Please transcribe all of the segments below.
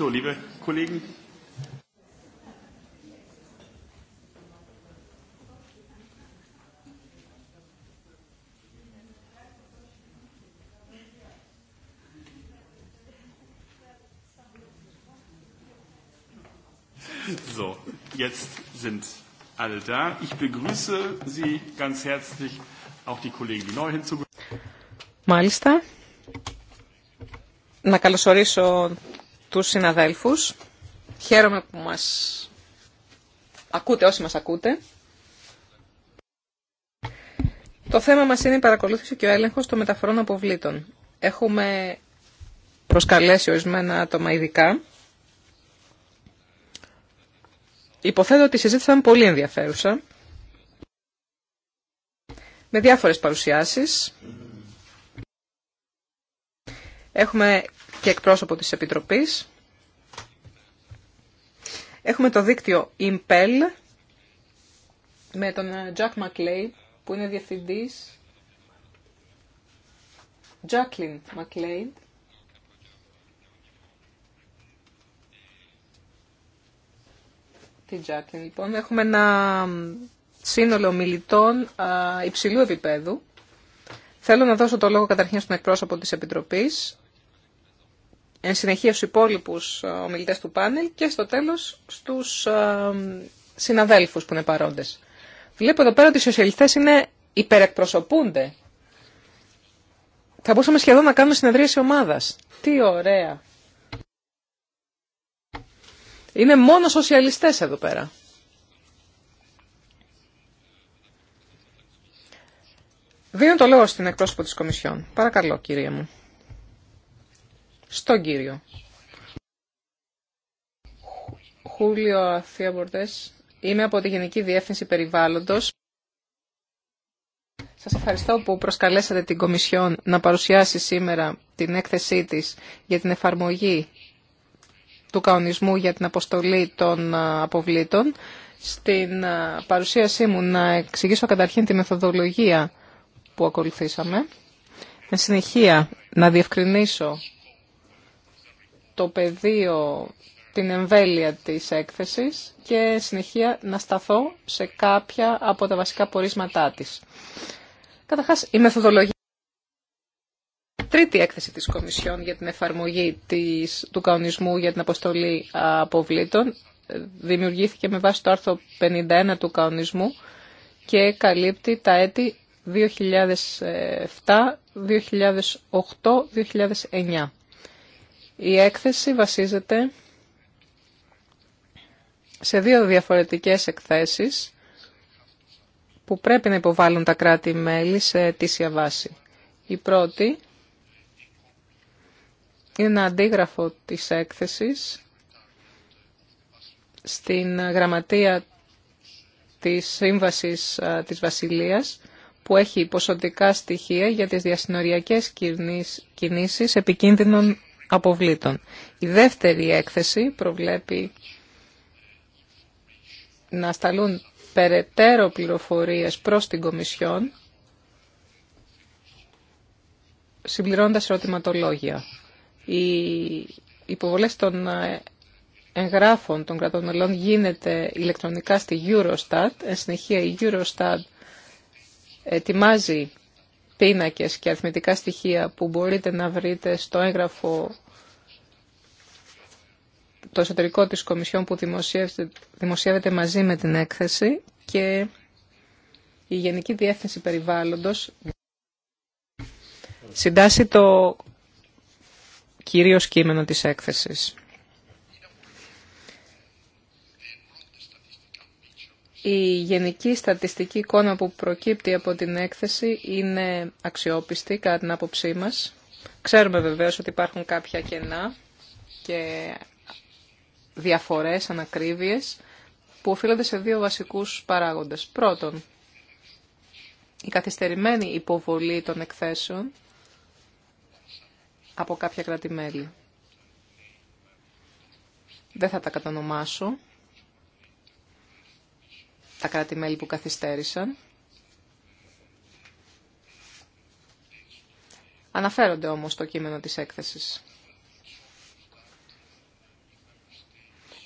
So, liebe Kollegen, So, jetzt sind alle da. Ich begrüße Sie ganz herzlich, auch die Kollegen, die neu hinzugekommen sind. Μάλιστα. Να καλωσορίσω τους συναδέλφους. Χαίρομαι που μας ακούτε όσοι μας ακούτε. Το θέμα μας είναι η παρακολούθηση και ο έλεγχος των μεταφορών αποβλήτων. Έχουμε προσκαλέσει ορισμένα άτομα ειδικά. Υποθέτω ότι η συζήτηση θα πολύ ενδιαφέρουσα. Με διάφορες παρουσιάσεις. Έχουμε και εκπρόσωπο της Επιτροπής. Έχουμε το δίκτυο Impel με τον ε, Jack McLean που είναι διευθυντής Jacqueline McLean Τη Jacqueline λοιπόν έχουμε ένα σύνολο μιλητών υψηλού επίπεδου Θέλω να δώσω το λόγο καταρχήν στον εκπρόσωπο της Επιτροπής εν συνεχεία στους υπόλοιπους ε, ομιλητές του πάνελ και στο τέλος στους ε, συναδέλφους που είναι παρόντες. Βλέπω εδώ πέρα ότι οι σοσιαλιστές είναι υπερεκπροσωπούνται. Θα μπορούσαμε σχεδόν να κάνουμε συνεδρίαση ομάδας. Τι ωραία. Είναι μόνο σοσιαλιστές εδώ πέρα. Δίνω το λόγο στην εκπρόσωπο της Κομισιόν. Παρακαλώ, κύριε μου στον κύριο. Χούλιο Αθίαμπορτες, Είμαι από τη Γενική Διεύθυνση Περιβάλλοντος. Σας ευχαριστώ που προσκαλέσατε την Κομισιόν να παρουσιάσει σήμερα την έκθεσή της για την εφαρμογή του καονισμού για την αποστολή των αποβλήτων. Στην παρουσίασή μου να εξηγήσω καταρχήν τη μεθοδολογία που ακολουθήσαμε. Με συνεχεία να διευκρινίσω το πεδίο, την εμβέλεια της έκθεσης και συνεχεία να σταθώ σε κάποια από τα βασικά πορίσματά της. Καταρχάς, η μεθοδολογία. Τρίτη έκθεση της Κομισιόν για την εφαρμογή της, του κανονισμού για την αποστολή αποβλήτων ε, δημιουργήθηκε με βάση το άρθρο 51 του κανονισμού και καλύπτει τα έτη 2007, 2008, 2009. Η έκθεση βασίζεται σε δύο διαφορετικές εκθέσεις που πρέπει να υποβάλουν τα κράτη-μέλη σε αιτήσια βάση. Η πρώτη είναι ένα αντίγραφο της έκθεσης στην γραμματεία της Σύμβασης της Βασιλείας που έχει ποσοτικά στοιχεία για τις διασυνοριακές κινήσεις επικίνδυνων αποβλήτων. Η δεύτερη έκθεση προβλέπει να σταλούν περαιτέρω πληροφορίες προς την Κομισιόν, συμπληρώνοντας ερωτηματολόγια. Οι υποβολές των εγγράφων των κρατών γίνεται ηλεκτρονικά στη Eurostat. Εν συνεχεία η Eurostat ετοιμάζει πίνακες και αριθμητικά στοιχεία που μπορείτε να βρείτε στο έγγραφο το εσωτερικό της Κομισιόν που δημοσιεύεται, μαζί με την έκθεση και η Γενική Διεύθυνση Περιβάλλοντος συντάσσει το κυρίως κείμενο της έκθεσης. Η γενική στατιστική εικόνα που προκύπτει από την έκθεση είναι αξιόπιστη κατά την άποψή μας. Ξέρουμε βεβαίως ότι υπάρχουν κάποια κενά και διαφορές, ανακρίβειες που οφείλονται σε δύο βασικούς παράγοντες. Πρώτον, η καθυστερημένη υποβολή των εκθέσεων από κάποια κράτη-μέλη. Δεν θα τα κατανομάσω, τα κρατη που καθυστέρησαν. Αναφέρονται όμως το κείμενο της έκθεσης.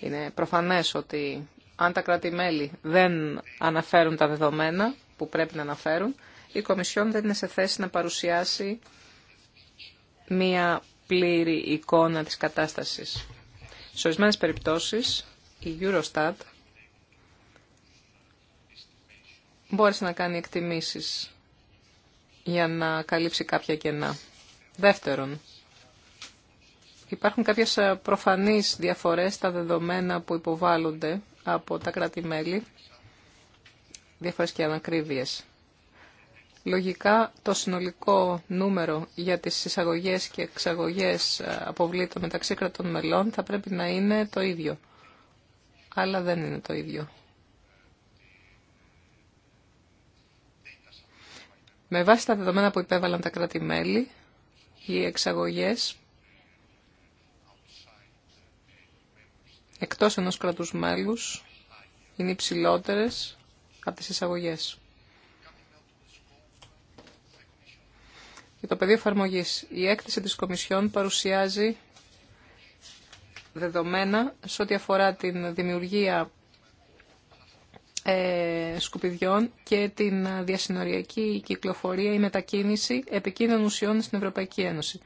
Είναι προφανές ότι αν τα κράτη-μέλη δεν αναφέρουν τα δεδομένα που πρέπει να αναφέρουν, η Κομισιόν δεν είναι σε θέση να παρουσιάσει μία πλήρη εικόνα της κατάστασης. Σε ορισμένε περιπτώσεις, η Eurostat μπόρεσε να κάνει εκτιμήσεις για να καλύψει κάποια κενά. Δεύτερον, Υπάρχουν κάποιες ε, προφανείς διαφορές στα δεδομένα που υποβάλλονται από τα κράτη-μέλη, διαφορές και ανακρίβειες. Λογικά το συνολικό νούμερο για τις εισαγωγές και εξαγωγές ε, αποβλήτων μεταξύ κρατών μελών θα πρέπει να είναι το ίδιο. Αλλά δεν είναι το ίδιο. Με βάση τα δεδομένα που υπέβαλαν τα κράτη-μέλη, οι εξαγωγές εκτός ενός κρατούς μέλους είναι υψηλότερε από τις εισαγωγές. Για το πεδίο εφαρμογή. η έκθεση της Κομισιόν παρουσιάζει δεδομένα σε ό,τι αφορά την δημιουργία ε, σκουπιδιών και την διασυνοριακή κυκλοφορία ή μετακίνηση επικίνδυνων ουσιών στην Ευρωπαϊκή Ένωση.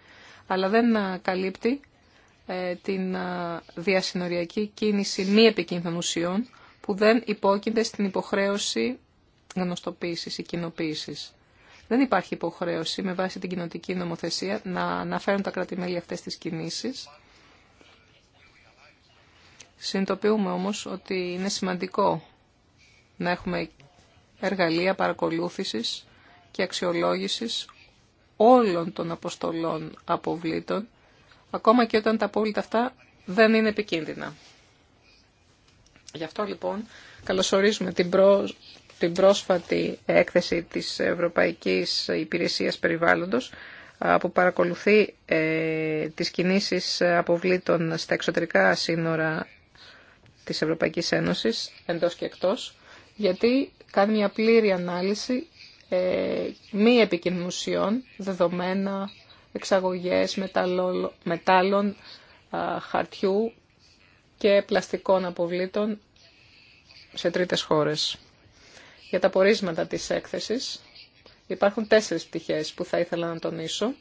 Αλλά δεν καλύπτει ε, την ε, διασυνοριακή κίνηση μη επικίνδυνων ουσιών που δεν υπόκεινται στην υποχρέωση γνωστοποίησης ή κοινοποίησης. Δεν υπάρχει υποχρέωση με βάση την κοινοτική νομοθεσία να αναφέρουν τα κράτη-μέλη αυτές τις κινήσεις. Συνειδητοποιούμε όμως ότι είναι σημαντικό να έχουμε εργαλεία παρακολούθησης και αξιολόγησης όλων των αποστολών αποβλήτων ακόμα και όταν τα απόλυτα αυτά δεν είναι επικίνδυνα. Γι' αυτό λοιπόν καλωσορίζουμε την, πρόσφατη έκθεση της Ευρωπαϊκής Υπηρεσίας Περιβάλλοντος που παρακολουθεί ε, τις κινήσεις αποβλήτων στα εξωτερικά σύνορα της Ευρωπαϊκής Ένωσης, εντός και εκτός, γιατί κάνει μια πλήρη ανάλυση ε, μη επικοινωνουσιών, δεδομένα, εξαγωγές μετάλλων, χαρτιού και πλαστικών αποβλήτων σε τρίτες χώρες. Για τα πορίσματα της έκθεσης υπάρχουν τέσσερις πτυχές που θα ήθελα να τονίσω.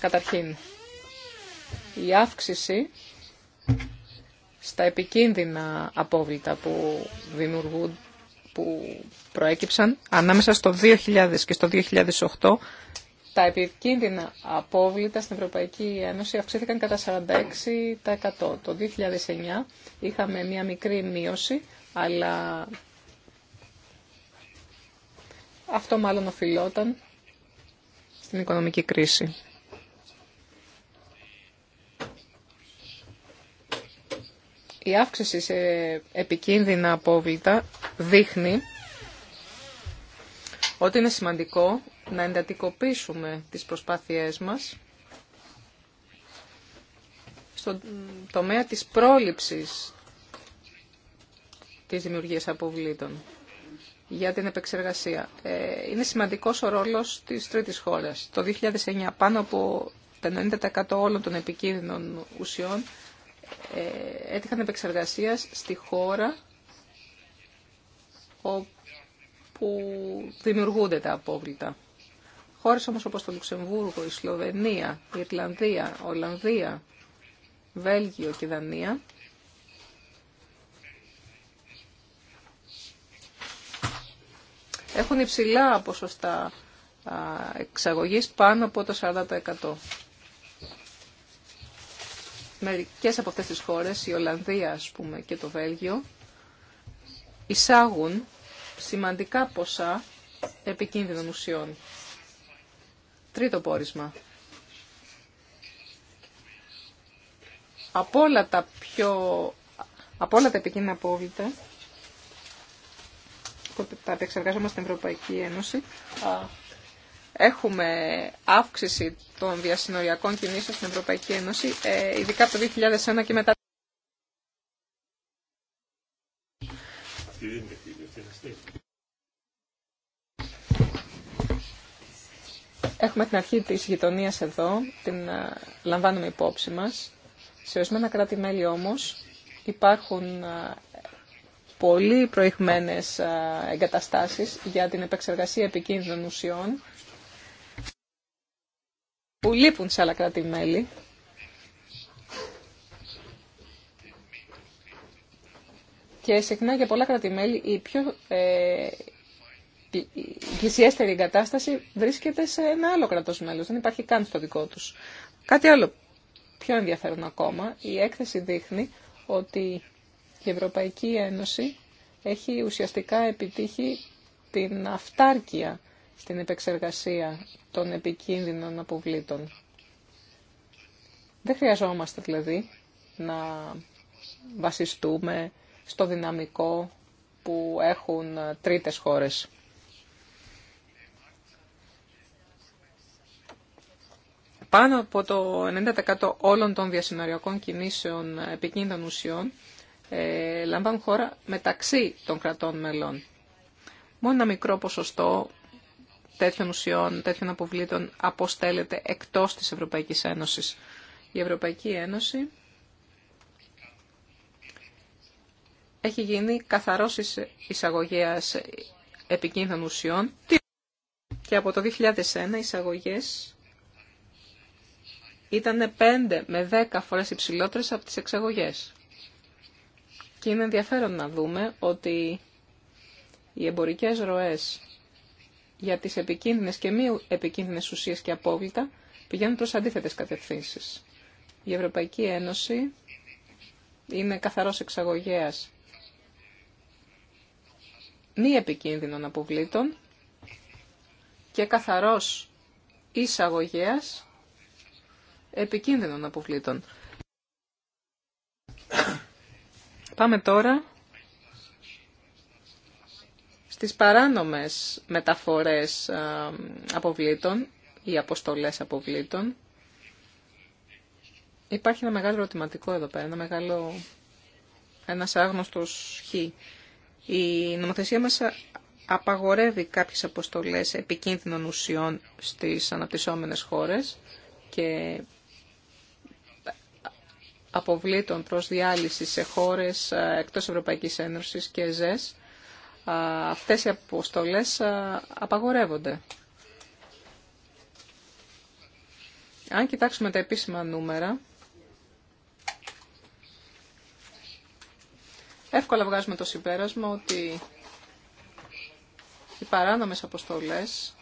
Καταρχήν, η αύξηση στα επικίνδυνα απόβλητα που δημιουργούν που προέκυψαν ανάμεσα στο 2000 και στο 2008 τα επικίνδυνα απόβλητα στην Ευρωπαϊκή Ένωση αυξήθηκαν κατά 46%. Το 2009 είχαμε μία μικρή μείωση, αλλά αυτό μάλλον οφειλόταν στην οικονομική κρίση. Η αύξηση σε επικίνδυνα απόβλητα δείχνει ότι είναι σημαντικό να εντατικοποιήσουμε τις προσπάθειές μας στον τομέα της πρόληψης της δημιουργίας αποβλήτων για την επεξεργασία. Ε, είναι σημαντικός ο ρόλος της τρίτης χώρας. Το 2009 πάνω από 50% 90% όλων των επικίνδυνων ουσιών ε, έτυχαν επεξεργασίας στη χώρα όπου δημιουργούνται τα απόβλητα. Χώρες όμως όπως το Λουξεμβούργο, η Σλοβενία, η Ιρλανδία, Ολλανδία, Βέλγιο και Δανία έχουν υψηλά ποσοστά εξαγωγής πάνω από το 40%. Μερικές από αυτές τις χώρες, η Ολλανδία ας πούμε και το Βέλγιο, εισάγουν σημαντικά ποσά επικίνδυνων ουσιών. Τρίτο πόρισμα. Από όλα τα πιο... Από όλα τα επικίνδυνα απόβλητα που τα επεξεργάζομαι στην Ευρωπαϊκή Ένωση, έχουμε αύξηση των διασυνοριακών κινήσεων στην Ευρωπαϊκή Ένωση, ε, ειδικά από το 2001 και μετά. Έχουμε την αρχή της γειτονίας εδώ, την ε, λαμβάνουμε υπόψη μας. Σε ορισμένα κράτη-μέλη όμως υπάρχουν ε, πολύ προηγμένες ε, εγκαταστάσεις για την επεξεργασία επικίνδυνων ουσιών που λείπουν σε άλλα κράτη-μέλη. Και συχνά για πολλά κράτη-μέλη οι πιο η πλησιέστερη εγκατάσταση βρίσκεται σε ένα άλλο κρατό μέλο, Δεν υπάρχει καν στο δικό τους. Κάτι άλλο πιο ενδιαφέρον ακόμα. Η έκθεση δείχνει ότι η Ευρωπαϊκή Ένωση έχει ουσιαστικά επιτύχει την αυτάρκεια στην επεξεργασία των επικίνδυνων αποβλήτων. Δεν χρειαζόμαστε δηλαδή να βασιστούμε στο δυναμικό που έχουν τρίτες χώρες. Πάνω από το 90% όλων των διασυνοριακών κινήσεων επικίνδυνων ουσιών ε, λαμβάνουν χώρα μεταξύ των κρατών μελών. Μόνο ένα μικρό ποσοστό τέτοιων ουσιών, τέτοιων αποβλήτων αποστέλλεται εκτός της Ευρωπαϊκής Ένωσης. Η Ευρωπαϊκή Ένωση έχει γίνει καθαρός εισαγωγέας επικίνδυνων ουσιών και από το 2001 οι εισαγωγές ήταν 5 με 10 φορές υψηλότερες από τις εξαγωγές. Και είναι ενδιαφέρον να δούμε ότι οι εμπορικές ροές για τις επικίνδυνες και μη επικίνδυνες ουσίες και απόβλητα πηγαίνουν προς αντίθετες κατευθύνσεις. Η Ευρωπαϊκή Ένωση είναι καθαρός εξαγωγέας μη επικίνδυνων αποβλήτων και καθαρός εισαγωγέας επικίνδυνων αποβλήτων. Πάμε τώρα στις παράνομες μεταφορές αποβλήτων ή αποστολές αποβλήτων. Υπάρχει ένα μεγάλο ερωτηματικό εδώ πέρα, ένα μεγάλο... ένας άγνωστος χ. Η νομοθεσία μας απαγορεύει κάποιες αποστολές επικίνδυνων ουσιών στις αναπτυσσόμενες χώρες και αποβλήτων προς διάλυση σε χώρες ε, εκτός Ευρωπαϊκής Ένωσης και ΕΖΕΣ, αυτές οι αποστολές απαγορεύονται. Αν κοιτάξουμε τα επίσημα νούμερα, εύκολα βγάζουμε το συμπέρασμα ότι οι παράνομες αποστολές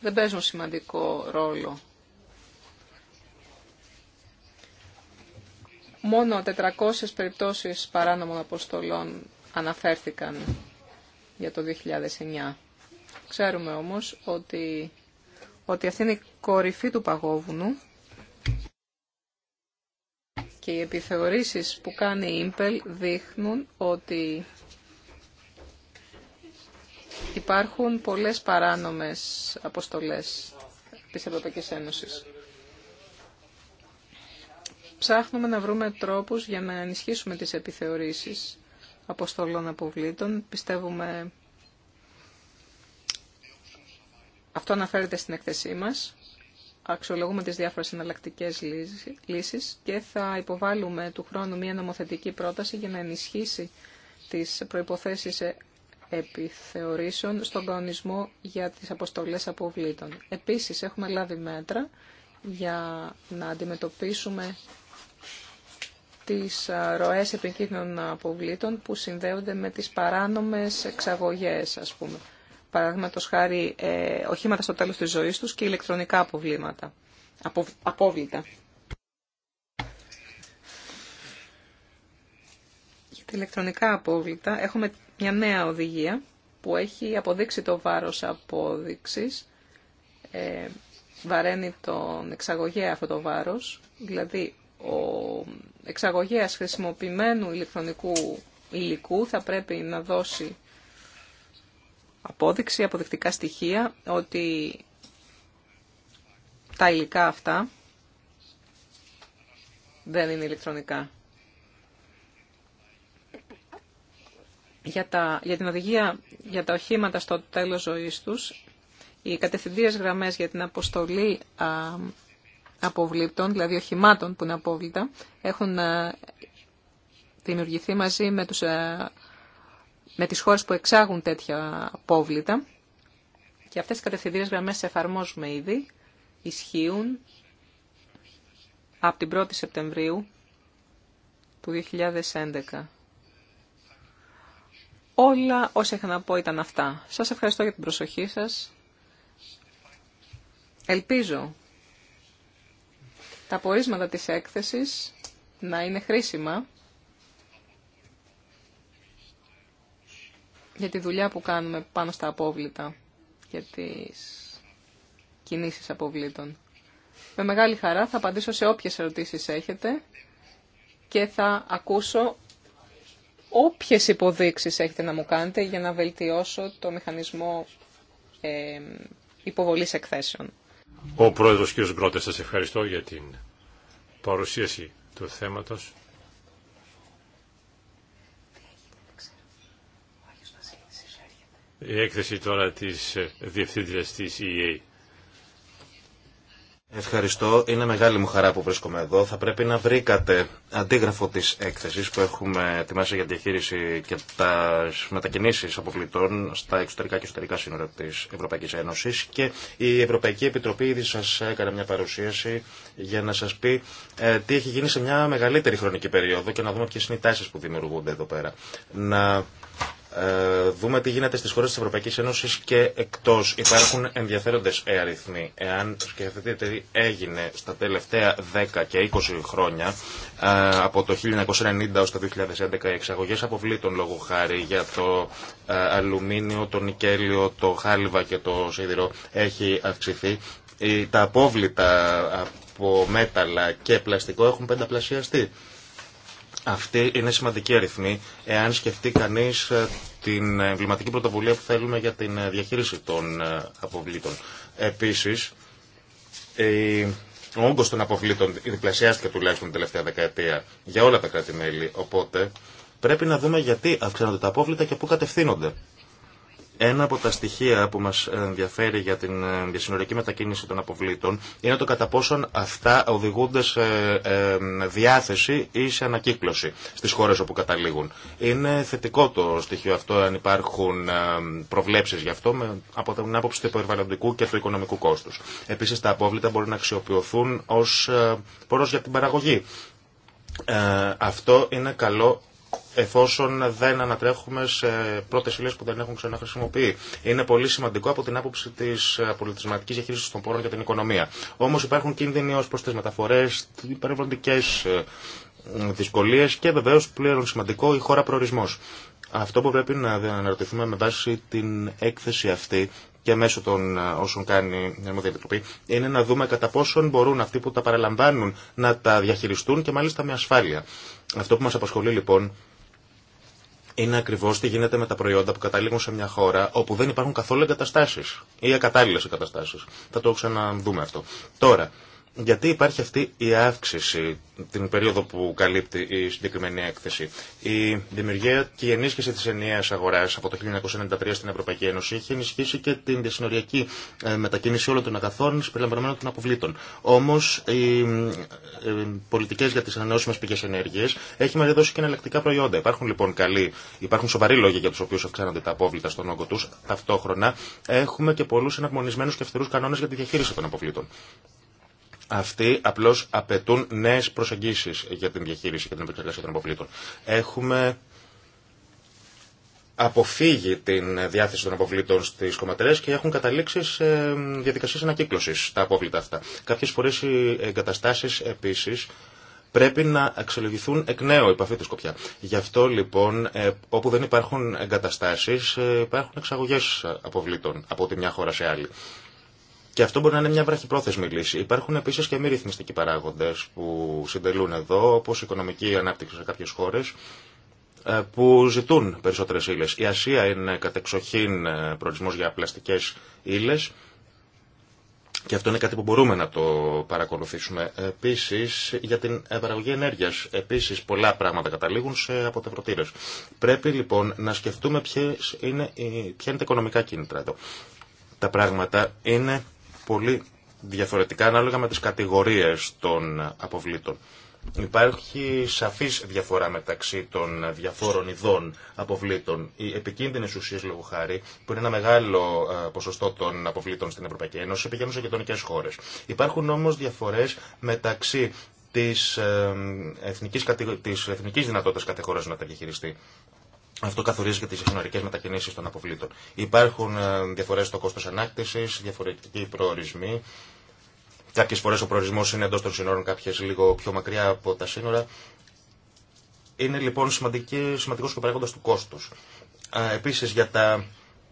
δεν παίζουν σημαντικό ρόλο Μόνο 400 περιπτώσεις παράνομων αποστολών αναφέρθηκαν για το 2009. Ξέρουμε όμως ότι, ότι αυτή είναι η κορυφή του παγόβουνου και οι επιθεωρήσεις που κάνει η Ιμπελ δείχνουν ότι υπάρχουν πολλές παράνομες αποστολές της Ευρωπαϊκής Ένωσης ψάχνουμε να βρούμε τρόπους για να ενισχύσουμε τις επιθεωρήσεις αποστολών αποβλήτων. Πιστεύουμε... Αυτό αναφέρεται στην εκθεσή μας. Αξιολογούμε τις διάφορες εναλλακτικέ λύσεις και θα υποβάλουμε του χρόνου μια νομοθετική πρόταση για να ενισχύσει τις προϋποθέσεις ε, επιθεωρήσεων στον κανονισμό για τις αποστολές αποβλήτων. Επίσης, έχουμε λάβει μέτρα για να αντιμετωπίσουμε τις ροές επικίνδυνων αποβλήτων που συνδέονται με τις παράνομες εξαγωγές, ας πούμε. Παραδείγματο χάρη ε, οχήματα στο τέλος της ζωής τους και ηλεκτρονικά αποβλήματα, απόβλητα. Για τα ηλεκτρονικά απόβλητα έχουμε μια νέα οδηγία που έχει αποδείξει το βάρος απόδειξης. Ε, βαραίνει τον εξαγωγέα αυτό το βάρος, δηλαδή ο εξαγωγέας χρησιμοποιημένου ηλεκτρονικού υλικού θα πρέπει να δώσει απόδειξη, αποδεικτικά στοιχεία ότι τα υλικά αυτά δεν είναι ηλεκτρονικά. Για, για την οδηγία για τα οχήματα στο τέλος ζωής τους, οι κατευθυντήρες γραμμές για την αποστολή αποβλήτων, δηλαδή οχημάτων που είναι απόβλητα, έχουν ε, δημιουργηθεί μαζί με, τους, ε, με τις χώρες που εξάγουν τέτοια απόβλητα. Και αυτές οι κατευθυντήρες γραμμές εφαρμόζουμε ήδη, ισχύουν από την 1η Σεπτεμβρίου του 2011. Όλα όσα είχα να πω ήταν αυτά. Σας ευχαριστώ για την προσοχή σας. Ελπίζω τα πορίσματα της έκθεσης να είναι χρήσιμα για τη δουλειά που κάνουμε πάνω στα απόβλητα και τις κινήσεις αποβλήτων. Με μεγάλη χαρά θα απαντήσω σε όποιες ερωτήσεις έχετε και θα ακούσω όποιες υποδείξεις έχετε να μου κάνετε για να βελτιώσω το μηχανισμό ε, υποβολής εκθέσεων. Ο πρόεδρος κ. Γκρότε, σας ευχαριστώ για την παρουσίαση του θέματος. Η έκθεση τώρα της διευθύντριας της EA Ευχαριστώ. Είναι μεγάλη μου χαρά που βρίσκομαι εδώ. Θα πρέπει να βρήκατε αντίγραφο της έκθεσης που έχουμε ετοιμάσει για διαχείριση και τα μετακίνησει αποβλητών στα εξωτερικά και εσωτερικά σύνορα τη Ευρωπαϊκής Ένωσης και η Ευρωπαϊκή Επιτροπή ήδη σας έκανε μια παρουσίαση για να σας πει ε, τι έχει γίνει σε μια μεγαλύτερη χρονική περίοδο και να δούμε ποιε είναι οι τάσεις που δημιουργούνται εδώ πέρα. Να ε, δούμε τι γίνεται στις χώρες της Ευρωπαϊκής Ένωσης και εκτός. Υπάρχουν ενδιαφέροντες αριθμοί. Εάν σκεφτείτε τι έγινε στα τελευταία 10 και 20 χρόνια, ε, από το 1990 ως το 2011, οι εξαγωγές αποβλήτων λόγω χάρη για το ε, αλουμίνιο, το νικέλιο, το χάλιβα και το σίδηρο έχει αυξηθεί. Τα απόβλητα από μέταλλα και πλαστικό έχουν πενταπλασιαστεί. Αυτή είναι σημαντική αριθμή εάν σκεφτεί κανείς ε, την εμβληματική πρωτοβουλία που θέλουμε για την ε, διαχείριση των ε, αποβλήτων. Επίσης, ο όγκο των αποβλήτων διπλασιάστηκε τουλάχιστον την τελευταία δεκαετία για όλα τα κράτη-μέλη. Οπότε πρέπει να δούμε γιατί αυξάνονται τα απόβλητα και πού κατευθύνονται. Ένα από τα στοιχεία που μας ενδιαφέρει για την διασυνορική ε, μετακίνηση των αποβλήτων είναι το κατά πόσον αυτά οδηγούνται σε ε, ε, διάθεση ή σε ανακύκλωση στις χώρες όπου καταλήγουν. Είναι θετικό το στοιχείο αυτό αν υπάρχουν προβλέψεις γι' αυτό με, από την άποψη του περιβαλλοντικού και του οικονομικού κόστους. Επίσης τα απόβλητα μπορούν να αξιοποιηθούν ως πόρος για την παραγωγή. αυτό είναι καλό εφόσον δεν ανατρέχουμε σε πρώτε ύλε που δεν έχουν ξανά Είναι πολύ σημαντικό από την άποψη τη πολιτισματική διαχείριση των πόρων για την οικονομία. Όμω υπάρχουν κίνδυνοι ω προ τι μεταφορέ, τι περιβαλλοντικέ ε, δυσκολίε και βεβαίω πλέον σημαντικό η χώρα προορισμό. Αυτό που πρέπει να αναρωτηθούμε με βάση την έκθεση αυτή και μέσω των ε, όσων κάνει η Ερμοδία Επιτροπή, είναι να δούμε κατά πόσον μπορούν αυτοί που τα παραλαμβάνουν να τα διαχειριστούν και μάλιστα με ασφάλεια. Αυτό που μας απασχολεί λοιπόν είναι ακριβώ τι γίνεται με τα προϊόντα που καταλήγουν σε μια χώρα όπου δεν υπάρχουν καθόλου εγκαταστάσει ή ακατάλληλε εγκαταστάσει. Θα το ξαναδούμε αυτό. Τώρα, γιατί υπάρχει αυτή η αύξηση την περίοδο που καλύπτει η συγκεκριμένη έκθεση. Η δημιουργία και η ενίσχυση της ενιαίας αγοράς από το 1993 στην Ευρωπαϊκή Ένωση έχει ενισχύσει και την διασυνοριακή ε, μετακίνηση όλων των αγαθών συμπεριλαμβανομένων των αποβλήτων. Όμως οι ε, πολιτικές για τις ανανεώσιμες πηγές ενέργειας έχει μεριδώσει και εναλλακτικά προϊόντα. Υπάρχουν λοιπόν καλοί, υπάρχουν σοβαροί λόγοι για τους οποίους αυξάνονται τα απόβλητα στον όγκο του Ταυτόχρονα έχουμε και πολλούς εναρμονισμένους και κανόνες για τη διαχείριση των αποβλήτων. Αυτοί απλώ απαιτούν νέε προσεγγίσει για την διαχείριση και την επεξεργασία των αποβλήτων. Έχουμε αποφύγει την διάθεση των αποβλήτων στι κομματερέ και έχουν καταλήξει σε διαδικασίε ανακύκλωση τα απόβλητα αυτά. Κάποιε φορέ οι εγκαταστάσει επίση πρέπει να αξιολογηθούν εκ νέου υπ' αυτή τη σκοπιά. Γι' αυτό λοιπόν ε, όπου δεν υπάρχουν εγκαταστάσει ε, υπάρχουν εξαγωγέ αποβλήτων από τη μια χώρα σε άλλη. Και αυτό μπορεί να είναι μια βραχυπρόθεσμη λύση. Υπάρχουν επίση και μη ρυθμιστικοί παράγοντε που συντελούν εδώ, όπω η οικονομική ανάπτυξη σε κάποιε χώρε, ε, που ζητούν περισσότερε ύλε. Η Ασία είναι κατεξοχήν ε, προορισμό για πλαστικέ ύλε. Και αυτό είναι κάτι που μπορούμε να το παρακολουθήσουμε. Επίση, για την παραγωγή ενέργεια. Επίση, πολλά πράγματα καταλήγουν σε αποτευρωτήρε. Πρέπει λοιπόν να σκεφτούμε ποιες είναι, ποια είναι τα οικονομικά κίνητρα εδώ. Τα πράγματα είναι πολύ διαφορετικά ανάλογα με τις κατηγορίες των αποβλήτων. Υπάρχει σαφής διαφορά μεταξύ των διαφόρων ειδών αποβλήτων. Οι επικίνδυνες ουσίες λόγω χάρη, που είναι ένα μεγάλο ε, ποσοστό των αποβλήτων στην Ευρωπαϊκή Ένωση, πηγαίνουν σε γειτονικές χώρες. Υπάρχουν όμως διαφορές μεταξύ της ε, εθνικής, της εθνικής δυνατότητας κάθε να τα διαχειριστεί αυτό καθορίζει και τι συνορικέ μετακινήσει των αποβλήτων. Υπάρχουν ε, διαφορέ στο κόστο ανάκτηση, διαφορετικοί προορισμοί. Κάποιε φορέ ο προορισμό είναι εντό των σύνορων, κάποιε λίγο πιο μακριά από τα σύνορα. Είναι λοιπόν σημαντικό και παράγοντα του κόστου. Επίση για τα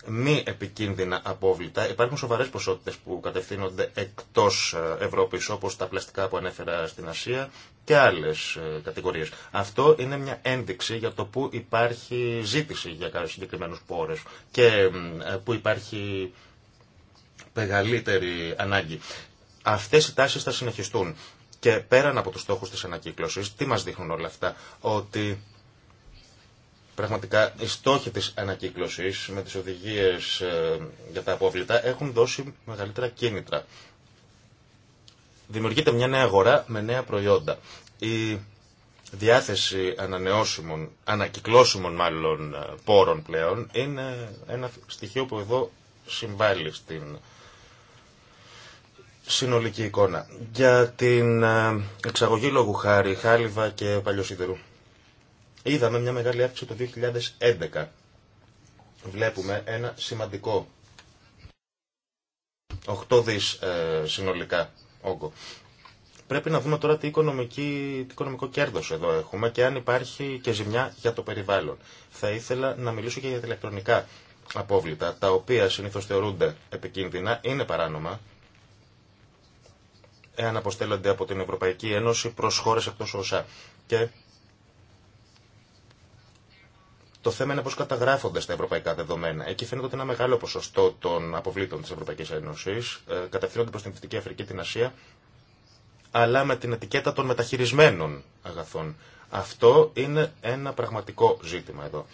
μη επικίνδυνα απόβλητα. Υπάρχουν σοβαρές ποσότητες που κατευθύνονται εκτός ε, Ευρώπης, όπως τα πλαστικά που ανέφερα στην Ασία και άλλες ε, κατηγορίες. Αυτό είναι μια ένδειξη για το που υπάρχει ζήτηση για συγκεκριμένους πόρες και ε, που υπάρχει μεγαλύτερη ανάγκη. Αυτές οι τάσεις θα συνεχιστούν. Και πέραν από τους στόχους της ανακύκλωσης, τι μας δείχνουν όλα αυτά, ότι Πραγματικά οι στόχοι της ανακύκλωσης με τις οδηγίες ε, για τα απόβλητα έχουν δώσει μεγαλύτερα κίνητρα. Δημιουργείται μια νέα αγορά με νέα προϊόντα. Η διάθεση ανανεώσιμων, ανακυκλώσιμων μάλλον ε, πόρων πλέον είναι ένα στοιχείο που εδώ συμβάλλει στην συνολική εικόνα. Για την ε, εξαγωγή λόγου χάρη, χάλιβα και παλιοσίδερου. Είδαμε μια μεγάλη αύξηση το 2011. Βλέπουμε ένα σημαντικό 8 δις ε, συνολικά όγκο. Πρέπει να δούμε τώρα τι, οικονομική, οικονομικό κέρδος εδώ έχουμε και αν υπάρχει και ζημιά για το περιβάλλον. Θα ήθελα να μιλήσω και για τα ηλεκτρονικά απόβλητα, τα οποία συνήθως θεωρούνται επικίνδυνα, είναι παράνομα, εάν αποστέλλονται από την Ευρωπαϊκή Ένωση προς χώρες εκτός ΩΣΑ. Και το θέμα είναι πώ καταγράφονται στα ευρωπαϊκά δεδομένα. Εκεί φαίνεται ότι ένα μεγάλο ποσοστό των αποβλήτων τη Ευρωπαϊκή Ένωση ε, κατευθύνονται προ την Δυτική Αφρική, την Ασία, αλλά με την ετικέτα των μεταχειρισμένων αγαθών. Αυτό είναι ένα πραγματικό ζήτημα εδώ.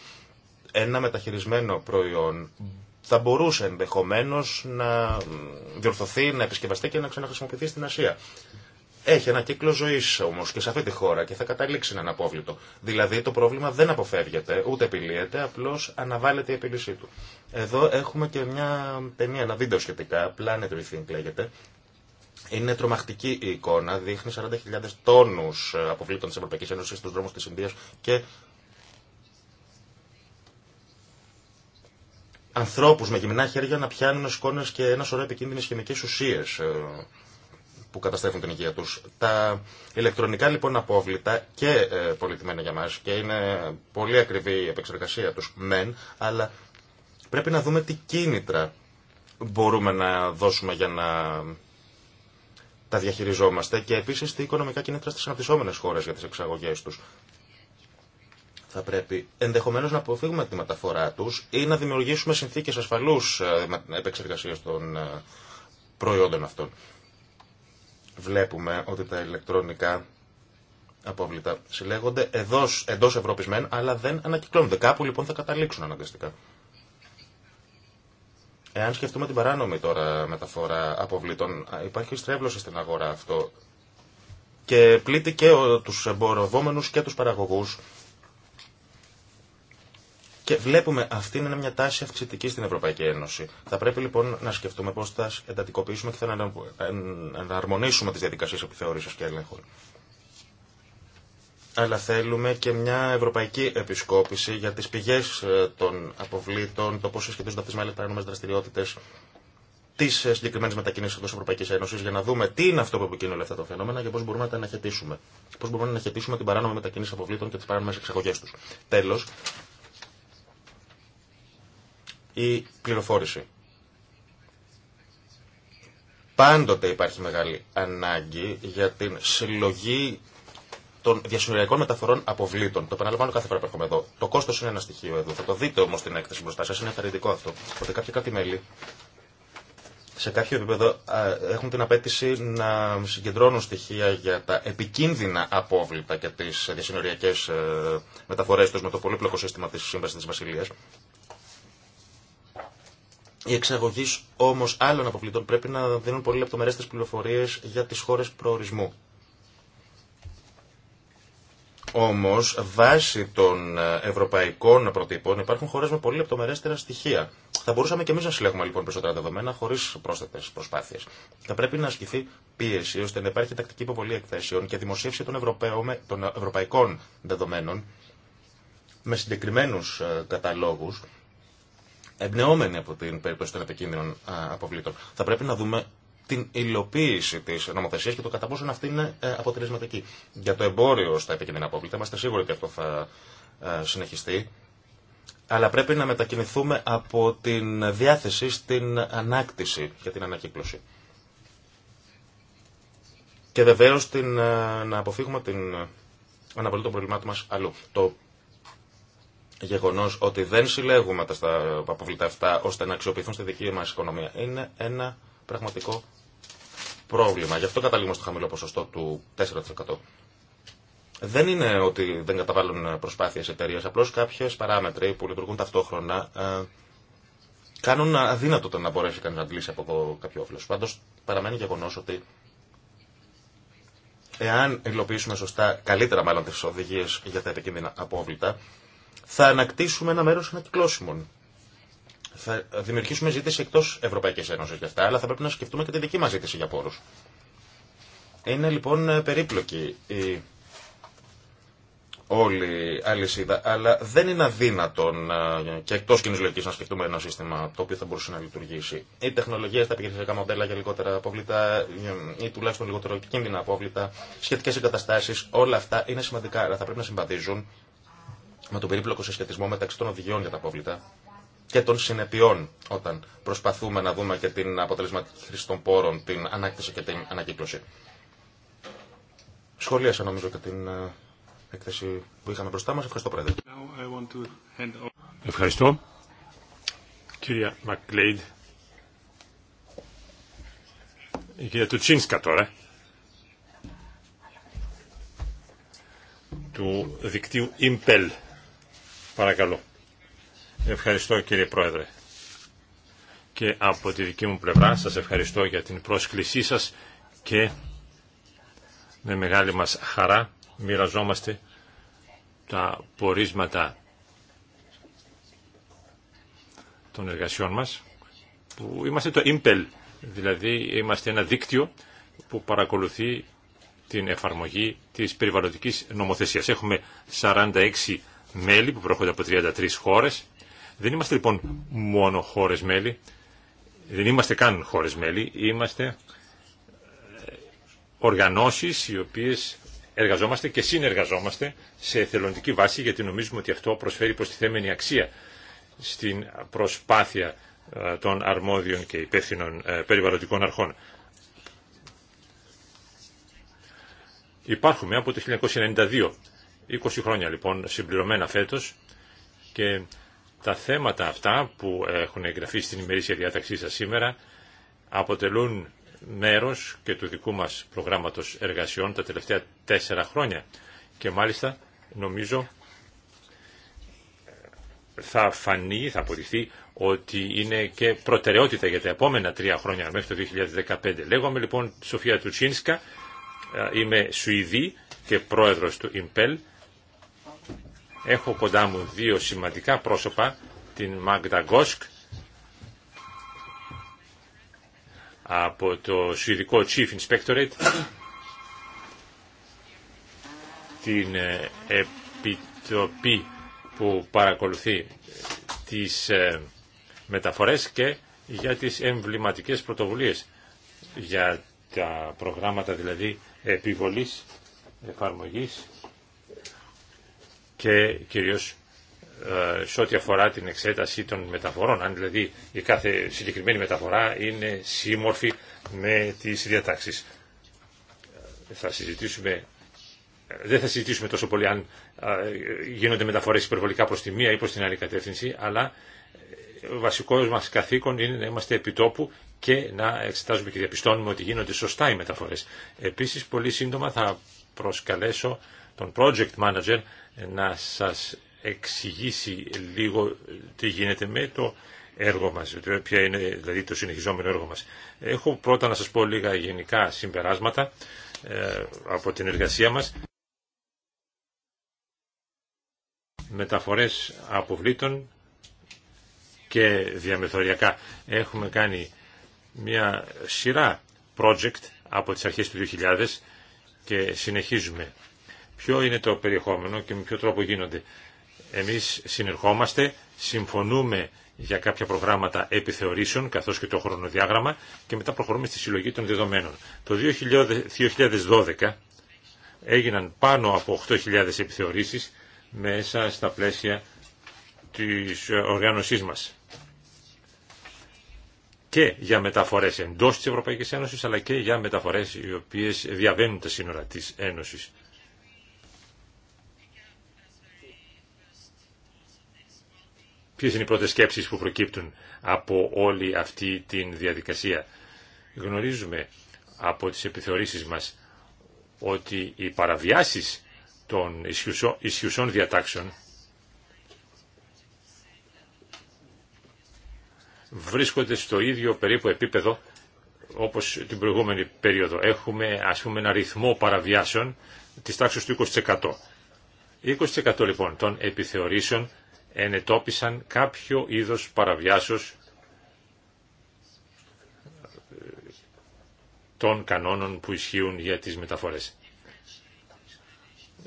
Ένα μεταχειρισμένο προϊόν θα μπορούσε ενδεχομένω να διορθωθεί, να επισκευαστεί και να ξαναχρησιμοποιηθεί στην Ασία. Έχει ένα κύκλο ζωή όμω και σε αυτή τη χώρα και θα καταλήξει έναν απόβλητο. Δηλαδή το πρόβλημα δεν αποφεύγεται, ούτε επιλύεται, απλώ αναβάλλεται η επίλυσή του. Εδώ έχουμε και μια ταινία, ένα βίντεο σχετικά, Planet Within λέγεται. Είναι τρομακτική η εικόνα, δείχνει 40.000 τόνου ε, αποβλήτων τη Ευρωπαϊκή Ένωση στου δρόμου τη Ινδία και ανθρώπου με γυμνά χέρια να πιάνουν σκόνε και ένα σωρό επικίνδυνε χημικέ ουσίε ε, που καταστρέφουν την υγεία τους. Τα ηλεκτρονικά λοιπόν απόβλητα και ε, για μας και είναι πολύ ακριβή η επεξεργασία τους μεν, αλλά πρέπει να δούμε τι κίνητρα μπορούμε να δώσουμε για να τα διαχειριζόμαστε και επίσης τι οικονομικά κίνητρα στις αναπτυσσόμενες χώρες για τις εξαγωγές τους. Θα πρέπει ενδεχομένω να αποφύγουμε τη μεταφορά του ή να δημιουργήσουμε συνθήκε ασφαλού ε, επεξεργασία των ε, προϊόντων αυτών βλέπουμε ότι τα ηλεκτρονικά απόβλητα συλλέγονται εδώς, εντός Ευρώπης μεν, αλλά δεν ανακυκλώνονται. Κάπου λοιπόν θα καταλήξουν αναγκαστικά. Εάν σκεφτούμε την παράνομη τώρα μεταφορά αποβλήτων, υπάρχει στρέβλωση στην αγορά αυτό και πλήττει και τους εμποροδόμενους και τους παραγωγούς και βλέπουμε αυτή είναι μια τάση αυξητική στην Ευρωπαϊκή Ένωση. Θα πρέπει λοιπόν να σκεφτούμε πώ θα εντατικοποιήσουμε και θα εναρμονίσουμε τι διαδικασίε επιθεώρηση και ελέγχων. Αλλά θέλουμε και μια ευρωπαϊκή επισκόπηση για τι πηγέ ε, των αποβλήτων, το πώ συσχετίζονται αυτέ με άλλε παράνομε δραστηριότητε τη ε, συγκεκριμένη μετακίνηση εντό Ευρωπαϊκή Ένωση για να δούμε τι είναι αυτό που επικοινωνεί αυτά τα φαινόμενα και πώ μπορούμε να τα αναχαιτήσουμε. Πώ μπορούμε να αναχαιτήσουμε την παράνομη μετακίνηση αποβλήτων και τι παράνομε εξαγωγέ του. Τέλο, η πληροφόρηση. Πάντοτε υπάρχει μεγάλη ανάγκη για την συλλογή των διασυνοριακών μεταφορών αποβλήτων. Το επαναλαμβάνω κάθε φορά που έρχομαι εδώ. Το κόστο είναι ένα στοιχείο εδώ. Θα το δείτε όμω στην έκθεση μπροστά σα. ειναι αθαρρυντικό ενθαρρυντικό αυτό. Ότι κάποια κράτη-μέλη σε κάποιο επίπεδο έχουν την απέτηση να συγκεντρώνουν στοιχεία για τα επικίνδυνα απόβλητα και τι διασυνοριακέ ε, μεταφορέ του με το πολύπλοκο σύστημα τη Σύμβαση τη Βασιλεία. Οι εξαγωγή όμω άλλων αποβλητών πρέπει να δίνουν πολύ λεπτομερέστε πληροφορίε για τι χώρε προορισμού. Όμω, βάσει των ευρωπαϊκών προτύπων, υπάρχουν χώρε με πολύ λεπτομερέστερα στοιχεία. Θα μπορούσαμε και εμεί να συλλέγουμε λοιπόν περισσότερα δεδομένα χωρί πρόσθετε προσπάθειε. Θα πρέπει να ασκηθεί πίεση ώστε να υπάρχει τακτική υποβολή εκθέσεων και δημοσίευση των, των ευρωπαϊκών δεδομένων με συγκεκριμένου ε, καταλόγου Εμπνεώμενοι από την περίπτωση των επικίνδυνων αποβλήτων. Θα πρέπει να δούμε την υλοποίηση τη νομοθεσία και το κατά πόσο αυτή είναι ε, αποτελεσματική. Για το εμπόριο στα επικίνδυνα απόβλητα είμαστε σίγουροι ότι αυτό θα συνεχιστεί. Αλλά πρέπει να μετακινηθούμε από την διάθεση στην ανάκτηση και την ανακύκλωση. Και βεβαίω να αποφύγουμε την αναβολή των προβλημάτων μα αλλού. Το γεγονό ότι δεν συλλέγουμε τα αποβλητά αυτά ώστε να αξιοποιηθούν στη δική μα οικονομία είναι ένα πραγματικό πρόβλημα. Γι' αυτό καταλήγουμε στο χαμηλό ποσοστό του 4%. Δεν είναι ότι δεν καταβάλουν προσπάθειες εταιρείε, απλώς κάποιες παράμετροι που λειτουργούν ταυτόχρονα ε, κάνουν αδύνατο το να μπορέσει κανείς να αντλήσει από κάποιο όφελος. Πάντως παραμένει γεγονό ότι εάν υλοποιήσουμε σωστά, καλύτερα μάλλον τι οδηγίε για τα επικίνδυνα απόβλητα, θα ανακτήσουμε ένα μέρος ανακυκλώσιμων. Θα δημιουργήσουμε ζήτηση εκτό Ευρωπαϊκή Ένωση για αυτά, αλλά θα πρέπει να σκεφτούμε και τη δική μα ζήτηση για πόρου. Είναι λοιπόν περίπλοκη η όλη αλυσίδα, αλλά δεν είναι αδύνατον ε, και εκτό κοινή λογική να σκεφτούμε ένα σύστημα το οποίο θα μπορούσε να λειτουργήσει. Οι τεχνολογίε, τα επιχειρηματικά μοντέλα για λιγότερα απόβλητα ε, ή τουλάχιστον λιγότερο κίνδυνα απόβλητα, σχετικέ εγκαταστάσει, όλα αυτά είναι σημαντικά, αλλά θα πρέπει να συμβαδίζουν με τον περίπλοκο συσχετισμό μεταξύ των οδηγιών για τα απόβλητα και των συνεπειών όταν προσπαθούμε να δούμε και την αποτελεσματική χρήση των πόρων, την ανάκτηση και την ανακύκλωση. Σχολίασα νομίζω και την ε, έκθεση που είχαμε μπροστά μας. Ευχαριστώ Πρόεδρε. Ευχαριστώ. Κυρία Μακλέιντ. Η κυρία Τουτσίνσκα τώρα. του δικτύου Impel. Παρακαλώ. Ευχαριστώ κύριε Πρόεδρε. Και από τη δική μου πλευρά σας ευχαριστώ για την πρόσκλησή σας και με μεγάλη μας χαρά μοιραζόμαστε τα πορίσματα των εργασιών μας που είμαστε το Impel, δηλαδή είμαστε ένα δίκτυο που παρακολουθεί την εφαρμογή της περιβαλλοντικής νομοθεσίας. Έχουμε 46 μέλη που προέρχονται από 33 χώρες. Δεν είμαστε λοιπόν μόνο χώρες μέλη, δεν είμαστε καν χώρες μέλη, είμαστε ε, οργανώσεις οι οποίες εργαζόμαστε και συνεργαζόμαστε σε θελοντική βάση γιατί νομίζουμε ότι αυτό προσφέρει προστιθέμενη αξία στην προσπάθεια ε, των αρμόδιων και υπεύθυνων ε, περιβαλλοντικών αρχών. Υπάρχουμε από το 1992 20 χρόνια λοιπόν συμπληρωμένα φέτος και τα θέματα αυτά που έχουν εγγραφεί στην ημερήσια διάταξή σας σήμερα αποτελούν μέρος και του δικού μας προγράμματος εργασιών τα τελευταία τέσσερα χρόνια και μάλιστα νομίζω θα φανεί, θα αποδειχθεί ότι είναι και προτεραιότητα για τα επόμενα τρία χρόνια μέχρι το 2015. Λέγομαι λοιπόν Σοφία Τουτσίνσκα, ε, είμαι Σουηδή και πρόεδρος του ΙΜΠΕΛ Έχω κοντά μου δύο σημαντικά πρόσωπα, την Μάγδα Γκόσκ από το Σουηδικό Chief Inspectorate, την ε, Επιτροπή που παρακολουθεί τις ε, μεταφορές και για τις εμβληματικές πρωτοβουλίες, για τα προγράμματα δηλαδή επιβολής, εφαρμογής και κυρίως ε, σε ό,τι αφορά την εξέταση των μεταφορών, αν δηλαδή η κάθε συγκεκριμένη μεταφορά είναι σύμμορφη με τις διατάξεις. Θα συζητήσουμε, δεν θα συζητήσουμε τόσο πολύ αν ε, γίνονται μεταφορές υπερβολικά προς τη μία ή προς την άλλη κατεύθυνση, αλλά ε, ο βασικός μας καθήκον είναι να είμαστε επιτόπου και να εξετάζουμε και διαπιστώνουμε ότι γίνονται σωστά οι μεταφορές. Επίσης, πολύ σύντομα θα προσκαλέσω τον project manager να σας εξηγήσει λίγο τι γίνεται με το έργο μας, ποια είναι δηλαδή το συνεχιζόμενο έργο μας. Έχω πρώτα να σας πω λίγα γενικά συμπεράσματα ε, από την εργασία μας. Μεταφορές αποβλήτων και διαμεθοριακά. Έχουμε κάνει μια σειρά project από τις αρχές του 2000 και συνεχίζουμε ποιο είναι το περιεχόμενο και με ποιο τρόπο γίνονται. Εμείς συνερχόμαστε, συμφωνούμε για κάποια προγράμματα επιθεωρήσεων καθώς και το χρονοδιάγραμμα και μετά προχωρούμε στη συλλογή των δεδομένων. Το 2012 έγιναν πάνω από 8.000 επιθεωρήσεις μέσα στα πλαίσια της οργάνωσής μας και για μεταφορές εντός της Ευρωπαϊκής Ένωσης αλλά και για μεταφορές οι οποίες διαβαίνουν τα σύνορα της Ένωσης. ποιες είναι οι πρώτες σκέψεις που προκύπτουν από όλη αυτή τη διαδικασία. Γνωρίζουμε από τις επιθεωρήσεις μας ότι οι παραβιάσεις των ισχυουσών διατάξεων βρίσκονται στο ίδιο περίπου επίπεδο όπως την προηγούμενη περίοδο. Έχουμε ας πούμε ένα ρυθμό παραβιάσεων της τάξης του 20%. 20% λοιπόν των επιθεωρήσεων ενετόπισαν κάποιο είδος παραβιάσεως ε, των κανόνων που ισχύουν για τις μεταφορές.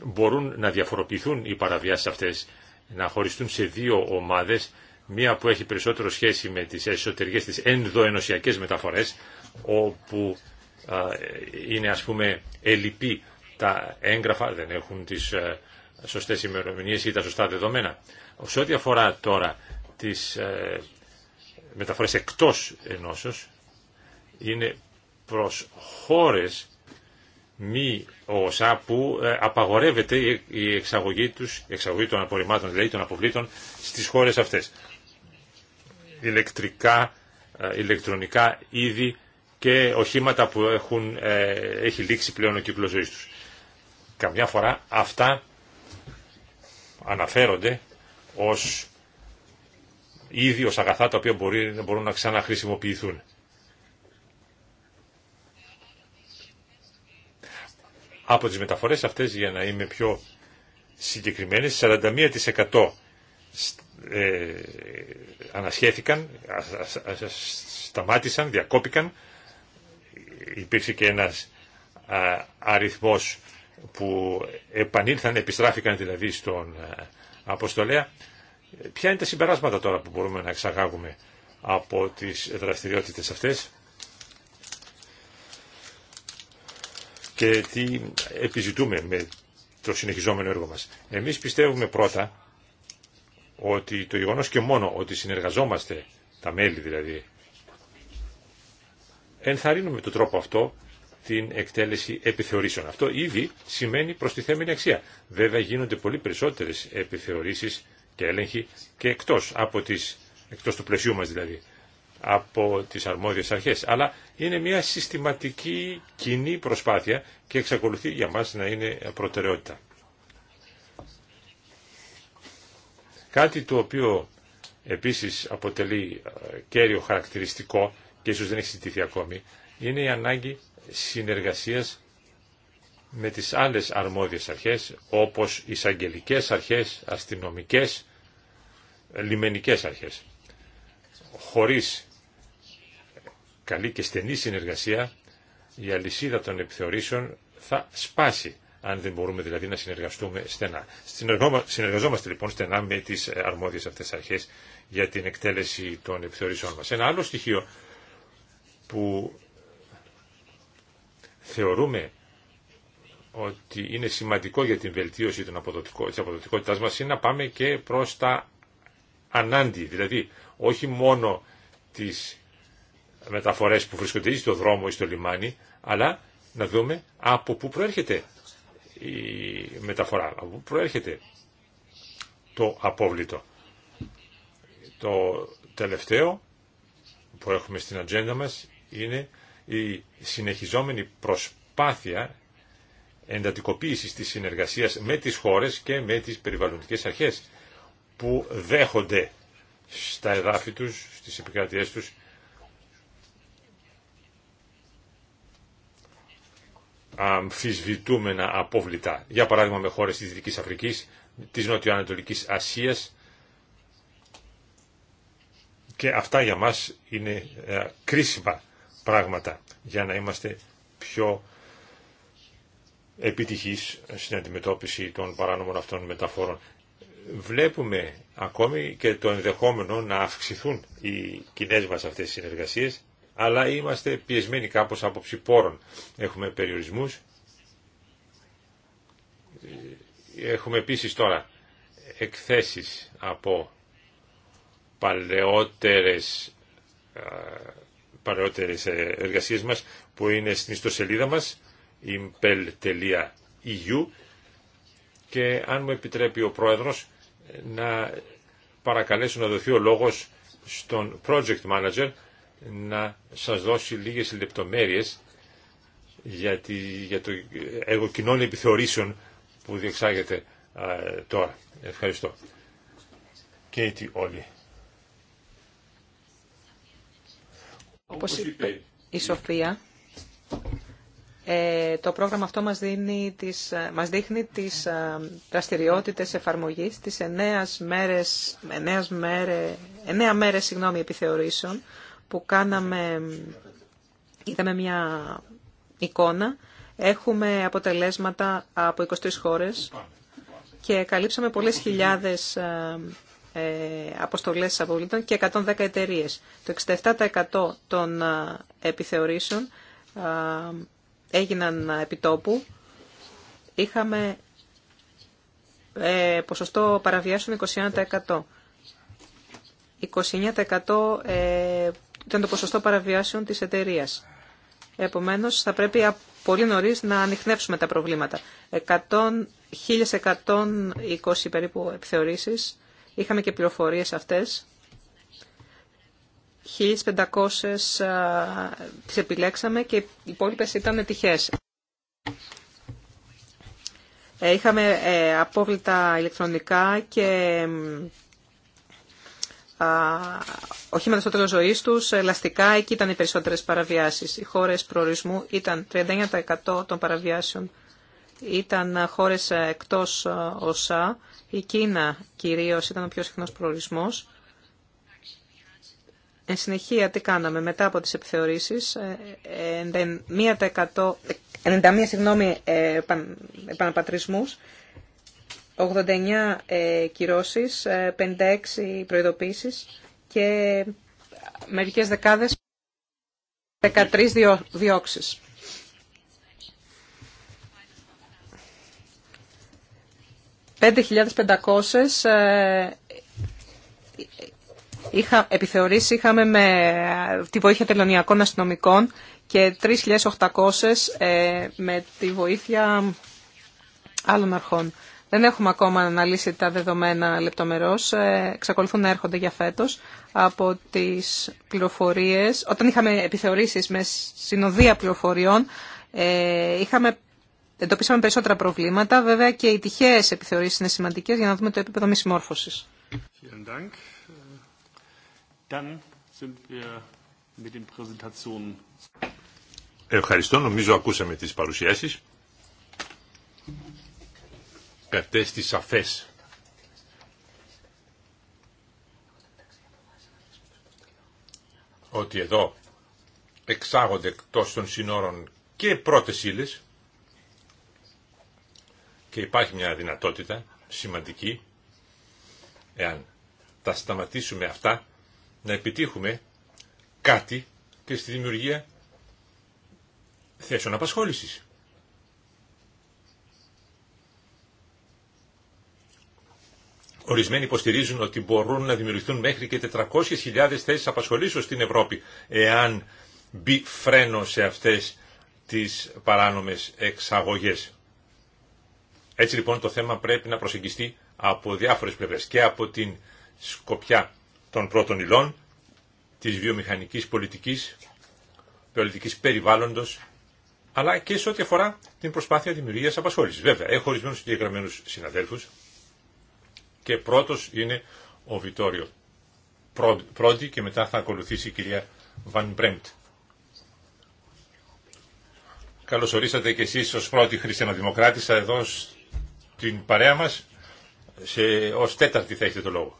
Μπορούν να διαφοροποιηθούν οι παραβιάσεις αυτές, να χωριστούν σε δύο ομάδες, μία που έχει περισσότερο σχέση με τις εσωτερικές, τις ενδοενωσιακές μεταφορές, όπου ε, είναι ας πούμε ελλειπή τα έγγραφα, δεν έχουν τις ε, σωστές ημερομηνίες ή τα σωστά δεδομένα. Σε ό,τι αφορά τώρα τις ε, μεταφορές εκτός ενώσεως, είναι προς χώρες μη όσα που ε, απαγορεύεται η εξαγωγή, τους, η εξαγωγή των απορριμμάτων, δηλαδή των αποβλήτων, στις χώρες αυτές. Ηλεκτρικά, ε, ηλεκτρονικά είδη και οχήματα που έχουν, ε, έχει λήξει πλέον ο κύκλος ζωής τους. Καμιά φορά αυτά αναφέρονται ως ήδη ως αγαθά τα οποία μπορεί, μπορούν να ξαναχρησιμοποιηθούν. Από τις μεταφορές αυτές, για να είμαι πιο συγκεκριμένες, 41% ε, ανασχέθηκαν, σταμάτησαν, διακόπηκαν. Υπήρξε και ένας αριθμός που επανήλθαν, επιστράφηκαν δηλαδή στον ε, Αποστολέα. Ποια είναι τα συμπεράσματα τώρα που μπορούμε να εξαγάγουμε από τις δραστηριότητες αυτές και τι επιζητούμε με το συνεχιζόμενο έργο μας. Εμείς πιστεύουμε πρώτα ότι το γεγονό και μόνο ότι συνεργαζόμαστε, τα μέλη δηλαδή, ενθαρρύνουμε τον τρόπο αυτό την εκτέλεση επιθεωρήσεων. Αυτό ήδη σημαίνει προστιθέμενη αξία. Βέβαια γίνονται πολύ περισσότερες επιθεωρήσεις και έλεγχοι και εκτός, από τις, εκτός του πλαισιού μας δηλαδή από τις αρμόδιες αρχές. Αλλά είναι μια συστηματική κοινή προσπάθεια και εξακολουθεί για μας να είναι προτεραιότητα. Κάτι το οποίο επίσης αποτελεί ε, κέριο χαρακτηριστικό και ίσως δεν έχει συζητηθεί ακόμη, είναι η ανάγκη συνεργασίας με τις άλλες αρμόδιες αρχές, όπως εισαγγελικέ αρχές, αστυνομικές, λιμενικές αρχές. Χωρίς καλή και στενή συνεργασία, η αλυσίδα των επιθεωρήσεων θα σπάσει, αν δεν μπορούμε δηλαδή να συνεργαστούμε στενά. Συνεργαζόμαστε λοιπόν στενά με τις αρμόδιες αυτές αρχές για την εκτέλεση των επιθεωρήσεων μας. Ένα άλλο στοιχείο που θεωρούμε ότι είναι σημαντικό για την βελτίωση των αποδοτικό, της αποδοτικότητάς μας είναι να πάμε και προς τα ανάντι, δηλαδή όχι μόνο τις μεταφορές που βρίσκονται ή στο δρόμο ή στο λιμάνι, αλλά να δούμε από πού προέρχεται η μεταφορά, από πού προέρχεται το απόβλητο. Το τελευταίο που έχουμε στην ατζέντα μας είναι η συνεχιζόμενη προσπάθεια εντατικοποίησης της συνεργασίας με τις χώρες και με τις περιβαλλοντικές αρχές που δέχονται στα εδάφη τους, στις επικρατείες τους αμφισβητούμενα απόβλητα. Για παράδειγμα με χώρες της Δυτικής Αφρικής, της Νοτιοανατολικής Ασίας και αυτά για μας είναι ε, κρίσιμα πράγματα για να είμαστε πιο επιτυχείς στην αντιμετώπιση των παράνομων αυτών μεταφορών. Βλέπουμε ακόμη και το ενδεχόμενο να αυξηθούν οι κοινέ μας αυτές οι συνεργασίες, αλλά είμαστε πιεσμένοι κάπως από ψηπόρων. Έχουμε περιορισμούς. Έχουμε επίσης τώρα εκθέσεις από παλαιότερες παλαιότερες ε, εργασίες μας που είναι στην ιστοσελίδα μας impel.eu και αν μου επιτρέπει ο Πρόεδρος ε, να παρακαλέσω να δοθεί ο λόγος στον Project Manager να σας δώσει λίγες λεπτομέρειες για, για το έργο κοινών επιθεωρήσεων που διεξάγεται ε, τώρα. Ευχαριστώ. Κέιτι όλοι. Όπως είπε η Σοφία, ε, το πρόγραμμα αυτό μας, δίνει τις, ε, μας δείχνει τις ε, δραστηριότητες εφαρμογής τις εννέας μέρες, εννέας μέρε, εννέα μέρες συγγνώμη, επιθεωρήσεων που κάναμε, είδαμε μια εικόνα. Έχουμε αποτελέσματα από 23 χώρες και καλύψαμε πολλές χιλιάδες ε, αποστολές αποβλήτων και 110 εταιρείε. Το 67% των ε, επιθεωρήσεων ε, έγιναν επιτόπου. Είχαμε ποσοστό παραβιάσεων 21%. 29% ήταν το ποσοστό παραβιάσεων της εταιρεία. Επομένως, θα πρέπει πολύ νωρίς να ανοιχνεύσουμε τα προβλήματα. 1.120 περίπου επιθεωρήσεις Είχαμε και πληροφορίες αυτές. 1.500 τις επιλέξαμε και οι υπόλοιπες ήταν τυχές. Ε, είχαμε ε, απόβλητα ηλεκτρονικά και οχήματα στο τέλος ζωής τους, ελαστικά, εκεί ήταν οι περισσότερες παραβιάσεις. Οι χώρες προορισμού ήταν 39% των παραβιάσεων ήταν χώρες εκτός ΩΣΑ, ε, Η Κίνα κυρίως ήταν ο πιο συχνός προορισμός. Εν συνεχεία, τι κάναμε μετά από τις επιθεωρήσεις, 91%, ε, ε, συγγνώμη, επαναπατρισμούς, 89 κυρώσεις, 56 προειδοποίησεις και μερικές δεκάδες, 13 διώξεις. 5.500 ε, είχα, επιθεωρήσει είχαμε με ε, τη βοήθεια τελωνιακών αστυνομικών και 3.800 ε, με τη βοήθεια άλλων αρχών. Δεν έχουμε ακόμα αναλύσει τα δεδομένα λεπτομερώς. Εξακολουθούν να έρχονται για φέτος από τις πληροφορίες. Όταν είχαμε επιθεωρήσεις με συνοδεία πληροφοριών, είχαμε εντοπίσαμε περισσότερα προβλήματα. Βέβαια και οι τυχαίες επιθεωρήσεις είναι σημαντικές για να δούμε το επίπεδο μη συμμόρφωση. Ευχαριστώ. Νομίζω ακούσαμε τις παρουσιάσεις. Κατέστη σαφές. Ότι εδώ εξάγονται εκτός των συνόρων και πρώτες ύλες και υπάρχει μια δυνατότητα σημαντική, εάν τα σταματήσουμε αυτά, να επιτύχουμε κάτι και στη δημιουργία θέσεων απασχόλησης. Ορισμένοι υποστηρίζουν ότι μπορούν να δημιουργηθούν μέχρι και 400.000 θέσεις απασχολήσεως στην Ευρώπη, εάν μπει φρένο σε αυτές τις παράνομες εξαγωγές. Έτσι λοιπόν το θέμα πρέπει να προσεγγιστεί από διάφορες πλευρές και από την σκοπιά των πρώτων υλών, της βιομηχανικής πολιτικής, πολιτικής περιβάλλοντος, αλλά και σε ό,τι αφορά την προσπάθεια δημιουργίας απασχόλησης. Βέβαια, έχω ορισμένους συγκεκριμένους συναδέλφους και πρώτος είναι ο Βιτόριο Πρώτη και μετά θα ακολουθήσει η κυρία Βαν Μπρέμπτ. Καλώς ορίσατε και εσείς ως πρώτη χριστιανοδημοκράτησα εδώ την παρέα μας σε, ως τέταρτη θα έχετε το λόγο.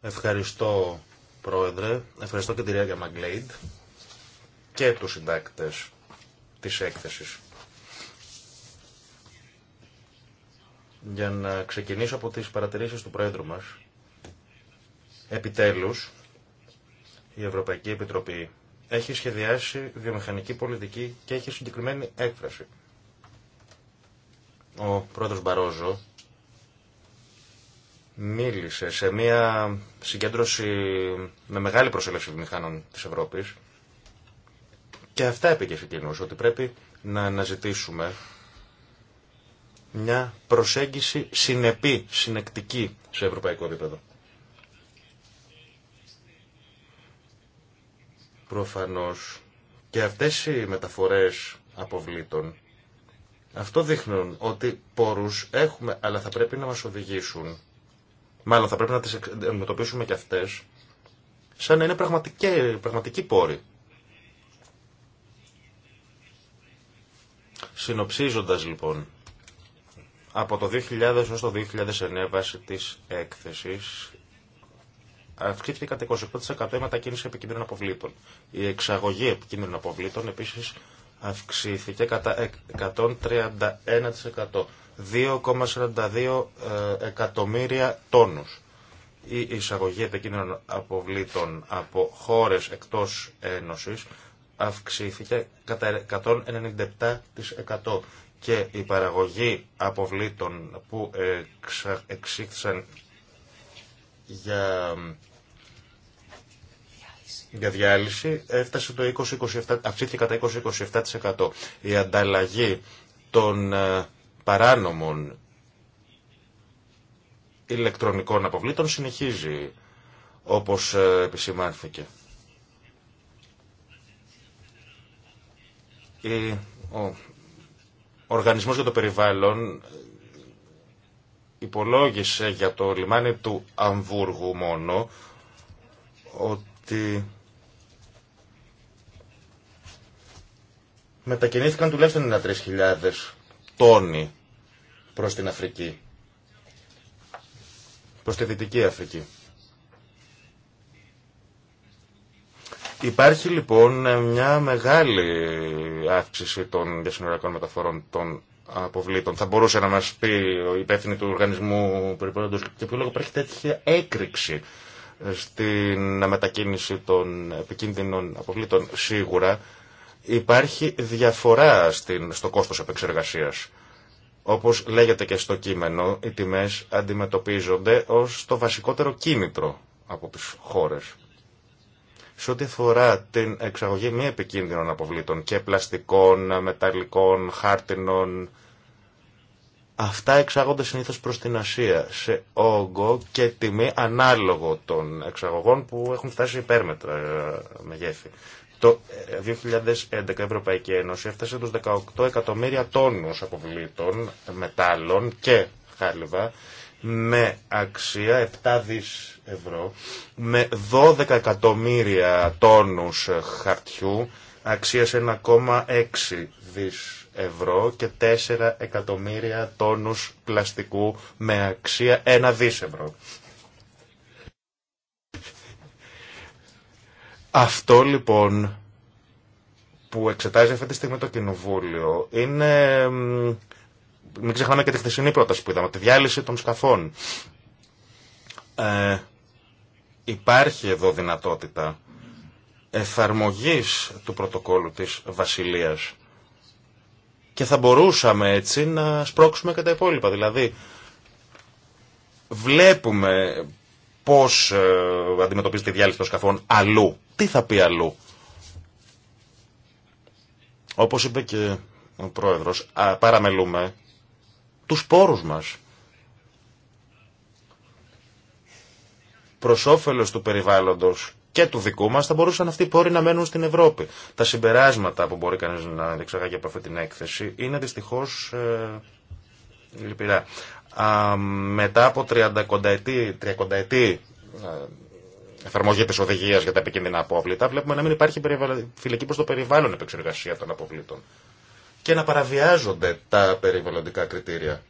Ευχαριστώ Πρόεδρε, ευχαριστώ και τη Ριάγια Μαγκλέιντ και τους συντάκτες της έκθεσης. Για να ξεκινήσω από τις παρατηρήσεις του Πρόεδρου μας, επιτέλους η Ευρωπαϊκή Επιτροπή έχει σχεδιάσει βιομηχανική πολιτική και έχει συγκεκριμένη έκφραση ο πρόεδρος Μπαρόζο μίλησε σε μια συγκέντρωση με μεγάλη προσέλευση μηχάνων της Ευρώπης και αυτά έπαιγε σε ότι πρέπει να αναζητήσουμε μια προσέγγιση συνεπή, συνεκτική σε ευρωπαϊκό επίπεδο. Προφανώς και αυτές οι μεταφορές αποβλήτων αυτό δείχνουν ότι πόρους έχουμε, αλλά θα πρέπει να μας οδηγήσουν. Μάλλον θα πρέπει να τις αντιμετωπίσουμε και αυτές, σαν να είναι πραγματικοί πόροι. Συνοψίζοντας λοιπόν, από το 2000 έως το 2009 βάσει της έκθεσης, αυξήθηκε κατά 28% η μετακίνηση επικίνδυνων αποβλήτων. Η εξαγωγή επικίνδυνων αποβλήτων επίσης αυξήθηκε κατά 131%. 2,42 ε, εκατομμύρια τόνους. Η εισαγωγή επικίνδυνων αποβλήτων από χώρες εκτός Ένωσης αυξήθηκε κατά 197% και η παραγωγή αποβλήτων που εξήχθησαν για για διάλυση έφτασε το 20, 27, αυξήθηκε κατά 20-27%. Η ανταλλαγή των ε, παράνομων ηλεκτρονικών αποβλήτων συνεχίζει όπως ε, επισημάνθηκε. ο Οργανισμός για το Περιβάλλον ε, υπολόγισε για το λιμάνι του Αμβούργου μόνο ότι μετακινήθηκαν τουλάχιστον 93.000 τόνοι προς την Αφρική, προς τη Δυτική Αφρική. Υπάρχει λοιπόν μια μεγάλη αύξηση των διασυνοριακών μεταφορών των αποβλήτων. Θα μπορούσε να μας πει ο υπεύθυνη του οργανισμού περιπολόντος και ποιο λόγο υπάρχει τέτοια έκρηξη στην μετακίνηση των επικίνδυνων αποβλήτων σίγουρα Υπάρχει διαφορά στην, στο κόστος επεξεργασίας. Όπως λέγεται και στο κείμενο, οι τιμές αντιμετωπίζονται ως το βασικότερο κίνητρο από τις χώρες. Σε ό,τι αφορά την εξαγωγή μη επικίνδυνων αποβλήτων και πλαστικών, μεταλλικών, χάρτινων, αυτά εξάγονται συνήθως προς την Ασία σε όγκο και τιμή ανάλογο των εξαγωγών που έχουν φτάσει υπέρμετρα ε, μεγέθη. Το 2011 ε, η Ευρωπαϊκή Ένωση έφτασε τους 18 εκατομμύρια τόνους αποβλήτων, μετάλλων και χάλιβα με αξία 7 δις ευρώ, με 12 εκατομμύρια τόνους χαρτιού, αξίας 1,6 δις ευρώ και 4 εκατομμύρια τόνους πλαστικού με αξία 1 δις ευρώ. Αυτό λοιπόν που εξετάζει αυτή τη στιγμή το Κοινοβούλιο είναι, μην ξεχνάμε και τη χθεσινή πρόταση που είδαμε, τη διάλυση των σκαφών. Ε, υπάρχει εδώ δυνατότητα εφαρμογής του πρωτοκόλου της Βασιλείας και θα μπορούσαμε έτσι να σπρώξουμε και τα υπόλοιπα. Δηλαδή, βλέπουμε πώς ε, αντιμετωπίζεται η διάλυση των σκαφών αλλού τι θα πει αλλού. Όπως είπε και ο Πρόεδρος, παραμελούμε τους πόρους μας. Προς όφελος του περιβάλλοντος και του δικού μας θα μπορούσαν αυτοί οι πόροι να μένουν στην Ευρώπη. Τα συμπεράσματα που μπορεί κανείς να διεξαγάγει από αυτή την έκθεση είναι δυστυχώς ε, λυπηρά. Α, μετά από 30 ετή, 30 ετή, εφαρμογή τη οδηγία για τα επικίνδυνα απόβλητα, βλέπουμε να μην υπάρχει φιλική προ το περιβάλλον επεξεργασία των αποβλήτων και να παραβιάζονται τα περιβαλλοντικά κριτήρια.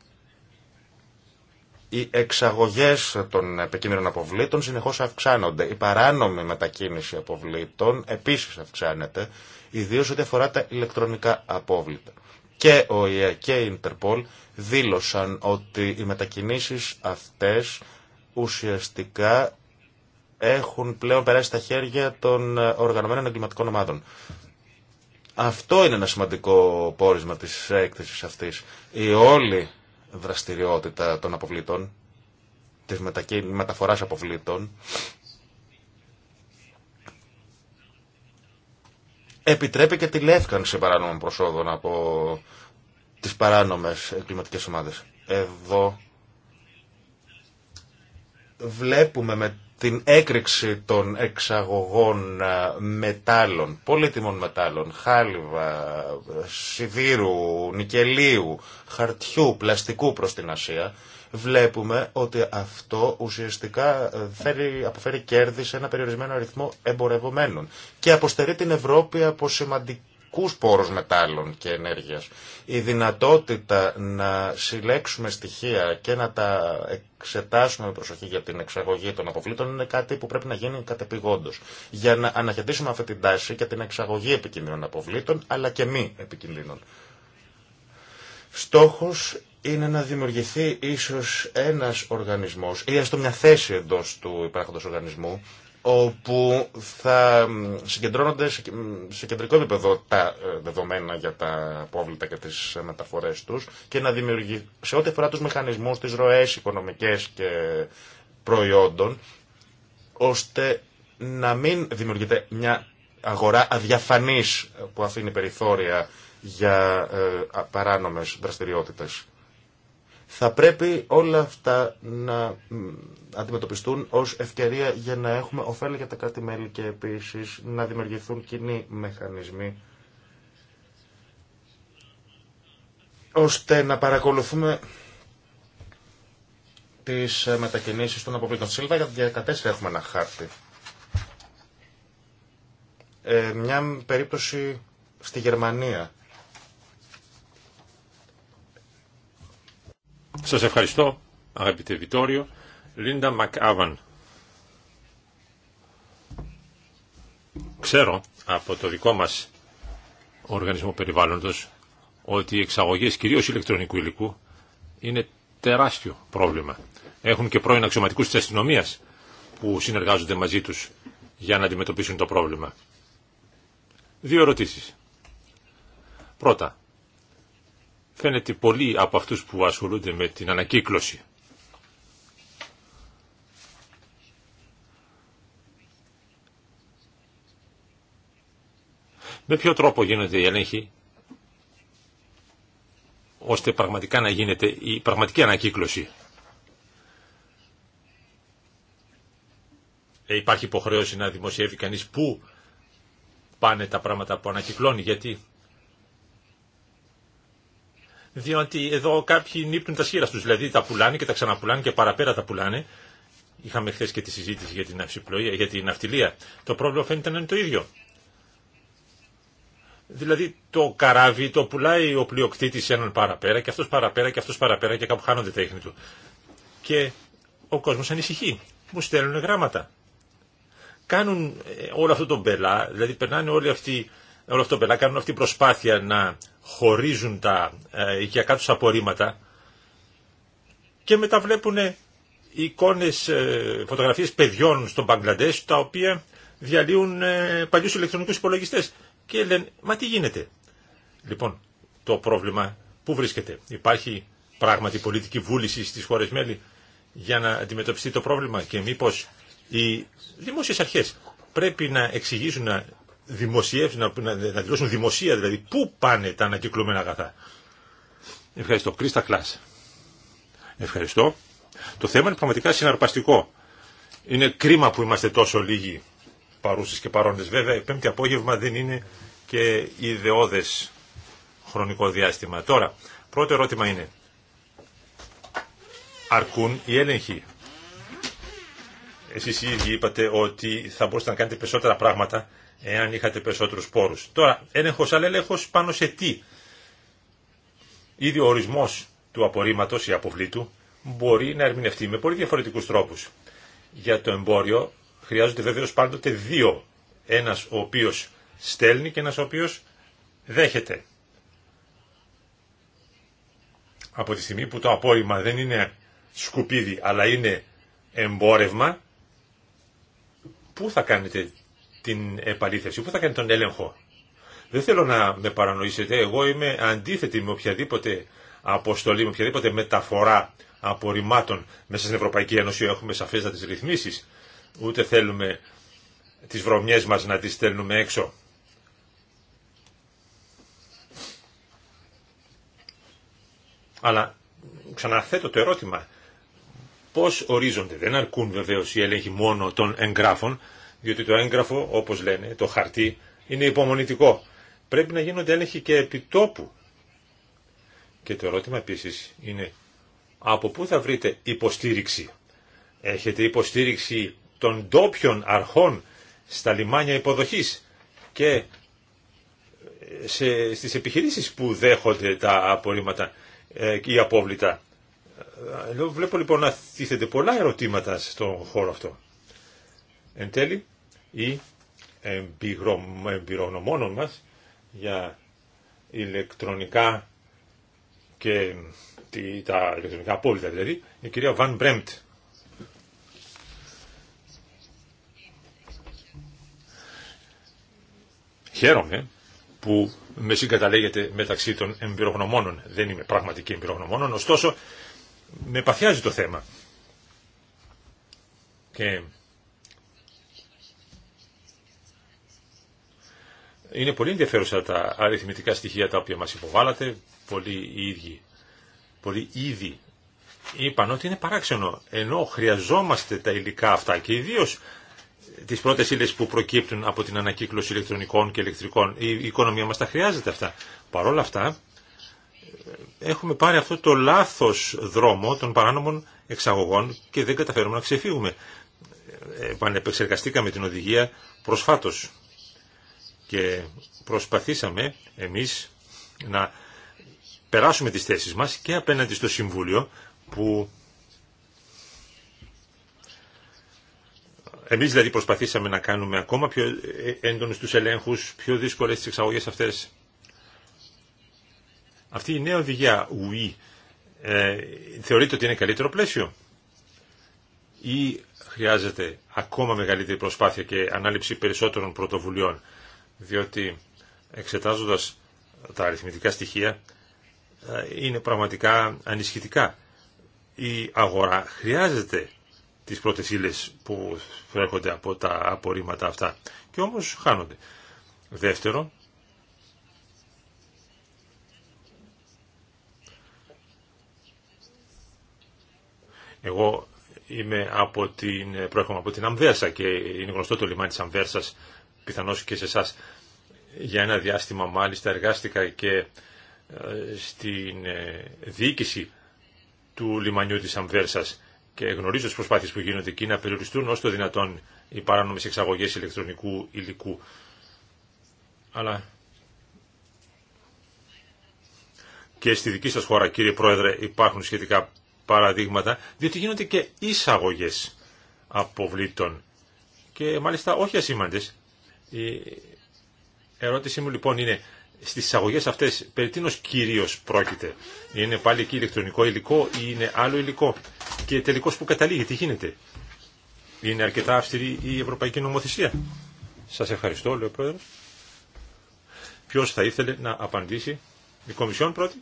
Οι εξαγωγέ των επικίνδυνων αποβλήτων συνεχώ αυξάνονται. Η παράνομη μετακίνηση αποβλήτων επίση αυξάνεται, ιδίω ό,τι αφορά τα ηλεκτρονικά απόβλητα. Και ο ΙΕ και η Ιντερπολ δήλωσαν ότι οι μετακινήσει αυτέ ουσιαστικά έχουν πλέον περάσει στα χέρια των ε, οργανωμένων εγκληματικών ομάδων. Αυτό είναι ένα σημαντικό πόρισμα της έκθεσης αυτής. Η όλη δραστηριότητα των αποβλήτων, της μεταφοράς αποβλήτων, επιτρέπει και τη λεύκανση παράνομων προσόδων από τις παράνομες εγκληματικές ομάδες. Εδώ βλέπουμε με την έκρηξη των εξαγωγών ε, μετάλλων, πολύτιμων μετάλλων, χάλιβα, ε, σιδήρου, νικελίου, χαρτιού, πλαστικού προς την Ασία, βλέπουμε ότι αυτό ουσιαστικά ε, φέρει, αποφέρει κέρδη σε ένα περιορισμένο αριθμό εμπορευομένων και αποστερεί την Ευρώπη από σημαντική πόρους μετάλλων και ενέργειας. Η δυνατότητα να συλλέξουμε στοιχεία και να τα εξετάσουμε με προσοχή για την εξαγωγή των αποβλήτων είναι κάτι που πρέπει να γίνει κατεπηγόντω. Για να αναχαιτήσουμε αυτή την τάση και την εξαγωγή επικίνδυνων αποβλήτων, αλλά και μη επικίνδυνων. Στόχος είναι να δημιουργηθεί ίσω ένας οργανισμός ή έστω μια θέση εντό του υπάρχοντος οργανισμού όπου θα συγκεντρώνονται σε κεντρικό επίπεδο τα ε, δεδομένα για τα απόβλητα και τις ε, μεταφορές τους και να δημιουργεί σε ό,τι αφορά τους μηχανισμούς, τις ροές οικονομικές και προϊόντων ώστε να μην δημιουργείται μια αγορά αδιαφανής που αφήνει περιθώρια για ε, παράνομες δραστηριότητες. Θα πρέπει όλα αυτά να αντιμετωπιστούν ως ευκαιρία για να έχουμε ωφέλη για τα κράτη-μέλη και επίσης να δημιουργηθούν κοινοί μηχανισμοί ώστε να παρακολουθούμε τις μετακινήσεις των αποβλήτων. Σύλλογα για 14 έχουμε ένα χάρτη. Ε, μια περίπτωση στη Γερμανία. Σας ευχαριστώ αγαπητέ Βιτόριο. Λίντα Μακάβαν. Ξέρω από το δικό μας οργανισμό περιβάλλοντος ότι οι εξαγωγές κυρίως ηλεκτρονικού υλικού είναι τεράστιο πρόβλημα. Έχουν και πρώην αξιωματικούς της αστυνομία που συνεργάζονται μαζί τους για να αντιμετωπίσουν το πρόβλημα. Δύο ερωτήσεις. Πρώτα, φαίνεται πολλοί από αυτούς που ασχολούνται με την ανακύκλωση Με ποιο τρόπο γίνονται οι έλεγχοι ώστε πραγματικά να γίνεται η πραγματική ανακύκλωση. Ε, υπάρχει υποχρέωση να δημοσιεύει κανείς πού πάνε τα πράγματα που ανακυκλώνει. Γιατί διότι εδώ κάποιοι νύπτουν τα σχήρα τους, δηλαδή τα πουλάνε και τα ξαναπουλάνε και παραπέρα τα πουλάνε. Είχαμε χθε και τη συζήτηση για την αυσιπλοεία, για την ναυτιλία. Το πρόβλημα φαίνεται να είναι το ίδιο. Δηλαδή το καράβι το πουλάει ο πλειοκτήτης έναν παραπέρα και αυτός παραπέρα και αυτός παραπέρα και κάπου χάνονται τα του. Και ο κόσμος ανησυχεί. Μου στέλνουν γράμματα. Κάνουν ε, όλο αυτό το μπελά, δηλαδή περνάνε όλοι αυτοί, όλο αυτό το μπελά, κάνουν αυτή προσπάθεια να χωρίζουν τα ε, οικιακά τους απορρίμματα και μετά βλέπουν ε, εικόνες, ε, φωτογραφίες παιδιών στον Μπαγκλαντές τα οποία διαλύουν ε, παλιούς ηλεκτρονικούς υπολογιστές και λένε «Μα τι γίνεται». Λοιπόν, το πρόβλημα πού βρίσκεται. Υπάρχει πράγματι πολιτική βούληση στις χώρες μέλη για να αντιμετωπιστεί το πρόβλημα και μήπως οι δημόσιες αρχές πρέπει να εξηγήσουν, να δημοσιεύσουν, να, δηλώσουν δημοσία δηλαδή πού πάνε τα ανακυκλωμένα αγαθά. Ευχαριστώ. Κρίστα Κλάς. Ευχαριστώ. Το θέμα είναι πραγματικά συναρπαστικό. Είναι κρίμα που είμαστε τόσο λίγοι παρούσες και παρόντε. Βέβαια, η πέμπτη απόγευμα δεν είναι και ιδεώδε χρονικό διάστημα. Τώρα, πρώτο ερώτημα είναι, αρκούν οι έλεγχοι. Εσείς οι ίδιοι είπατε ότι θα μπορούσατε να κάνετε περισσότερα πράγματα εάν είχατε περισσότερους πόρους. Τώρα, έλεγχος αλλά έλεγχος πάνω σε τι. Ήδη ο ορισμός του απορρίμματο ή αποβλήτου μπορεί να ερμηνευτεί με πολύ διαφορετικούς τρόπους. Για το εμπόριο Χρειάζονται βεβαίω πάντοτε δύο. Ένας ο οποίος στέλνει και ένας ο οποίος δέχεται. Από τη στιγμή που το απόρριμα δεν είναι σκουπίδι αλλά είναι εμπόρευμα, πού θα κάνετε την επαλήθευση, πού θα κάνετε τον έλεγχο. Δεν θέλω να με παρανοήσετε, εγώ είμαι αντίθετη με οποιαδήποτε αποστολή, με οποιαδήποτε μεταφορά απορριμμάτων μέσα στην Ευρωπαϊκή Ένωση έχουμε σαφέστατες ρυθμίσεις ούτε θέλουμε τις βρωμιές μας να τις στέλνουμε έξω. Αλλά ξαναθέτω το ερώτημα. Πώς ορίζονται, δεν αρκούν βεβαίως οι έλεγχοι μόνο των εγγράφων, διότι το έγγραφο, όπως λένε, το χαρτί, είναι υπομονητικό. Πρέπει να γίνονται έλεγχοι και επί τόπου Και το ερώτημα επίσης είναι, από πού θα βρείτε υποστήριξη. Έχετε υποστήριξη των ντόπιων αρχών στα λιμάνια υποδοχής και ε, σε, στις επιχειρήσεις που δέχονται τα απορρίμματα ε, ή απόβλητα. Ε, βλέπω λοιπόν να θιθεται πολλά ερωτήματα στον χώρο αυτό. Εν τέλει, οι εμπειρογνωμόνων μας για ηλεκτρονικά και τα ηλεκτρονικά απόβλητα δηλαδή, η κυρία Βαν Μπρέμπτ Χαίρομαι που με συγκαταλέγεται μεταξύ των εμπειρογνωμόνων. Δεν είμαι πραγματική εμπειρογνωμόνων, ωστόσο με παθιάζει το θέμα. Και είναι πολύ ενδιαφέρουσα τα αριθμητικά στοιχεία τα οποία μας υποβάλλατε. πολύ ίδιοι, πολύ ήδη είπαν ότι είναι παράξενο, ενώ χρειαζόμαστε τα υλικά αυτά και ιδίω τις πρώτες ύλε που προκύπτουν από την ανακύκλωση ηλεκτρονικών και ηλεκτρικών. Η οικονομία μας τα χρειάζεται αυτά. Παρ' όλα αυτά έχουμε πάρει αυτό το λάθος δρόμο των παράνομων εξαγωγών και δεν καταφέρουμε να ξεφύγουμε. Ε, επανεπεξεργαστήκαμε την οδηγία προσφάτως και προσπαθήσαμε εμείς να περάσουμε τις θέσεις μας και απέναντι στο Συμβούλιο που Εμείς δηλαδή προσπαθήσαμε να κάνουμε ακόμα πιο έντονους τους ελέγχους, πιο δύσκολες τις εξαγωγές αυτές. Αυτή η νέα οδηγία καλύτερο πλαίσιο ή ε, θεωρείτε ότι είναι καλύτερο πλαίσιο ή χρειάζεται ακόμα μεγαλύτερη προσπάθεια και ανάληψη περισσότερων πρωτοβουλειών διότι εξετάζοντας τα αριθμητικά στοιχεία ε, είναι πραγματικά ανισχυτικά. Η αγορά χρειάζεται τις πρώτες ύλε που προέρχονται από τα απορρίμματα αυτά. Και όμως χάνονται. Δεύτερο, εγώ είμαι από την, προέρχομαι από την Αμβέρσα και είναι γνωστό το λιμάνι της Αμβέρσας, πιθανώς και σε εσά. Για ένα διάστημα μάλιστα εργάστηκα και ε, στην ε, διοίκηση του λιμανιού της Αμβέρσας και γνωρίζω τις προσπάθειες που γίνονται εκεί να περιοριστούν όσο το δυνατόν οι παράνομε εξαγωγέ ηλεκτρονικού υλικού. Αλλά και στη δική σας χώρα κύριε Πρόεδρε υπάρχουν σχετικά παραδείγματα διότι γίνονται και εισαγωγέ αποβλήτων και μάλιστα όχι ασήμαντες. Η ερώτησή μου λοιπόν είναι στις εισαγωγές αυτές περί τίνος κυρίως πρόκειται. Είναι πάλι εκεί ηλεκτρονικό υλικό ή είναι άλλο υλικό. Και τελικώς που καταλήγει, τι γίνεται. Είναι αρκετά αυστηρή η Ευρωπαϊκή Νομοθεσία. Σας ευχαριστώ, λέει ο Πρόεδρος. Ποιος θα ήθελε να απαντήσει. Η Κομισιόν πρώτη.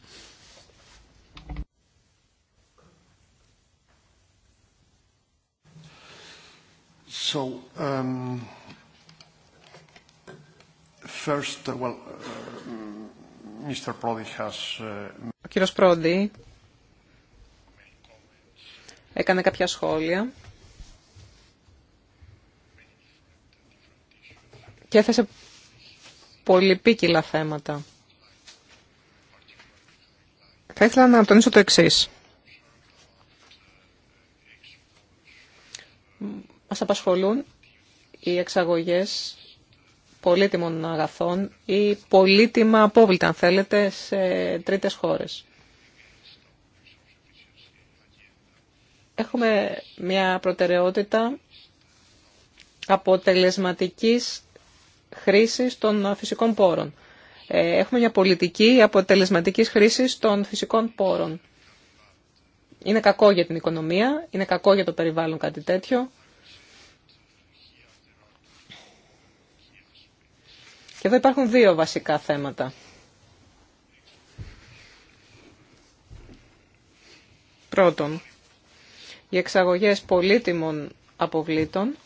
So, um... Uh, uh, mm, uh, Ο κύριος Πρόντι έκανε κάποια σχόλια και έθεσε πολυπίκυλα θέματα. Θα ήθελα να τονίσω το εξής. Μας απασχολούν οι εξαγωγές πολύτιμων αγαθών ή πολύτιμα απόβλητα, αν θέλετε, σε τρίτες χώρες. Έχουμε μια προτεραιότητα αποτελεσματικής χρήσης των φυσικών πόρων. Ε, έχουμε μια πολιτική αποτελεσματικής χρήσης των φυσικών πόρων. Είναι κακό για την οικονομία, είναι κακό για το περιβάλλον κάτι τέτοιο. Και εδώ υπάρχουν δύο βασικά θέματα. Πρώτον, οι εξαγωγές πολύτιμων αποβλήτων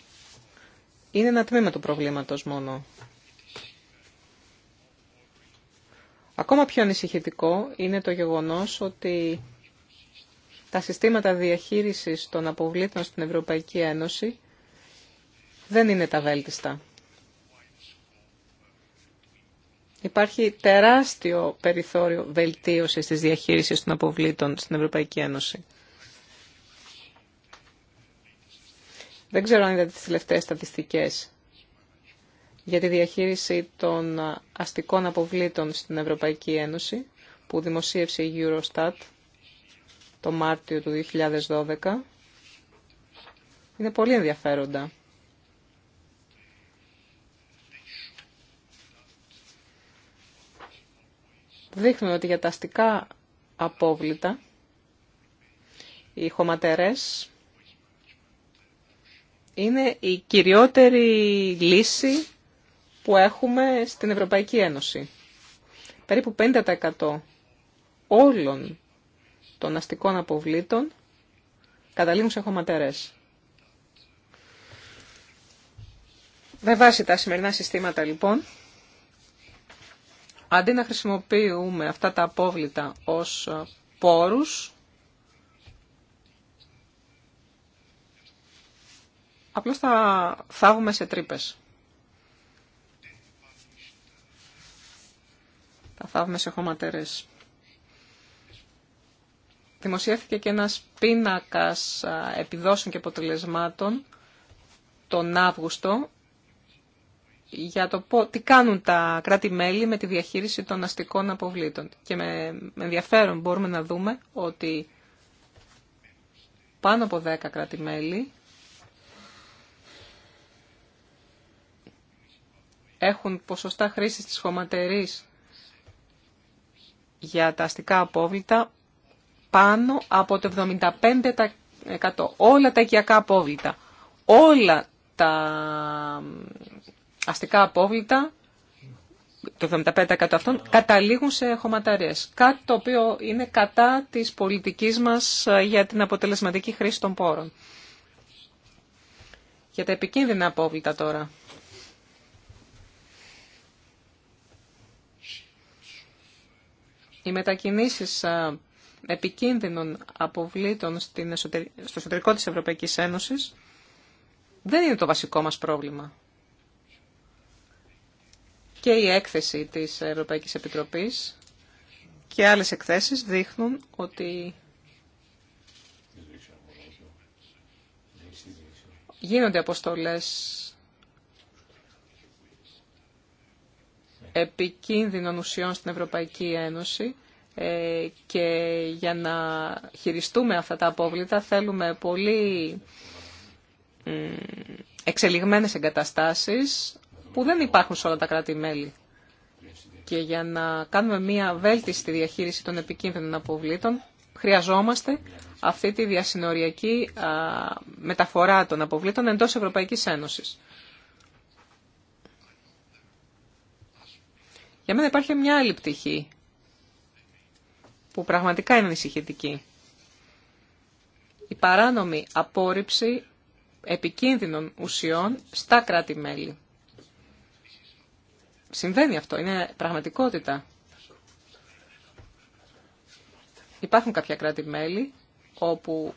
είναι ένα τμήμα του προβλήματος μόνο. Ακόμα πιο ανησυχητικό είναι το γεγονός ότι τα συστήματα διαχείρισης των αποβλήτων στην Ευρωπαϊκή Ένωση δεν είναι τα βέλτιστα. Υπάρχει τεράστιο περιθώριο βελτίωσης της διαχείρισης των αποβλήτων στην Ευρωπαϊκή Ένωση. Δεν ξέρω αν είδατε τις τελευταίες στατιστικές για τη διαχείριση των αστικών αποβλήτων στην Ευρωπαϊκή Ένωση που δημοσίευσε η Eurostat το Μάρτιο του 2012. Είναι πολύ ενδιαφέροντα. δείχνουν ότι για τα αστικά απόβλητα οι χωματερές είναι η κυριότερη λύση που έχουμε στην Ευρωπαϊκή Ένωση. Περίπου 50% όλων των αστικών αποβλήτων καταλήγουν σε χωματερές. Με βάση τα σημερινά συστήματα λοιπόν, αντί να χρησιμοποιούμε αυτά τα απόβλητα ως ε, πόρους, απλώς θα θάβουμε σε τρύπες. Θα θάβουμε σε χωματερές. Δημοσιεύθηκε και ένας πίνακας ε, επιδόσεων και αποτελεσμάτων τον Αύγουστο για το τι κάνουν τα κράτη-μέλη με τη διαχείριση των αστικών αποβλήτων. Και με, με ενδιαφέρον μπορούμε να δούμε ότι πάνω από 10 κράτη-μέλη έχουν ποσοστά χρήσης της χωματερής για τα αστικά απόβλητα πάνω από το 75%. Όλα τα οικιακά απόβλητα, όλα τα αστικά απόβλητα, το 75% αυτών, καταλήγουν σε χωματαρίες. Κάτι το οποίο είναι κατά της πολιτικής μας ε, για την αποτελεσματική χρήση των πόρων. Για τα επικίνδυνα απόβλητα τώρα. Οι μετακινήσεις ε, επικίνδυνων αποβλήτων στο εσωτερικό της Ευρωπαϊκής Ένωσης δεν είναι το βασικό μας πρόβλημα. Και η έκθεση της Ευρωπαϊκής Επιτροπής και άλλες εκθέσεις δείχνουν ότι γίνονται αποστολές επικίνδυνων ουσιών στην Ευρωπαϊκή Ένωση ε, και για να χειριστούμε αυτά τα απόβλητα θέλουμε πολύ εξελιγμένες εγκαταστάσεις που δεν υπάρχουν σε όλα τα κράτη-μέλη. Και για να κάνουμε μία βέλτιστη διαχείριση των επικίνδυνων αποβλήτων, χρειαζόμαστε αυτή τη διασυνοριακή μεταφορά των αποβλήτων εντός Ευρωπαϊκής Ένωσης. Για μένα υπάρχει μια άλλη πτυχή που πραγματικά είναι ανησυχητική. Η παράνομη απόρριψη επικίνδυνων ουσιών στα κράτη-μέλη. Συμβαίνει αυτό, είναι πραγματικότητα. Υπάρχουν κάποια κράτη-μέλη όπου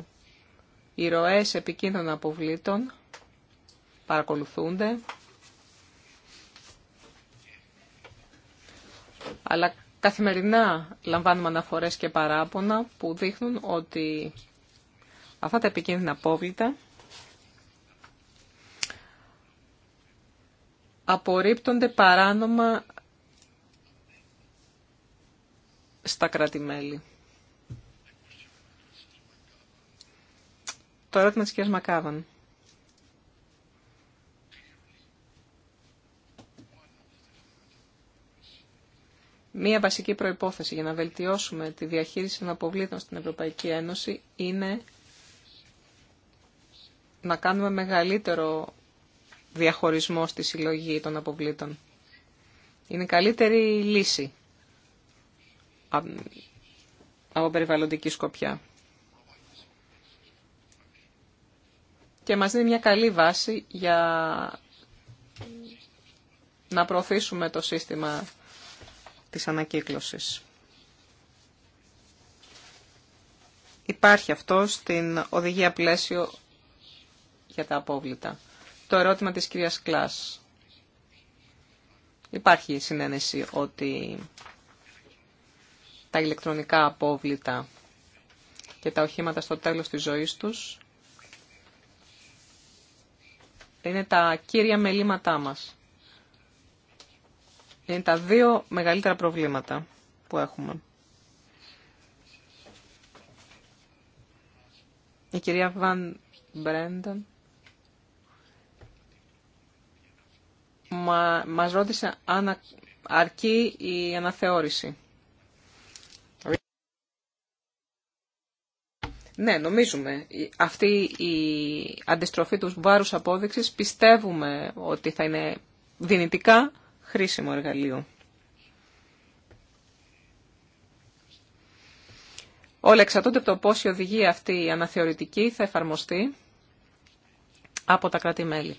οι ροές επικίνδυνων αποβλήτων παρακολουθούνται, αλλά καθημερινά λαμβάνουμε αναφορές και παράπονα που δείχνουν ότι αυτά τα επικίνδυνα απόβλητα απορρίπτονται παράνομα στα κράτη-μέλη. Το ερώτημα της κυρίας Μακάβαν. Μία βασική προϋπόθεση για να βελτιώσουμε τη διαχείριση των αποβλήτων στην Ευρωπαϊκή Ένωση είναι να κάνουμε μεγαλύτερο διαχωρισμό στη συλλογή των αποβλήτων. Είναι καλύτερη λύση από περιβαλλοντική σκοπιά. Και μας δίνει μια καλή βάση για να προωθήσουμε το σύστημα της ανακύκλωσης. Υπάρχει αυτό στην οδηγία πλαίσιο για τα απόβλητα το ερώτημα της κυρίας Κλάς. Υπάρχει συνένεση ότι τα ηλεκτρονικά απόβλητα και τα οχήματα στο τέλος της ζωής τους είναι τα κύρια μελήματά μας. Είναι τα δύο μεγαλύτερα προβλήματα που έχουμε. Η κυρία Βαν Μπρένταν μα, μας ρώτησε αν αρκεί η αναθεώρηση. Ναι, νομίζουμε. Αυτή η αντιστροφή του βάρους απόδειξης πιστεύουμε ότι θα είναι δυνητικά χρήσιμο εργαλείο. Όλα εξαρτώνται από το πώς η οδηγία αυτή η αναθεωρητική θα εφαρμοστεί από τα κράτη-μέλη.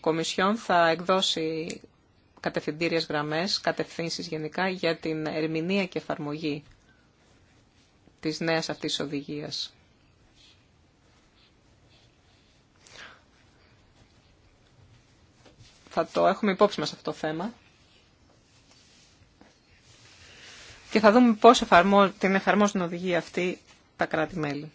Κομισιόν θα εκδώσει κατευθυντήριες γραμμές, κατευθύνσεις γενικά για την ερμηνεία και εφαρμογή της νέας αυτής οδηγίας. Θα το έχουμε υπόψη μας αυτό το θέμα. Και θα δούμε πώς την εφαρμόζουν οδηγία αυτή τα κράτη-μέλη.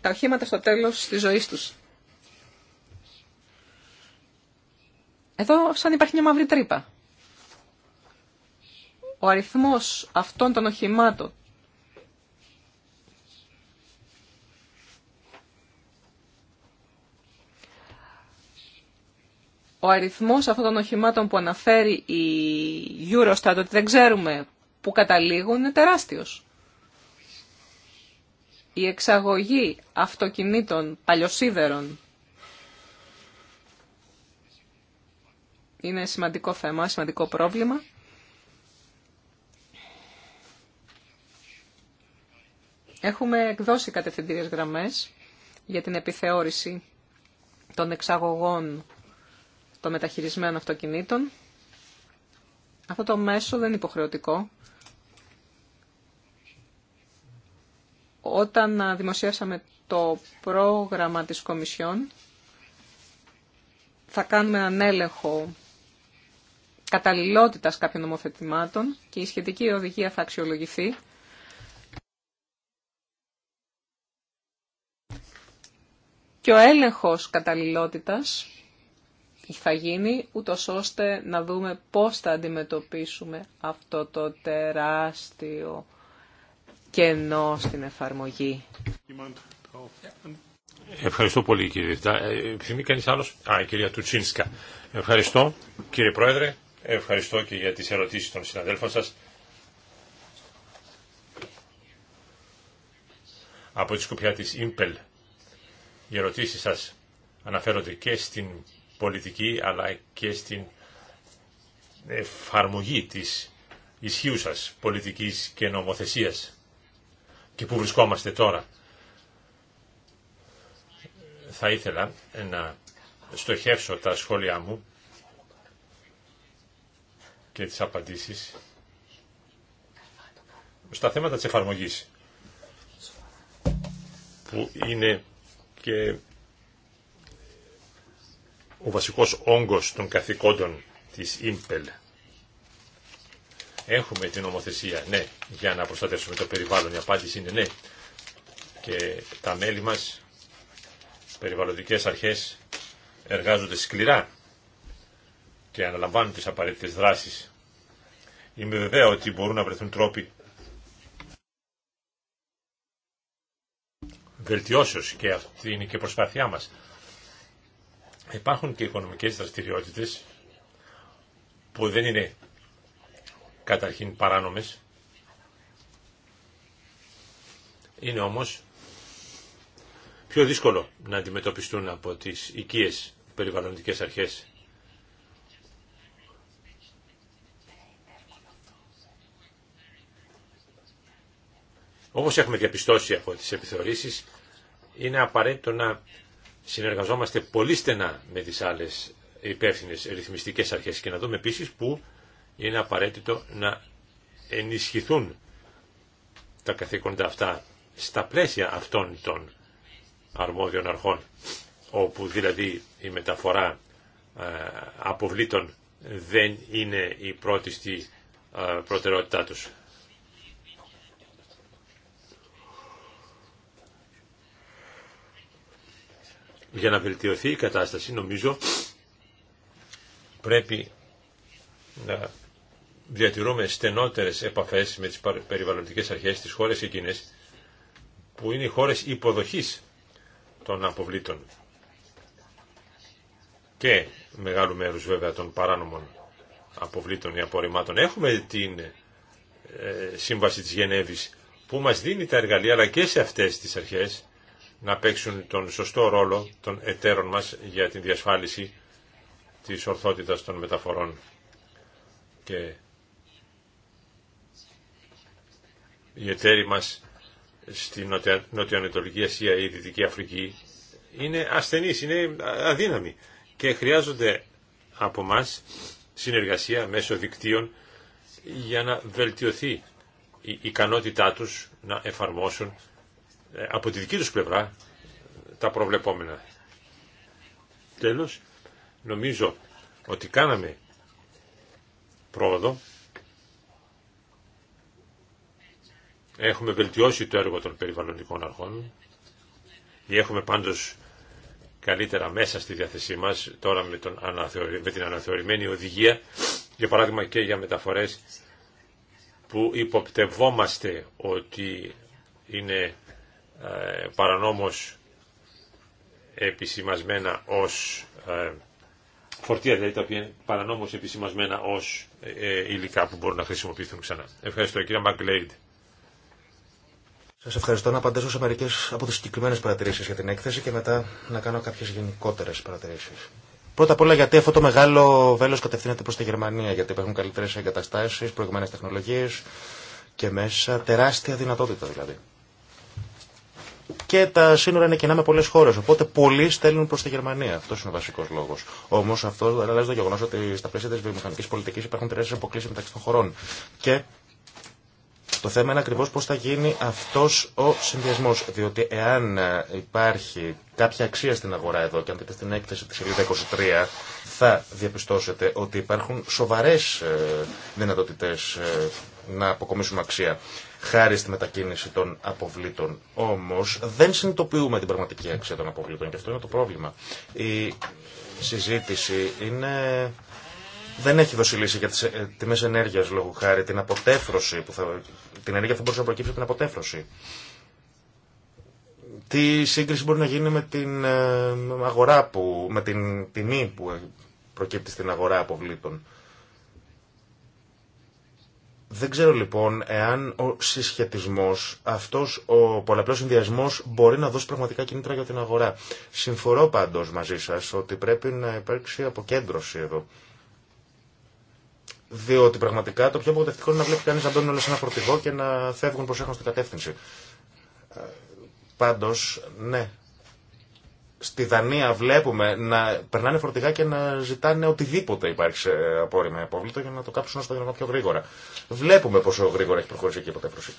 τα οχήματα στο τέλος της ζωής τους. Εδώ σαν υπάρχει μια μαύρη τρύπα. Ο αριθμός αυτών των οχημάτων ο αριθμός αυτών των οχημάτων που αναφέρει η Eurostat ότι δεν ξέρουμε που καταλήγουν είναι τεράστιος η εξαγωγή αυτοκινήτων παλιοσίδερων είναι σημαντικό θέμα, σημαντικό πρόβλημα. Έχουμε εκδώσει κατευθυντήριες γραμμές για την επιθεώρηση των εξαγωγών των μεταχειρισμένων αυτοκινήτων. Αυτό το μέσο δεν είναι υποχρεωτικό. Όταν δημοσιεύσαμε το πρόγραμμα της Κομισιόν, θα κάνουμε έναν έλεγχο καταλληλότητας κάποιων νομοθετημάτων και η σχετική οδηγία θα αξιολογηθεί. Και ο έλεγχος καταλληλότητας θα γίνει ούτω ώστε να δούμε πώς θα αντιμετωπίσουμε αυτό το τεράστιο κενό στην εφαρμογή. Ευχαριστώ πολύ κύριε Διευθυντά. Επιθυμεί κανείς άλλος. Α, η κυρία Τουτσίνσκα. Ευχαριστώ κύριε Πρόεδρε. Ευχαριστώ και για τις ερωτήσεις των συναδέλφων σας. Από τη σκοπιά της Ίμπελ. οι ερωτήσεις σας αναφέρονται και στην πολιτική αλλά και στην εφαρμογή της ισχύουσας πολιτικής και νομοθεσίας και που βρισκόμαστε τώρα. Θα ήθελα να στοχεύσω τα σχόλιά μου και τις απαντήσεις στα θέματα της εφαρμογής που είναι και ο βασικός όγκος των καθηκόντων της ΙΜΠΕΛ Έχουμε την νομοθεσία, ναι, για να προστατεύσουμε το περιβάλλον. Η απάντηση είναι ναι. Και τα μέλη μας, περιβαλλοντικές αρχές, εργάζονται σκληρά και αναλαμβάνουν τις απαραίτητες δράσεις. Είμαι βέβαια ότι μπορούν να βρεθούν τρόποι βελτιώσεως και αυτή είναι και η προσπάθειά μας. Υπάρχουν και οικονομικές δραστηριότητες που δεν είναι καταρχήν παράνομες. Είναι όμως πιο δύσκολο να αντιμετωπιστούν από τις οικίες περιβαλλοντικές αρχές. Όπως έχουμε διαπιστώσει από τις επιθεωρήσεις, είναι απαραίτητο να συνεργαζόμαστε πολύ στενά με τις άλλες υπεύθυνε ρυθμιστικές αρχές και να δούμε επίσης που είναι απαραίτητο να ενισχυθούν τα καθήκοντα αυτά στα πλαίσια αυτών των αρμόδιων αρχών, όπου δηλαδή η μεταφορά ε, αποβλήτων δεν είναι η πρώτη στη ε, προτεραιότητά τους. Για να βελτιωθεί η κατάσταση νομίζω πρέπει να διατηρούμε στενότερες επαφές με τις περιβαλλοντικές αρχές της χώρες εκείνες που είναι οι χώρες υποδοχής των αποβλήτων και μεγάλου μέρους βέβαια των παράνομων αποβλήτων ή απορριμμάτων. Έχουμε την ε, Σύμβαση της Γενέβης που μας δίνει τα εργαλεία αλλά και σε αυτές τις αρχές να παίξουν τον σωστό ρόλο των εταίρων μας για την διασφάλιση της ορθότητας των μεταφορών και οι εταίροι μας στη Νοτιοανατολική Ασία ή Δυτική Αφρική είναι ασθενείς, είναι αδύναμοι και χρειάζονται από μας συνεργασία μέσω δικτύων για να βελτιωθεί η ικανότητά τους να εφαρμόσουν ε, από τη δική τους πλευρά τα προβλεπόμενα. Τέλος, νομίζω ότι κάναμε πρόοδο Έχουμε βελτιώσει το έργο των περιβαλλοντικών αρχών. Έχουμε πάντως καλύτερα μέσα στη διάθεσή μας τώρα με, τον την αναθεωρημένη οδηγία, για παράδειγμα και για μεταφορές που υποπτευόμαστε ότι είναι ε, παρανόμως επισημασμένα ως ε, φορτία, δηλαδή τα οποία είναι παρανόμως επισημασμένα ως ε, ε, υλικά που μπορούν να χρησιμοποιηθούν ξανά. Ευχαριστώ κύριε Μαγκλέιντ. Σα ευχαριστώ να απαντήσω σε μερικέ από τι συγκεκριμένε παρατηρήσει για την έκθεση και μετά να κάνω κάποιε γενικότερε παρατηρήσει. Πρώτα απ' όλα γιατί αυτό το μεγάλο βέλο κατευθύνεται προ τη Γερμανία, γιατί υπάρχουν καλύτερε εγκαταστάσει, προηγουμένες τεχνολογίε και μέσα τεράστια δυνατότητα δηλαδή. Και τα σύνορα είναι κοινά με πολλέ χώρε. Οπότε πολλοί στέλνουν προ τη Γερμανία. Αυτό είναι ο βασικό λόγο. Όμω αυτό αλλάζει το γεγονό ότι στα πλαίσια τη βιομηχανική πολιτική υπάρχουν τεράστιε αποκλήσει μεταξύ των χωρών. Και το θέμα είναι ακριβώς πώς θα γίνει αυτός ο συνδυασμός, διότι εάν ε, υπάρχει κάποια αξία στην αγορά εδώ και αν δείτε στην έκθεση της σελίδα 23 θα διαπιστώσετε ότι υπάρχουν σοβαρές ε, δυνατότητες ε, να αποκομίσουμε αξία χάρη στη μετακίνηση των αποβλήτων. Όμως δεν συνειδητοποιούμε την πραγματική αξία των αποβλήτων και αυτό είναι το πρόβλημα. Η συζήτηση είναι... Δεν έχει δώσει λύση για τις τιμές ενέργειας λόγω χάρη, την αποτέφρωση που θα την ενέργεια θα μπορούσε να προκύψει από την αποτέφρωση. Τι σύγκριση μπορεί να γίνει με την ε, αγορά που, με την τιμή που προκύπτει στην αγορά αποβλήτων. Δεν ξέρω λοιπόν εάν ο συσχετισμός, αυτός ο πολλαπλό συνδυασμό μπορεί να δώσει πραγματικά κινήτρα για την αγορά. Συμφορώ πάντως μαζί σας ότι πρέπει να υπάρξει αποκέντρωση εδώ. Διότι πραγματικά το πιο απογοητευτικό είναι να βλέπει κανεί να μπαίνουν όλα σε ένα φορτηγό και να φεύγουν προ έχουν στην κατεύθυνση. Ε, Πάντω, ναι, στη Δανία βλέπουμε να περνάνε φορτηγά και να ζητάνε οτιδήποτε υπάρχει σε απόρριμα απόβλητο για να το κάψουν στο το πιο γρήγορα. Βλέπουμε πόσο γρήγορα έχει προχωρήσει εκεί η υποτέφρωση.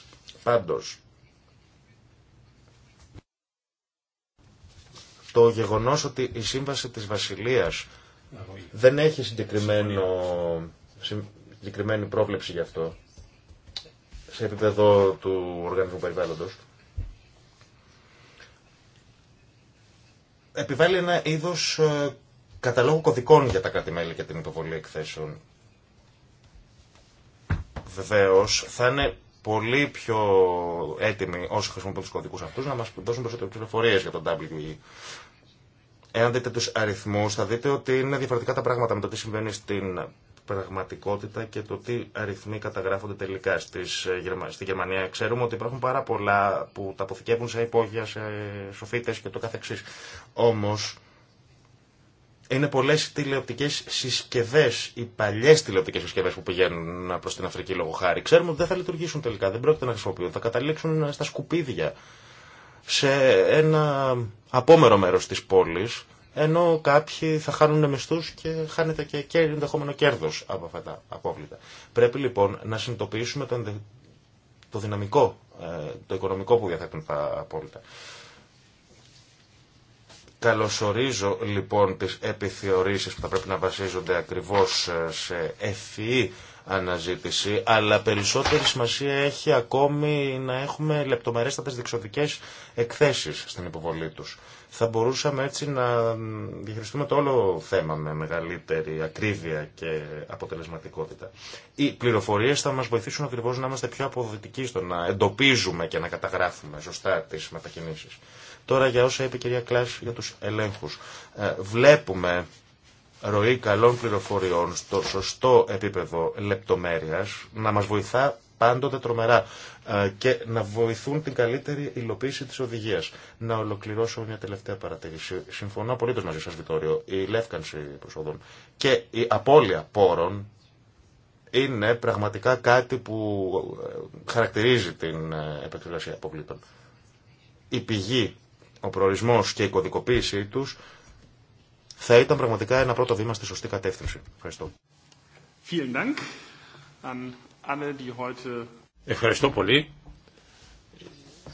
Πάντω, το γεγονό ότι η σύμβαση τη Βασιλεία δεν έχει συγκεκριμένο συγκεκριμένη πρόβλεψη γι' αυτό σε επίπεδο του οργανισμού περιβάλλοντος. Επιβάλλει ένα είδος ε, καταλόγου κωδικών για τα κράτη-μέλη και την υποβολή εκθέσεων. Βεβαίω, θα είναι πολύ πιο έτοιμοι όσοι χρησιμοποιούν τους κωδικούς αυτούς να μας δώσουν περισσότερες πληροφορίε για τον WE. Εάν δείτε τους αριθμούς θα δείτε ότι είναι διαφορετικά τα πράγματα με το τι συμβαίνει στην πραγματικότητα και το τι αριθμοί καταγράφονται τελικά στις, ε, στη Γερμανία. Ξέρουμε ότι υπάρχουν πάρα πολλά που τα αποθηκεύουν σε υπόγεια, σε σοφίτες και το καθεξής. Όμως, είναι πολλέ τηλεοπτικέ συσκευέ, οι παλιέ τηλεοπτικέ συσκευέ που πηγαίνουν προ την Αφρική λόγω χάρη. Ξέρουμε ότι δεν θα λειτουργήσουν τελικά, δεν πρόκειται να χρησιμοποιούν, θα καταλήξουν στα σκουπίδια, σε ένα απόμερο μέρο τη πόλη ενώ κάποιοι θα χάνουν μεστούς και χάνεται και, και ενδεχόμενο κέρδος από αυτά τα απόβλητα. Πρέπει λοιπόν να συνειδητοποιήσουμε το, το δυναμικό, ε, το οικονομικό που διαθέτουν τα απόβλητα. Καλωσορίζω λοιπόν τις επιθεωρήσεις που θα πρέπει να βασίζονται ακριβώς ε, σε ευφυή αναζήτηση, αλλά περισσότερη σημασία έχει ακόμη να έχουμε λεπτομερέστατες διεξοδικές εκθέσεις στην υποβολή τους θα μπορούσαμε έτσι να διαχειριστούμε το όλο θέμα με μεγαλύτερη ακρίβεια και αποτελεσματικότητα. Οι πληροφορίε θα μα βοηθήσουν ακριβώ να είμαστε πιο αποδοτικοί στο να εντοπίζουμε και να καταγράφουμε σωστά τι μετακινήσει. Τώρα για όσα είπε η κυρία Κλάς για τους ελέγχους. Ε, βλέπουμε ροή καλών πληροφοριών στο σωστό επίπεδο λεπτομέρειας να μας βοηθά πάντοτε τρομερά ε, και να βοηθούν την καλύτερη υλοποίηση τη οδηγία. Να ολοκληρώσω μια τελευταία παρατήρηση. Συμφωνώ απολύτω μαζί σα, Βιτόριο. Η λεύκανση προσόδων και η απώλεια πόρων είναι πραγματικά κάτι που ε, χαρακτηρίζει την ε, επεξεργασία αποβλήτων. Η πηγή, ο προορισμός και η κωδικοποίησή τους θα ήταν πραγματικά ένα πρώτο βήμα στη σωστή κατεύθυνση. Ευχαριστώ. Ευχαριστώ πολύ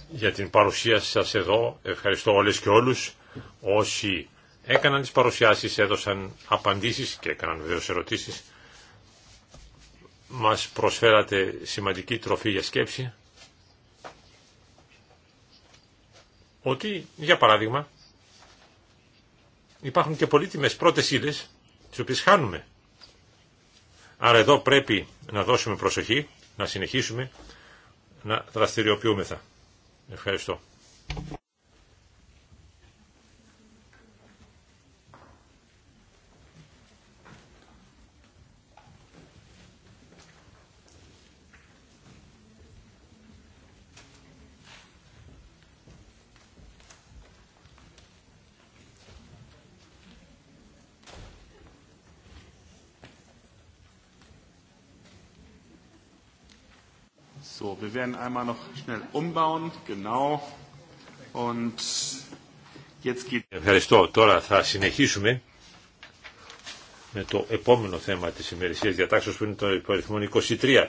για την παρουσία σας εδώ. Ευχαριστώ όλες και όλους όσοι έκαναν τις παρουσιάσεις, έδωσαν απαντήσεις και έκαναν βεβαίω ερωτήσεις. Μας προσφέρατε σημαντική τροφή για σκέψη. Ότι, για παράδειγμα, υπάρχουν και πολύτιμες πρώτες ύλες, τις οποίες χάνουμε. Άρα εδώ πρέπει να δώσουμε προσοχή, να συνεχίσουμε να δραστηριοποιούμεθα. Ευχαριστώ. werden einmal noch schnell umbauen. Genau. Und jetzt geht... Ευχαριστώ. Τώρα θα συνεχίσουμε με το επόμενο θέμα της ημερησίας διατάξεως που είναι το υπαριθμό 23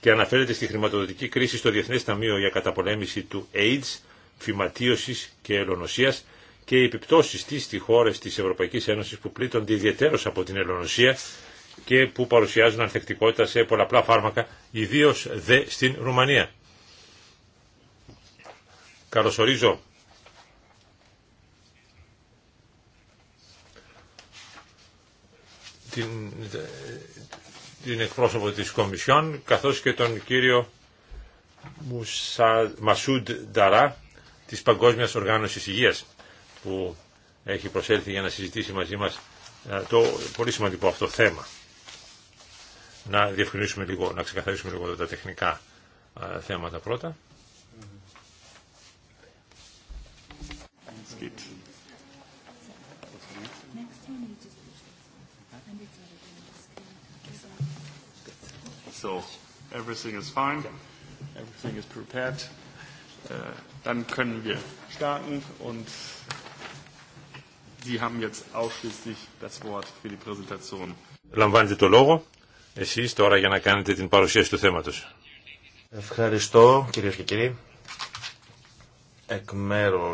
και αναφέρεται στη χρηματοδοτική κρίση στο Διεθνές Ταμείο για καταπολέμηση του AIDS, φυματίωσης και ελονοσίας και οι επιπτώσεις της στις χώρες της Ευρωπαϊκής Ένωσης που πλήττονται ιδιαίτερως από την ελονοσία και που παρουσιάζουν ανθεκτικότητα σε πολλαπλά φάρμακα, ιδίω δε στην Ρουμανία. Καλωσορίζω την, την εκπρόσωπο της Κομισιόν, καθώς και τον κύριο Μουσα, Μασούντ Νταρά της Παγκόσμιας Οργάνωσης Υγείας, που έχει προσέλθει για να συζητήσει μαζί μας ε, το πολύ σημαντικό αυτό θέμα να διευκρινίσουμε λίγο, να ξεκαθαρίσουμε λίγο τα τεχνικά θέματα πρώτα. So everything is fine, everything is prepared. Dann können wir starten und Sie haben jetzt ausschließlich das Wort für die Präsentation. Λαμβάνετε το εσείς τώρα για να κάνετε την παρουσίαση του θέματος. Ευχαριστώ κυρίε και κύριοι. Εκ μέρου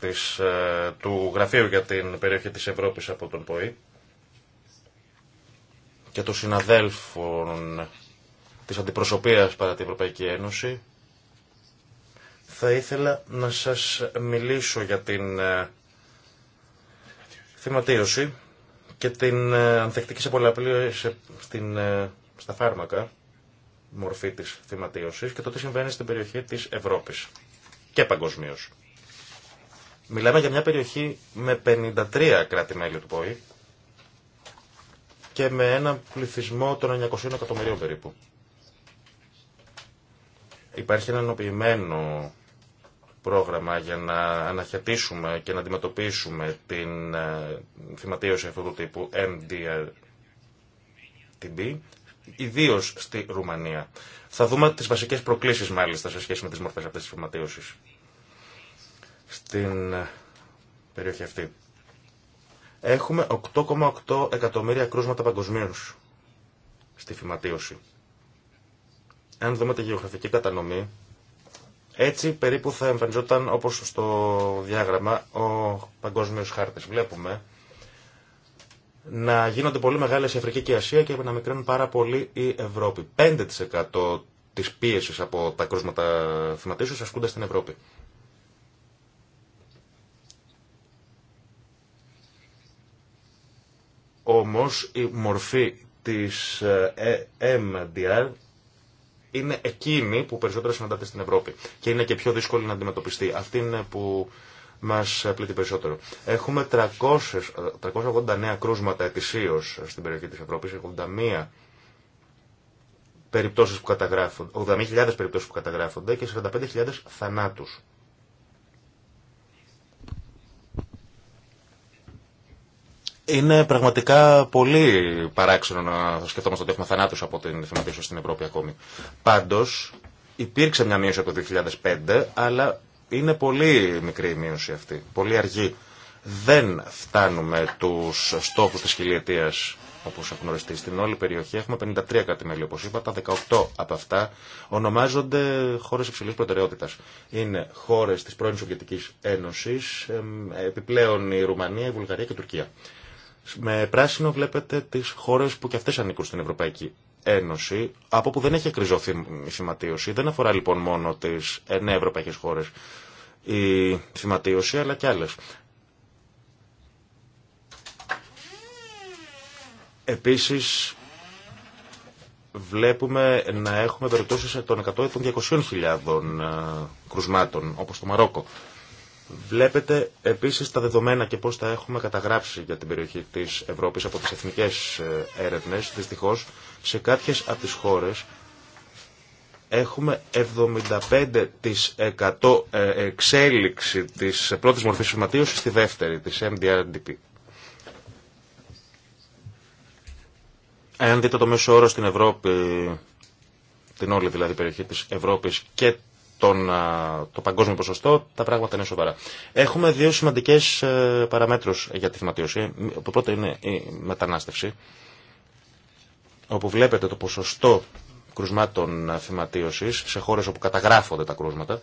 ε, ε, του Γραφείου για την περιοχή της Ευρώπης από τον ΠΟΗ και των συναδέλφων της Αντιπροσωπείας παρά την Ευρωπαϊκή Ένωση θα ήθελα να σας μιλήσω για την ε, θυματίωση και την ε, ανθεκτική σε πολλαπλή στην, ε, στα φάρμακα μορφή της θυματίωσης και το τι συμβαίνει στην περιοχή της Ευρώπης και παγκοσμίω. Μιλάμε για μια περιοχή με 53 κράτη-μέλη του ΠΟΗ και με ένα πληθυσμό των 900 εκατομμυρίων περίπου. Υπάρχει ένα ενοποιημένο πρόγραμμα για να αναχαιτήσουμε και να αντιμετωπίσουμε την ε, θυματίωση αυτού του τύπου MDR-TB, ιδίω στη Ρουμανία. Θα δούμε τι βασικέ προκλήσει, μάλιστα, σε σχέση με τι μορφέ αυτή τη θυματίωση στην ε, περιοχή αυτή. Έχουμε 8,8 εκατομμύρια κρούσματα παγκοσμίω στη θυματίωση. Αν δούμε τη γεωγραφική κατανομή, έτσι περίπου θα εμφανιζόταν όπως στο διάγραμμα ο παγκόσμιος χάρτης. Βλέπουμε να γίνονται πολύ μεγάλες η Αφρική και η Ασία και να μικραίνουν πάρα πολύ η Ευρώπη. 5% της πίεσης από τα κρούσματα θυματίσεως ασκούνται στην Ευρώπη. Όμως η μορφή της MDR ε, ε, είναι εκείνη που περισσότερο συναντάται στην Ευρώπη και είναι και πιο δύσκολη να αντιμετωπιστεί. Αυτή είναι που μας πλήττει περισσότερο. Έχουμε 300, ε, κρούσματα ετησίως στην περιοχή της Ευρώπης, 81 περιπτώσεις που καταγράφονται, 80.000 περιπτώσεις που καταγράφονται και 45.000 θανάτους. Είναι πραγματικά πολύ παράξενο να σκεφτόμαστε ότι έχουμε θανάτους από την θυματίωση στην Ευρώπη ακόμη. Πάντως, υπήρξε μια μείωση από το 2005, αλλά είναι πολύ μικρή η μείωση αυτή, πολύ αργή. Δεν φτάνουμε τους στόχους της χιλιετίας όπως έχουν γνωριστεί στην όλη περιοχή. Έχουμε 53 κράτη-μέλη, όπω είπα. Τα 18 από αυτά ονομάζονται χώρες υψηλή προτεραιότητας. Είναι χώρες της πρώην Σοβιετικής Ένωσης, επιπλέον η Ρουμανία, η Βουλγαρία και η Τουρκία. Με πράσινο βλέπετε τις χώρες που και αυτές ανήκουν στην Ευρωπαϊκή Ένωση, από που δεν έχει εκκριζωθεί η θυματίωση. Δεν αφορά λοιπόν μόνο τις εννέα ευρωπαϊκές χώρες η θυματίωση, αλλά και άλλες. Επίσης, βλέπουμε να έχουμε περιπτώσει των 100 200.000 ε, κρουσμάτων, όπως το Μαρόκο. Βλέπετε επίσης τα δεδομένα και πώς τα έχουμε καταγράψει για την περιοχή της Ευρώπης από τις εθνικές ε, έρευνες. Δυστυχώς σε κάποιες από τις χώρες έχουμε 75% ε, εξέλιξη της πρώτης μορφής φυματίωση στη δεύτερη, της MDRDP. Εάν δείτε το μέσο όρο στην Ευρώπη, την όλη δηλαδή περιοχή της Ευρώπης και τον, το παγκόσμιο ποσοστό, τα πράγματα είναι σοβαρά. Έχουμε δύο σημαντικέ ε, παραμέτρου για τη θυματίωση. Το πρώτο είναι η μετανάστευση, όπου βλέπετε το ποσοστό κρουσμάτων ε, θυματίωση σε χώρε όπου καταγράφονται τα κρούσματα.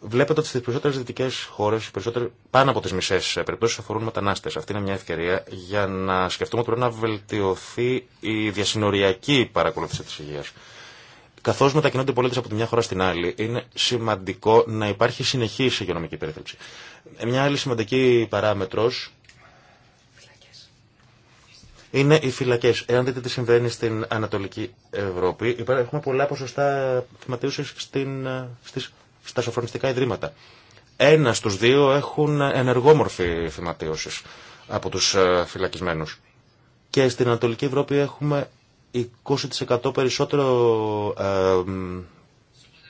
Βλέπετε ότι στι περισσότερε δυτικέ χώρε, πάνω από τι μισέ ε, περιπτώσει αφορούν μετανάστε. Αυτή είναι μια ευκαιρία για να σκεφτούμε ότι πρέπει να βελτιωθεί η διασυνοριακή παρακολούθηση τη υγεία. Καθώ μετακινούνται οι πολίτε από τη μια χώρα στην άλλη, είναι σημαντικό να υπάρχει συνεχή υγειονομική περίθαλψη. Μια άλλη σημαντική παράμετρο είναι οι φυλακέ. Εάν δείτε τι συμβαίνει στην Ανατολική Ευρώπη, έχουμε πολλά ποσοστά θυματίωση ε, στα σοφρονιστικά ιδρύματα. Ένα στου δύο έχουν ενεργόμορφη θυματίωση από του ε, φυλακισμένου. Και στην Ανατολική Ευρώπη έχουμε 20% περισσότερο, ε,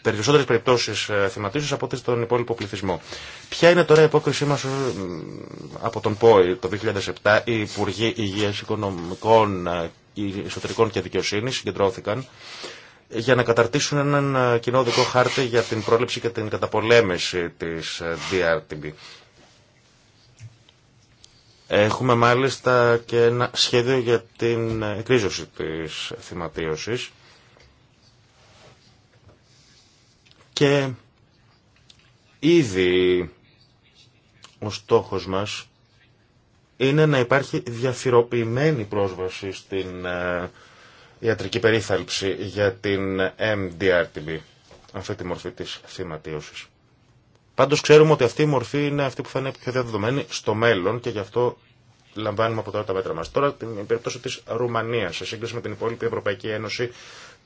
περισσότερες περιπτώσεις ε, θυματίσεως από ό,τι στον υπόλοιπο πληθυσμό. Ποια είναι τώρα η υπόκρισή μας ε, από τον ΠΟΗ το 2007, οι Υπουργοί Υγείας Οικονομικών, ε, Εσωτερικών και Δικαιοσύνης συγκεντρώθηκαν για να καταρτήσουν έναν κοινό δικό χάρτη για την πρόληψη και την καταπολέμηση της DRTB. Έχουμε μάλιστα και ένα σχέδιο για την εκρίζωση της θυματίωσης και ήδη ο στόχος μας είναι να υπάρχει διαφυροποιημένη πρόσβαση στην ε, ιατρική περίθαλψη για την MDRTB, αυτή τη μορφή της θυματίωσης. Πάντως ξέρουμε ότι αυτή η μορφή είναι αυτή που θα είναι πιο διαδεδομένη στο μέλλον και γι' αυτό λαμβάνουμε από τώρα τα μέτρα μας. Τώρα την περίπτωση της Ρουμανίας σε σύγκριση με την υπόλοιπη Ευρωπαϊκή Ένωση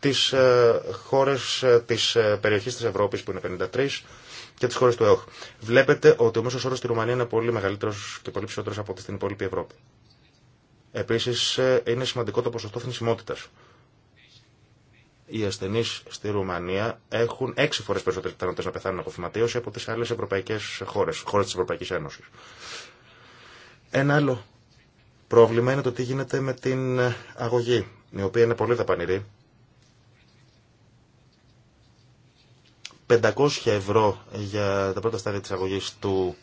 τις ε, χώρες ε, της ε, περιοχής της Ευρώπης που είναι 53 και τις χώρες του ΕΟΧ. Βλέπετε ότι ο μέσος όρος στη Ρουμανία είναι πολύ μεγαλύτερος και πολύ ψηλότερος από ό,τι στην υπόλοιπη Ευρώπη. Επίσης είναι σημαντικό το ποσοστό θνησιμότητας οι ασθενεί στη Ρουμανία έχουν έξι φορέ περισσότερε πιθανότητε να πεθάνουν από θυματίωση από τι άλλε ευρωπαϊκέ χώρε, χώρε τη Ευρωπαϊκή Ένωση. Ένα άλλο πρόβλημα είναι το τι γίνεται με την αγωγή, η οποία είναι πολύ δαπανηρή. 500 ευρώ για τα πρώτα στάδια της αγωγής του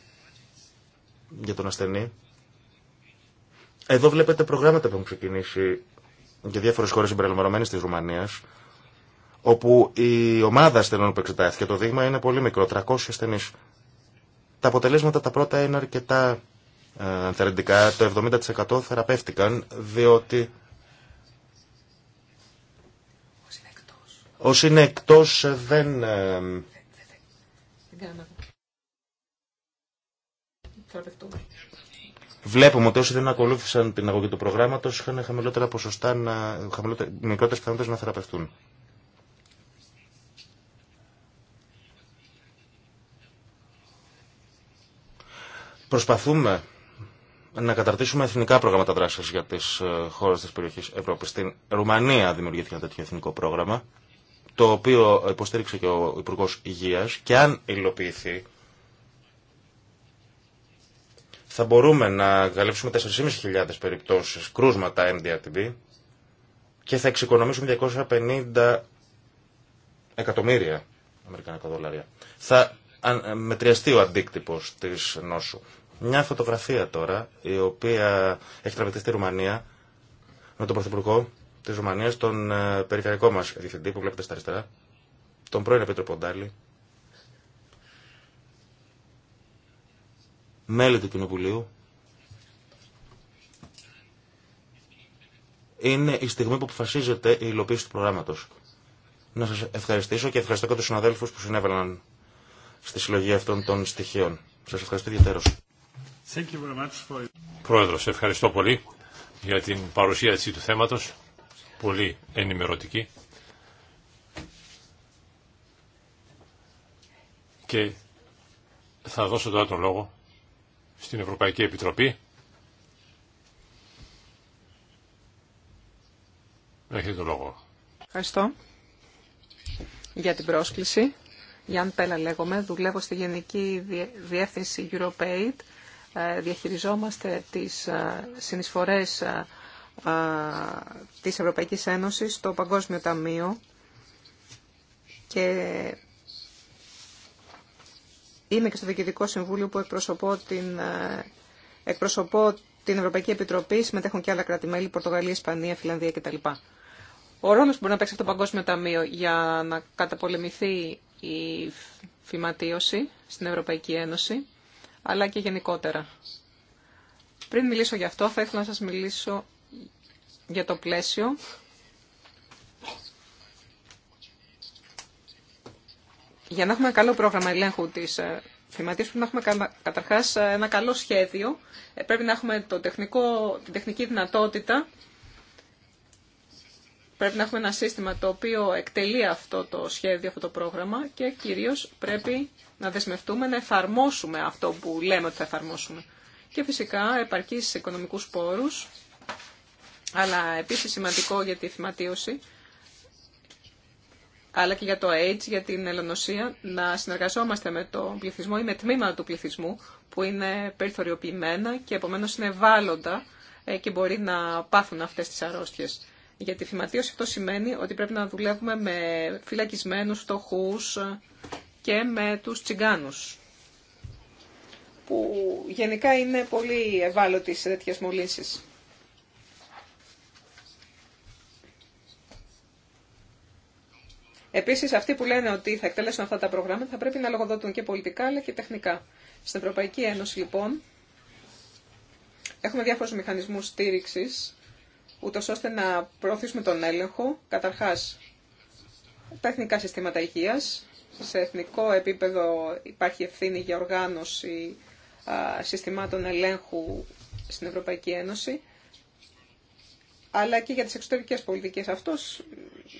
για τον ασθενή. Εδώ βλέπετε προγράμματα που έχουν ξεκινήσει για διάφορες χώρες συμπεριλαμβανομένες της Ρουμανίας όπου η ομάδα ασθενών που εξετάστηκε το δείγμα είναι πολύ μικρό, 300 ασθενεί. Τα αποτελέσματα τα πρώτα είναι αρκετά ε, θερεντικά, το 70% θεραπεύτηκαν, διότι όσοι είναι εκτός ε, δεν... Ε, βλέπουμε ότι όσοι δεν ακολούθησαν την αγωγή του προγράμματος είχαν χαμηλότερα ποσοστά, να, χαμηλότερα, μικρότερες πιθανότητες να θεραπευτούν. Προσπαθούμε να καταρτήσουμε εθνικά προγράμματα δράση για τι ε, χώρε τη περιοχή Ευρώπη. Στην Ρουμανία δημιουργήθηκε ένα τέτοιο εθνικό πρόγραμμα, το οποίο υποστήριξε και ο Υπουργό Υγεία και αν υλοποιηθεί, θα μπορούμε να καλύψουμε 4.500 περιπτώσεις κρούσματα MDRTB και θα εξοικονομήσουμε 250 εκατομμύρια αμερικανικά δολάρια. Θα ε, μετριαστεί ο αντίκτυπος της νόσου. Μια φωτογραφία τώρα, η οποία έχει τραβηθεί στη Ρουμανία, με τον Πρωθυπουργό τη Ρουμανία, τον ε, περιφερειακό μα διευθυντή που βλέπετε στα αριστερά, τον πρώην Επίτροπο Ντάλι, μέλη του Κοινοβουλίου. Είναι η στιγμή που αποφασίζεται η υλοποίηση του προγράμματο. Να σα ευχαριστήσω και ευχαριστώ και του συναδέλφου που συνέβαλαν στη συλλογή αυτών των στοιχείων. Σα ευχαριστώ ιδιαίτερω. Πρόεδρο, Πρόεδρος, ευχαριστώ πολύ για την παρουσίαση του θέματος, πολύ ενημερωτική. Και θα δώσω τώρα τον λόγο στην Ευρωπαϊκή Επιτροπή. Έχετε τον λόγο. Ευχαριστώ για την πρόσκληση. Γιάνν Πέλα λέγομαι, δουλεύω στη Γενική Διεύθυνση EuroPaid ε, διαχειριζόμαστε τις ε, συνεισφορές ε, της Ευρωπαϊκής Ένωσης στο Παγκόσμιο Ταμείο και είμαι και στο Διοικητικό Συμβούλιο που εκπροσωπώ την, Ευρωπαϊκή Επιτροπή, συμμετέχουν και άλλα κράτη-μέλη, Πορτογαλία, Ισπανία, Φιλανδία κτλ. Ο ρόλος που μπορεί να παίξει το Παγκόσμιο Ταμείο για να καταπολεμηθεί η φυματίωση στην Ευρωπαϊκή Ένωση αλλά και γενικότερα. Πριν μιλήσω για αυτό, θα ήθελα να σας μιλήσω για το πλαίσιο για να έχουμε καλό πρόγραμμα ελέγχου της φυματίωση, ε, πρέπει να έχουμε καταρχάς ε, ένα καλό σχέδιο. Ε, πρέπει να έχουμε το τεχνικό, την τεχνική δυνατότητα Πρέπει να έχουμε ένα σύστημα το οποίο εκτελεί αυτό το σχέδιο, αυτό το πρόγραμμα και κυρίως πρέπει να δεσμευτούμε να εφαρμόσουμε αυτό που λέμε ότι θα εφαρμόσουμε. Και φυσικά επαρκείς οικονομικούς πόρους, αλλά επίσης σημαντικό για τη θυματίωση, αλλά και για το AIDS, για την ελονοσία, να συνεργαζόμαστε με το πληθυσμό ή με τμήματα του πληθυσμού που είναι περιθωριοποιημένα και επομένως είναι βάλλοντα ε, και μπορεί να πάθουν αυτές τις αρρώστιες για τη φυματίωση αυτό σημαίνει ότι πρέπει να δουλεύουμε με φυλακισμένους, φτωχού και με τους τσιγκάνους που γενικά είναι πολύ ευάλωτοι σε τέτοιες μολύνσεις. Επίσης, αυτοί που λένε ότι θα εκτελέσουν αυτά τα προγράμματα θα πρέπει να λογοδοτούν και πολιτικά αλλά και τεχνικά. Στην Ευρωπαϊκή Ένωση, λοιπόν, έχουμε διάφορους μηχανισμούς στήριξης ούτως ώστε να προωθήσουμε τον έλεγχο, καταρχάς τα εθνικά συστήματα υγείας. Σε εθνικό επίπεδο υπάρχει ευθύνη για οργάνωση συστημάτων ελέγχου στην Ευρωπαϊκή Ένωση, αλλά και για τις εξωτερικές πολιτικές. Αυτός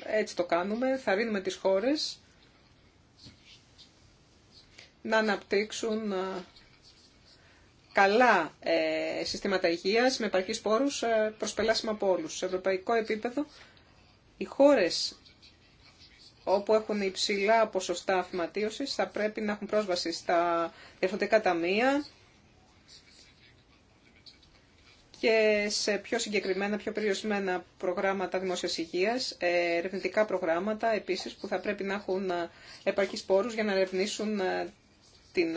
έτσι το κάνουμε, θα ρίνουμε τις χώρες να αναπτύξουν καλά ε, συστήματα υγείας με επαρκείς πόρους ε, προσπελάσιμα από όλους. Σε ευρωπαϊκό επίπεδο οι χώρες όπου έχουν υψηλά ποσοστά αφηματίωσης θα πρέπει να έχουν πρόσβαση στα διαφορετικά ταμεία και σε πιο συγκεκριμένα, πιο περιορισμένα προγράμματα δημόσιας υγείας, ε, ερευνητικά προγράμματα επίσης που θα πρέπει να έχουν ε, επαρκείς πόρους για να ερευνήσουν ε, την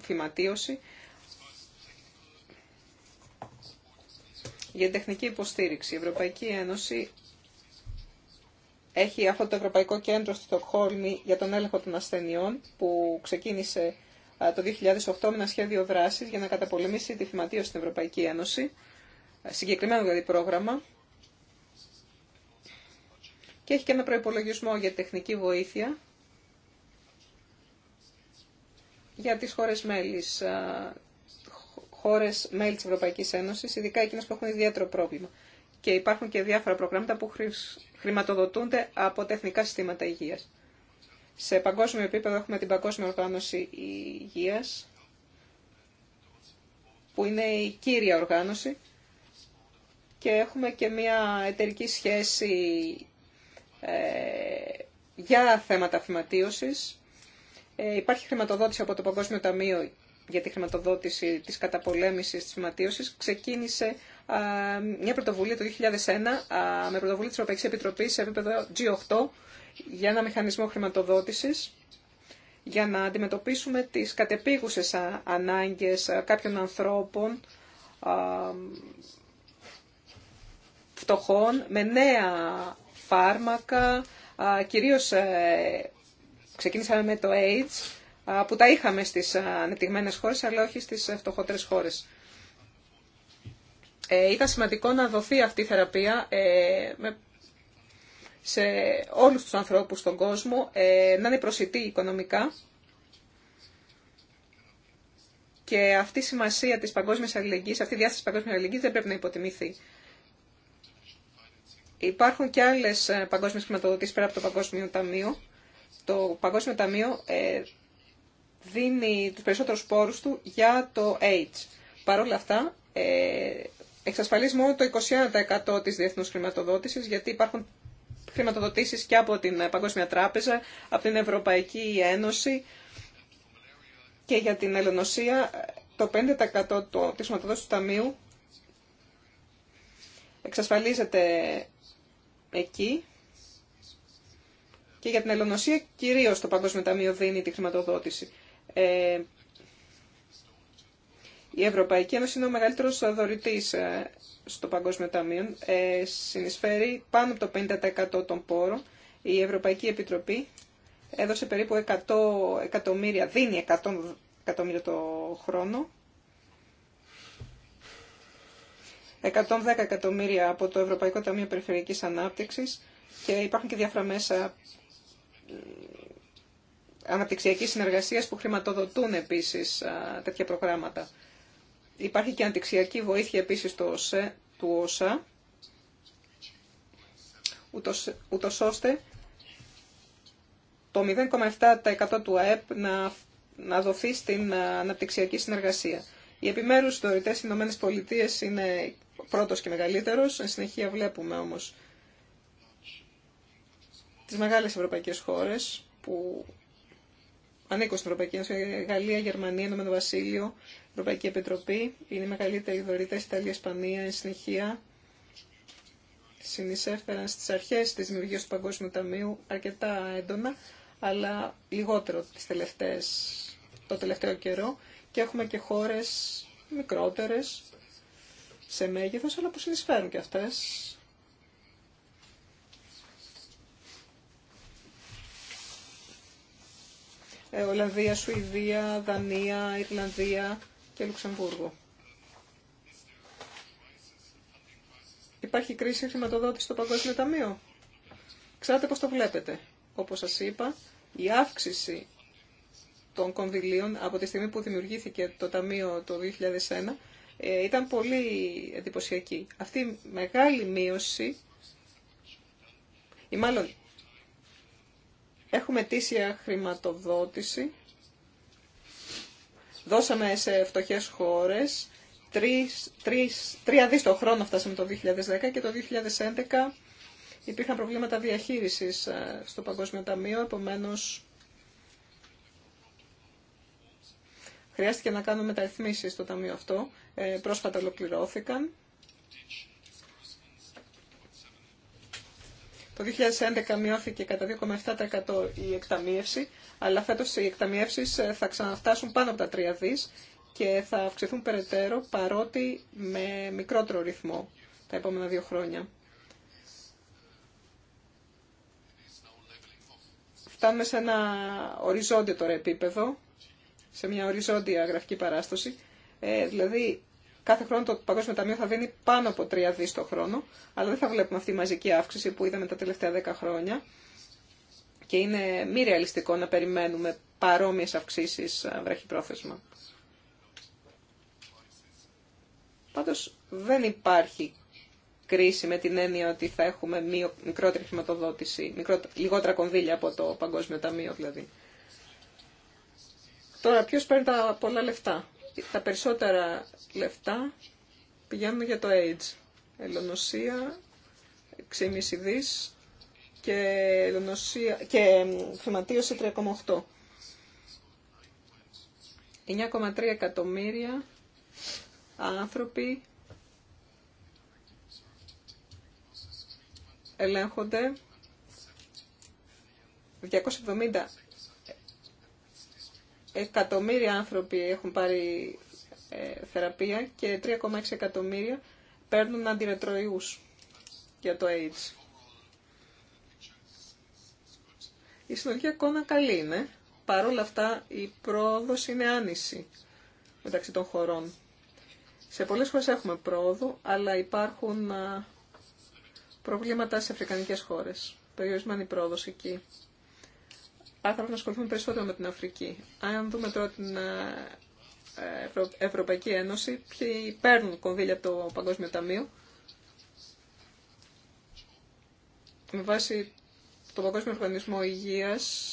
φυματίωση για την τεχνική υποστήριξη. Η Ευρωπαϊκή Ένωση έχει αυτό το Ευρωπαϊκό Κέντρο στη Στοκχόλμη για τον έλεγχο των ασθενειών που ξεκίνησε το 2008 με ένα σχέδιο δράσης για να καταπολεμήσει τη θυματίωση στην Ευρωπαϊκή Ένωση. Συγκεκριμένο δηλαδή πρόγραμμα. Και έχει και ένα προϋπολογισμό για τεχνική βοήθεια για τις χώρες μέλης χώρε μέλη τη Ευρωπαϊκή Ένωση, ειδικά εκείνε που έχουν ιδιαίτερο πρόβλημα. Και υπάρχουν και διάφορα προγράμματα που χρηματοδοτούνται από τα εθνικά συστήματα υγεία. Σε παγκόσμιο επίπεδο έχουμε την Παγκόσμια Οργάνωση Υγεία, που είναι η κύρια οργάνωση, και έχουμε και μια εταιρική σχέση ε, για θέματα φυματίωσης. Ε, υπάρχει χρηματοδότηση από το Παγκόσμιο Ταμείο για τη χρηματοδότηση της καταπολέμησης της φυματίωσης ξεκίνησε μια πρωτοβουλία το 2001 με πρωτοβουλία της Ευρωπαϊκής Επιτροπής σε επίπεδο G8 για ένα μηχανισμό χρηματοδότησης για να αντιμετωπίσουμε τις κατεπίγουσες ανάγκες κάποιων ανθρώπων φτωχών με νέα φάρμακα, κυρίως ε, ξεκίνησαμε με το AIDS που τα είχαμε στις ανεπτυγμένες χώρες, αλλά όχι στις φτωχότερες χώρες. Ε, ήταν σημαντικό να δοθεί αυτή η θεραπεία ε, με, σε όλους τους ανθρώπους στον κόσμο, ε, να είναι προσιτή οικονομικά. Και αυτή η σημασία της παγκόσμιας αλληλεγγύης, αυτή η διάσταση της παγκόσμιας αλληλεγγύης δεν πρέπει να υποτιμηθεί. Υπάρχουν και άλλες παγκόσμιες χρηματοδοτήσεις πέρα από το Παγκόσμιο Ταμείο. Το Παγκόσμιο Ταμείο ε, δίνει τους περισσότερους σπόρους του για το AIDS. Παρ' όλα αυτά, ε, εξασφαλίζει μόνο το 21% της διεθνούς χρηματοδότησης, γιατί υπάρχουν χρηματοδοτήσεις και από την Παγκόσμια Τράπεζα, από την Ευρωπαϊκή Ένωση και για την Ελλονοσία το 5% του της χρηματοδότησης του Ταμείου εξασφαλίζεται εκεί και για την Ελλονοσία κυρίως το Παγκόσμιο Ταμείο δίνει τη χρηματοδότηση. Ε, η Ευρωπαϊκή Ένωση είναι ο μεγαλύτερος δωρητή ε, στο Παγκόσμιο Ταμείο. Ε, συνεισφέρει πάνω από το 50% των πόρων. Η Ευρωπαϊκή Επιτροπή έδωσε περίπου 100 εκατομμύρια, δίνει 100 εκατομμύρια το χρόνο. 110 εκατομμύρια από το Ευρωπαϊκό Ταμείο Περιφερειακής Ανάπτυξης και υπάρχουν και διάφορα μέσα αναπτυξιακής συνεργασίας που χρηματοδοτούν επίσης τέτοια προγράμματα. Υπάρχει και αναπτυξιακή βοήθεια επίσης του ΟΣΕ, του ΟΣΑ, ούτως, ούτως ώστε το 0,7% του ΑΕΠ να, να δοθεί στην αναπτυξιακή συνεργασία. Οι επιμέρους δωρητές στις Ηνωμένες Πολιτείες είναι πρώτος και μεγαλύτερος. Εν συνεχεία βλέπουμε όμως τις μεγάλες ευρωπαϊκές χώρες που Ανήκω στην Ευρωπαϊκή Ένωση, Γαλλία, Γερμανία, Ενωμένο Βασίλειο, Ευρωπαϊκή Επιτροπή, είναι οι μεγαλύτεροι δωρητές, Ιταλία, Ισπανία, εν συνεχεία. Συνεισέφεραν στις αρχές της δημιουργίας του Παγκόσμιου Ταμείου αρκετά έντονα, αλλά λιγότερο τις τελευταίες, το τελευταίο καιρό και έχουμε και χώρες μικρότερες σε μέγεθος, αλλά που συνεισφέρουν και αυτές Ε, Ολλανδία, Σουηδία, Δανία, Ιρλανδία και Λουξεμβούργο. Υπάρχει κρίση χρηματοδότηση στο Παγκόσμιο Ταμείο. Ξέρετε πώς το βλέπετε. Όπως σας είπα, η αύξηση των κονδυλίων από τη στιγμή που δημιουργήθηκε το Ταμείο το 2001 ε, ήταν πολύ εντυπωσιακή. Αυτή η μεγάλη μείωση ή μάλλον Έχουμε τήσια χρηματοδότηση. Δώσαμε σε φτωχές χώρες 3, 3, το χρόνο φτάσαμε το 2010 και το 2011 υπήρχαν προβλήματα διαχείρισης ε, στο Παγκόσμιο Ταμείο, επομένως χρειάστηκε να κάνουμε μεταρρυθμίσεις στο Ταμείο αυτό. Ε, πρόσφατα ολοκληρώθηκαν. Το 2011 μειώθηκε κατά 2,7% η εκταμίευση, αλλά φέτος οι εκταμιεύσεις ε, θα ξαναφτάσουν πάνω από τα 3 δις και θα αυξηθούν περαιτέρω παρότι με μικρότερο ρυθμό τα επόμενα δύο χρόνια. Φτάνουμε σε ένα οριζόντιο τώρα επίπεδο, σε μια οριζόντια γραφική παράσταση. Ε, δηλαδή Κάθε χρόνο το Παγκόσμιο Ταμείο θα δίνει πάνω από 3 δις το χρόνο, αλλά δεν θα βλέπουμε αυτή η μαζική αύξηση που είδαμε τα τελευταία 10 χρόνια και είναι μη ρεαλιστικό να περιμένουμε παρόμοιες αυξήσεις βραχυπρόθεσμα. Πάντως δεν υπάρχει κρίση με την έννοια ότι θα έχουμε μικρότερη χρηματοδότηση, λιγότερα κονδύλια από το Παγκόσμιο Ταμείο δηλαδή. Τώρα ποιος παίρνει τα πολλά λεφτά τα περισσότερα λεφτά πηγαίνουν για το AIDS. Ελονοσία, 6,5 δις και, ελονοσία, και χρηματίωση 3,8. 9,3 εκατομμύρια άνθρωποι ελέγχονται 270 εκατομμύρια άνθρωποι έχουν πάρει ε, θεραπεία και 3,6 εκατομμύρια παίρνουν αντιρετροϊούς για το AIDS. Η συνολική εικόνα καλή είναι. Παρ' όλα αυτά η πρόοδο είναι άνηση μεταξύ των χωρών. Σε πολλές χώρες έχουμε πρόοδο, αλλά υπάρχουν προβλήματα σε αφρικανικές χώρες. Περιορισμένη πρόοδος εκεί θα πρέπει να ασχοληθούμε περισσότερο με την Αφρική. Αν δούμε τώρα την ε, Ευρωπαϊκή Ένωση, ποιοι παίρνουν κονδύλια από το Παγκόσμιο Ταμείο, με βάση το Παγκόσμιο Οργανισμό Υγείας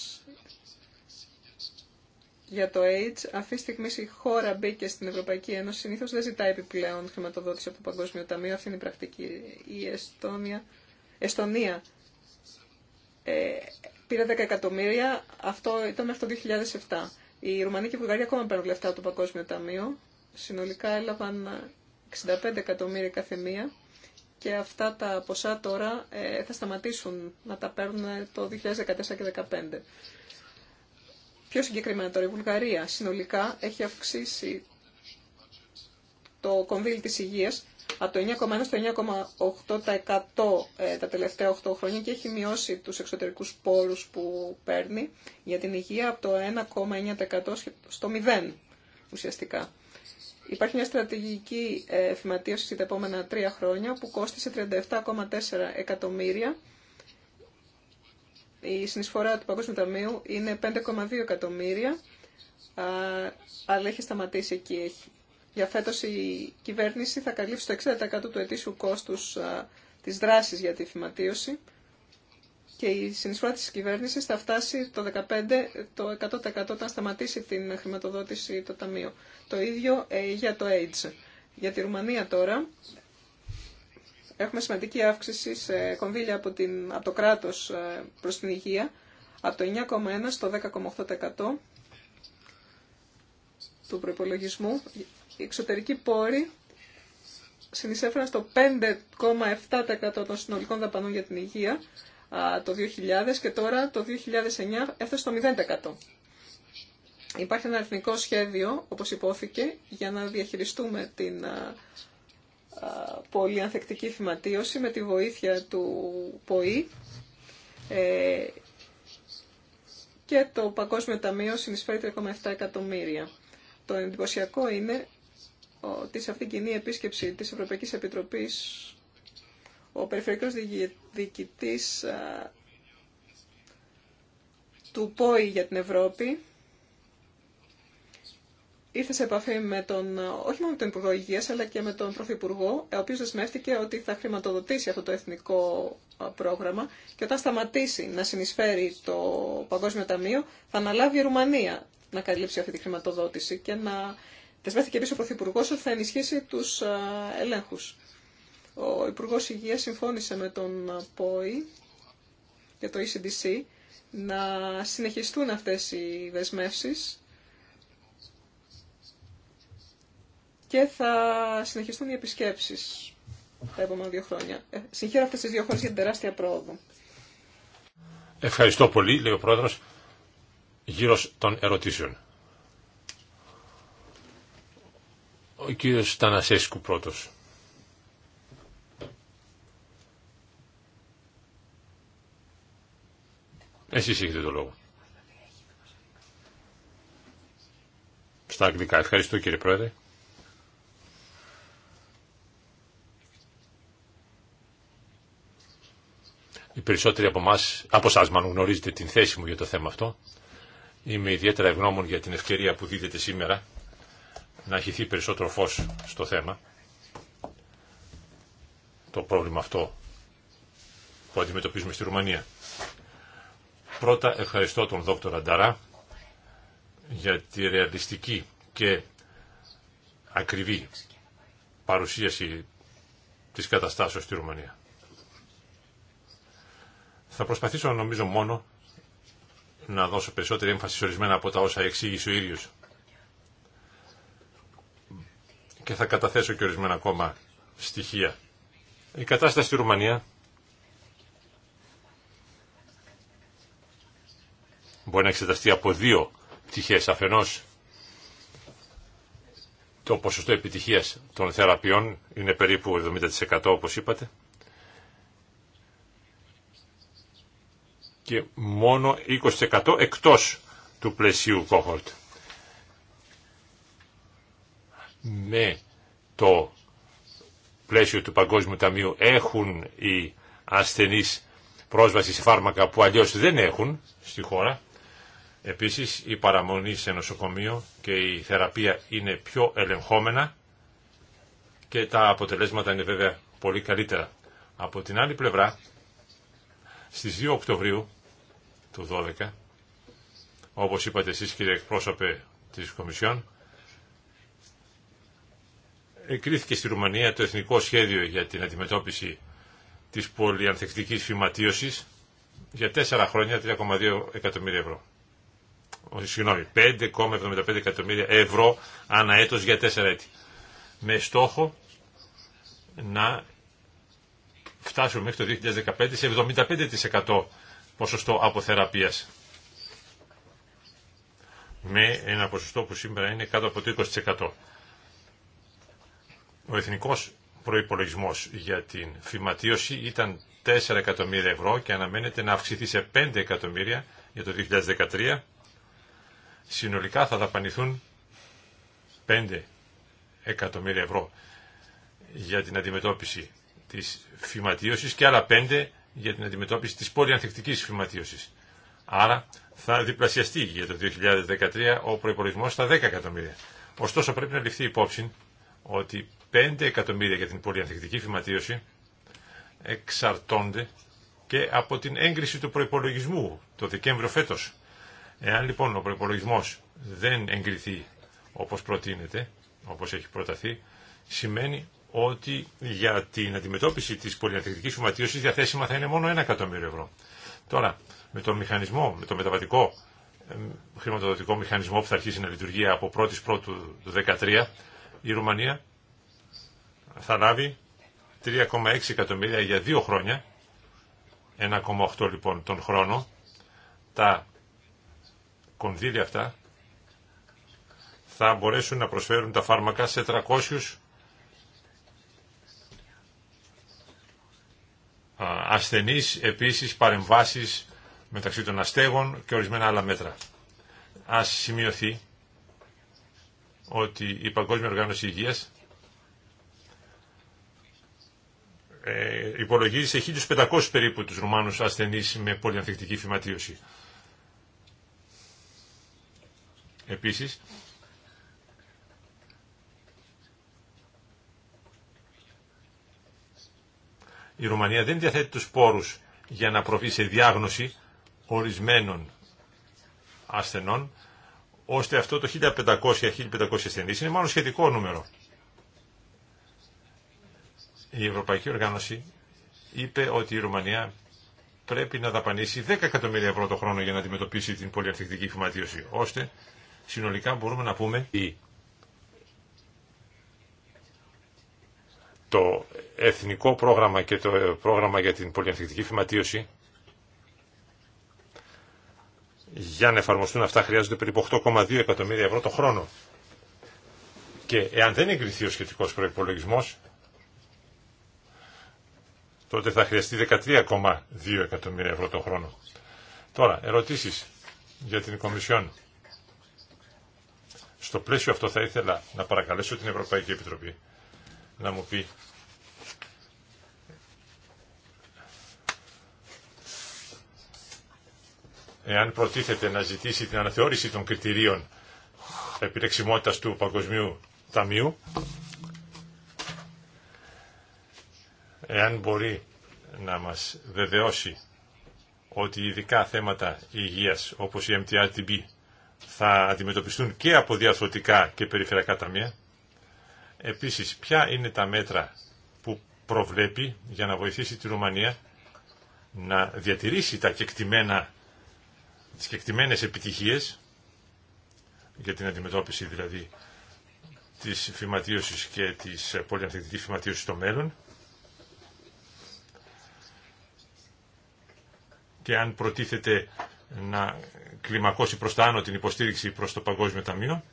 για το AIDS, αυτή τη στιγμή η χώρα μπήκε στην Ευρωπαϊκή Ένωση, συνήθως δεν ζητάει επιπλέον χρηματοδότηση από το Παγκόσμιο Ταμείο, αυτή είναι η πρακτική. Η Εστόνια, Εστονία ε, Πήρε 10 εκατομμύρια, αυτό ήταν μέχρι το 2007. Η Ρουμανία και η Βουλγαρία ακόμα παίρνουν λεφτά από το Παγκόσμιο Ταμείο. Συνολικά έλαβαν 65 εκατομμύρια κάθε μία και αυτά τα ποσά τώρα ε, θα σταματήσουν να τα παίρνουν το 2014 και 2015. Πιο συγκεκριμένα τώρα, η Βουλγαρία συνολικά έχει αυξήσει το κονδύλι της υγείας από το 9,1% στο 9,8% ε, τα τελευταία 8 χρόνια και έχει μειώσει τους εξωτερικούς πόρους που παίρνει για την υγεία από το 1,9% στο 0% ουσιαστικά. Υπάρχει μια στρατηγική ε, εφηματίωση τα επόμενα τρία χρόνια που κόστησε 37,4 εκατομμύρια. Η συνεισφορά του Παγκόσμιου Ταμείου είναι 5,2 εκατομμύρια, αλλά έχει σταματήσει εκεί. Έχει για φέτος η κυβέρνηση θα καλύψει το 60% του ετήσιου κόστους τη της δράσης για τη φυματίωση και η συνεισφορά της κυβέρνησης θα φτάσει το 15% το 100% όταν σταματήσει την χρηματοδότηση το Ταμείο. Το ίδιο ε, για το AIDS. Για τη Ρουμανία τώρα έχουμε σημαντική αύξηση σε κονδύλια από, την, από το κράτος ε, προς την υγεία από το 9,1% στο 10,8% του προϋπολογισμού οι εξωτερικοί πόροι συνεισέφεραν στο 5,7% των συνολικών δαπανών για την υγεία το 2000 και τώρα το 2009 έφτασε στο 0%. Υπάρχει ένα εθνικό σχέδιο, όπως υπόθηκε, για να διαχειριστούμε την πολυανθεκτική θυματίωση με τη βοήθεια του ΠΟΗ ε, και το Παγκόσμιο Ταμείο συνεισφέρει 3,7 εκατομμύρια. Το εντυπωσιακό είναι ότι σε αυτήν την κοινή επίσκεψη της Ευρωπαϊκής Επιτροπής ο Περιφερειακός Διοικητής του ΠΟΗ για την Ευρώπη ήρθε σε επαφή με τον, όχι μόνο με τον Υπουργό Υγείας, αλλά και με τον Πρωθυπουργό, ο οποίος δεσμεύτηκε ότι θα χρηματοδοτήσει αυτό το εθνικό πρόγραμμα και όταν σταματήσει να συνεισφέρει το Παγκόσμιο Ταμείο, θα αναλάβει η Ρουμανία να καλύψει αυτή τη χρηματοδότηση και να Δεσμεύτηκε επίση ο Πρωθυπουργό ότι θα ενισχύσει του ελέγχου. Ο Υπουργό Υγεία συμφώνησε με τον ΠΟΗ και το ECDC να συνεχιστούν αυτές οι δεσμεύσεις και θα συνεχιστούν οι επισκέψεις τα επόμενα δύο χρόνια. Ε, συγχαίρω αυτές τις δύο χώρε για την τεράστια πρόοδο. Ευχαριστώ πολύ, λέει ο Πρόεδρος, γύρω των ερωτήσεων. Ο κύριος Τανασέσκου πρώτος. Εσείς έχετε το λόγο. Στα αγγλικά. Ευχαριστώ κύριε Πρόεδρε. Οι περισσότεροι από, μας, από εσάς μάλλον γνωρίζετε την θέση μου για το θέμα αυτό. Είμαι ιδιαίτερα ευγνώμων για την ευκαιρία που δίδεται σήμερα να χυθεί περισσότερο φως στο θέμα, το πρόβλημα αυτό που αντιμετωπίζουμε στη Ρουμανία. Πρώτα ευχαριστώ τον δόκτωρα Νταρά για τη ρεαλιστική και ακριβή παρουσίαση της καταστάσεως στη Ρουμανία. Θα προσπαθήσω νομίζω μόνο να δώσω περισσότερη έμφαση σε ορισμένα από τα όσα εξήγησε ο ίδιος και θα καταθέσω και ορισμένα ακόμα στοιχεία. Η κατάσταση στη Ρουμανία μπορεί να εξεταστεί από δύο πτυχές. Αφενός το ποσοστό επιτυχίας των θεραπείων είναι περίπου 70% όπως είπατε και μόνο 20% εκτός του πλαισίου cohort με ναι, το πλαίσιο του Παγκόσμιου Ταμείου έχουν οι ασθενείς πρόσβαση σε φάρμακα που αλλιώς δεν έχουν στη χώρα. Επίσης η παραμονή σε νοσοκομείο και η θεραπεία είναι πιο ελεγχόμενα και τα αποτελέσματα είναι βέβαια πολύ καλύτερα. Από την άλλη πλευρά, στις 2 Οκτωβρίου του 12, όπως είπατε εσείς κύριε εκπρόσωπε της Κομισιόν, Εκρίθηκε στη Ρουμανία το Εθνικό Σχέδιο για την Αντιμετώπιση της Πολυανθεκτικής Φυματίωσης για 4 χρόνια 3,2 εκατομμύρια ευρώ. Συγγνώμη, 5,75 εκατομμύρια ευρώ ανά έτος για 4 έτη. Με στόχο να φτάσουμε μέχρι το 2015 σε 75% ποσοστό αποθεραπείας. Με ένα ποσοστό που σήμερα είναι κάτω από το 20%. Ο εθνικός προϋπολογισμός για την φυματίωση ήταν 4 εκατομμύρια ευρώ και αναμένεται να αυξηθεί σε 5 εκατομμύρια για το 2013. Συνολικά θα δαπανηθούν 5 εκατομμύρια ευρώ για την αντιμετώπιση της φυματίωσης και άλλα 5 για την αντιμετώπιση της πολυανθεκτικής φυματίωσης. Άρα θα διπλασιαστεί για το 2013 ο προϋπολογισμός στα 10 εκατομμύρια. Ωστόσο πρέπει να ληφθεί υπόψη ότι 5 εκατομμύρια για την πολυανθεκτική φυματίωση εξαρτώνται και από την έγκριση του προϋπολογισμού το Δεκέμβριο φέτος. Εάν λοιπόν ο προϋπολογισμός δεν εγκριθεί όπως προτείνεται, όπως έχει προταθεί, σημαίνει ότι για την αντιμετώπιση της πολυανθεκτικής φυματίωσης διαθέσιμα θα είναι μόνο 1 εκατομμύριο ευρώ. Τώρα, με το μηχανισμό, με το μεταβατικό ε, χρηματοδοτικό μηχανισμό που θα αρχίσει να λειτουργεί από 1η Πρώτου του 2013, η Ρουμανία θα λάβει 3,6 εκατομμύρια για δύο χρόνια, 1,8 λοιπόν τον χρόνο. Τα κονδύλια αυτά θα μπορέσουν να προσφέρουν τα φάρμακα σε 300 ασθενείς, επίσης παρεμβάσεις μεταξύ των αστέγων και ορισμένα άλλα μέτρα. Ας σημειωθεί ότι η Παγκόσμια Οργάνωση Υγείας Ε, υπολογίζει σε 1.500 περίπου τους Ρουμάνους ασθενείς με πολυανθεκτική φυματίωση. Επίσης, η Ρουμανία δεν διαθέτει τους πόρους για να προβεί σε διάγνωση ορισμένων ασθενών, ώστε αυτό το 1.500-1.500 ασθενείς είναι μόνο σχετικό νούμερο η Ευρωπαϊκή Οργάνωση είπε ότι η Ρουμανία πρέπει να δαπανίσει 10 εκατομμύρια ευρώ το χρόνο για να αντιμετωπίσει την πολυαρθεκτική φυματίωση, ώστε συνολικά μπορούμε να πούμε ότι το εθνικό πρόγραμμα και το πρόγραμμα για την πολυαρθεκτική φυματίωση για να εφαρμοστούν αυτά χρειάζονται περίπου 8,2 εκατομμύρια ευρώ το χρόνο. Και εάν δεν εγκριθεί ο σχετικός προϋπολογισμός, τότε θα χρειαστεί 13,2 εκατομμύρια ευρώ το χρόνο. Τώρα, ερωτήσεις για την Κομισιόν. Στο πλαίσιο αυτό θα ήθελα να παρακαλέσω την Ευρωπαϊκή Επιτροπή να μου πει εάν προτίθεται να ζητήσει την αναθεώρηση των κριτηρίων επιλεξιμότητας του Παγκοσμίου Ταμείου εάν μπορεί να μας βεβαιώσει ότι ειδικά θέματα υγείας όπως η MTRTB θα αντιμετωπιστούν και από διαφθορτικά και περιφερειακά ταμεία. Επίσης, ποια είναι τα μέτρα που προβλέπει για να βοηθήσει τη Ρουμανία να διατηρήσει τα κεκτημένα, τις κεκτημένες επιτυχίες για την αντιμετώπιση δηλαδή της φυματίωσης και της ε, πολυανθεκτικής φυματίωσης στο μέλλον και αν προτίθεται να κλιμακώσει προς τα άνω την υποστήριξη προς το Παγκόσμιο Ταμείο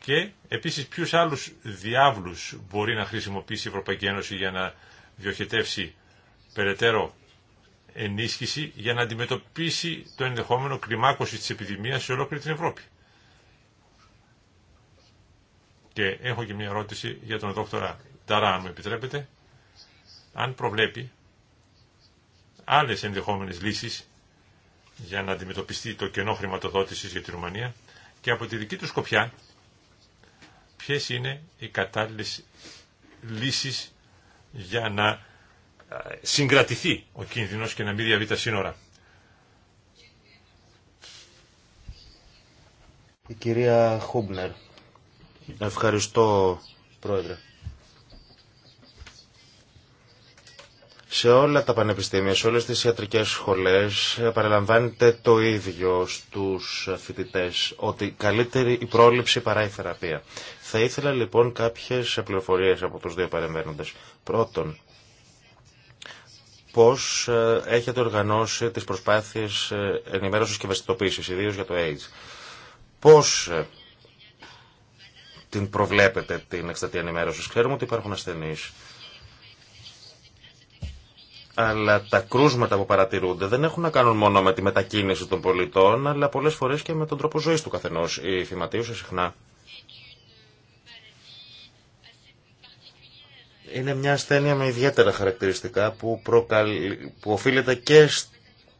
και επίσης ποιους άλλους διάβλους μπορεί να χρησιμοποιήσει η Ευρωπαϊκή Ένωση για να διοχετεύσει περαιτέρω ενίσχυση για να αντιμετωπίσει το ενδεχόμενο κλιμάκωση της επιδημίας σε ολόκληρη την Ευρώπη. Και έχω και μια ερώτηση για τον δόκτωρα Ταρά, αν μου επιτρέπετε. Αν προβλέπει άλλες ενδεχομένε λύσεις για να αντιμετωπιστεί το κενό χρηματοδότησης για τη Ρουμανία και από τη δική του σκοπιά ποιες είναι οι κατάλληλες λύσεις για να συγκρατηθεί ο κίνδυνος και να μην διαβεί τα σύνορα. Η κυρία Χούμπνερ. Ευχαριστώ, Πρόεδρε. Σε όλα τα πανεπιστήμια, σε όλες τις ιατρικές σχολές παραλαμβάνεται το ίδιο στους φοιτητέ ότι καλύτερη η πρόληψη παρά η θεραπεία. Θα ήθελα λοιπόν κάποιες πληροφορίες από τους δύο παρεμβαίνοντες. Πρώτον, πώς ε, έχετε οργανώσει τις προσπάθειες ε, ενημέρωσης και βαστιτοποίησης, ιδίω για το AIDS. Πώς ε, την προβλέπετε την εξτατή ενημέρωση. Ξέρουμε ότι υπάρχουν ασθενείς αλλά τα κρούσματα που παρατηρούνται δεν έχουν να κάνουν μόνο με τη μετακίνηση των πολιτών, αλλά πολλές φορές και με τον τρόπο ζωής του καθενός. Η σε συχνά είναι μια ασθένεια με ιδιαίτερα χαρακτηριστικά που, που οφείλεται και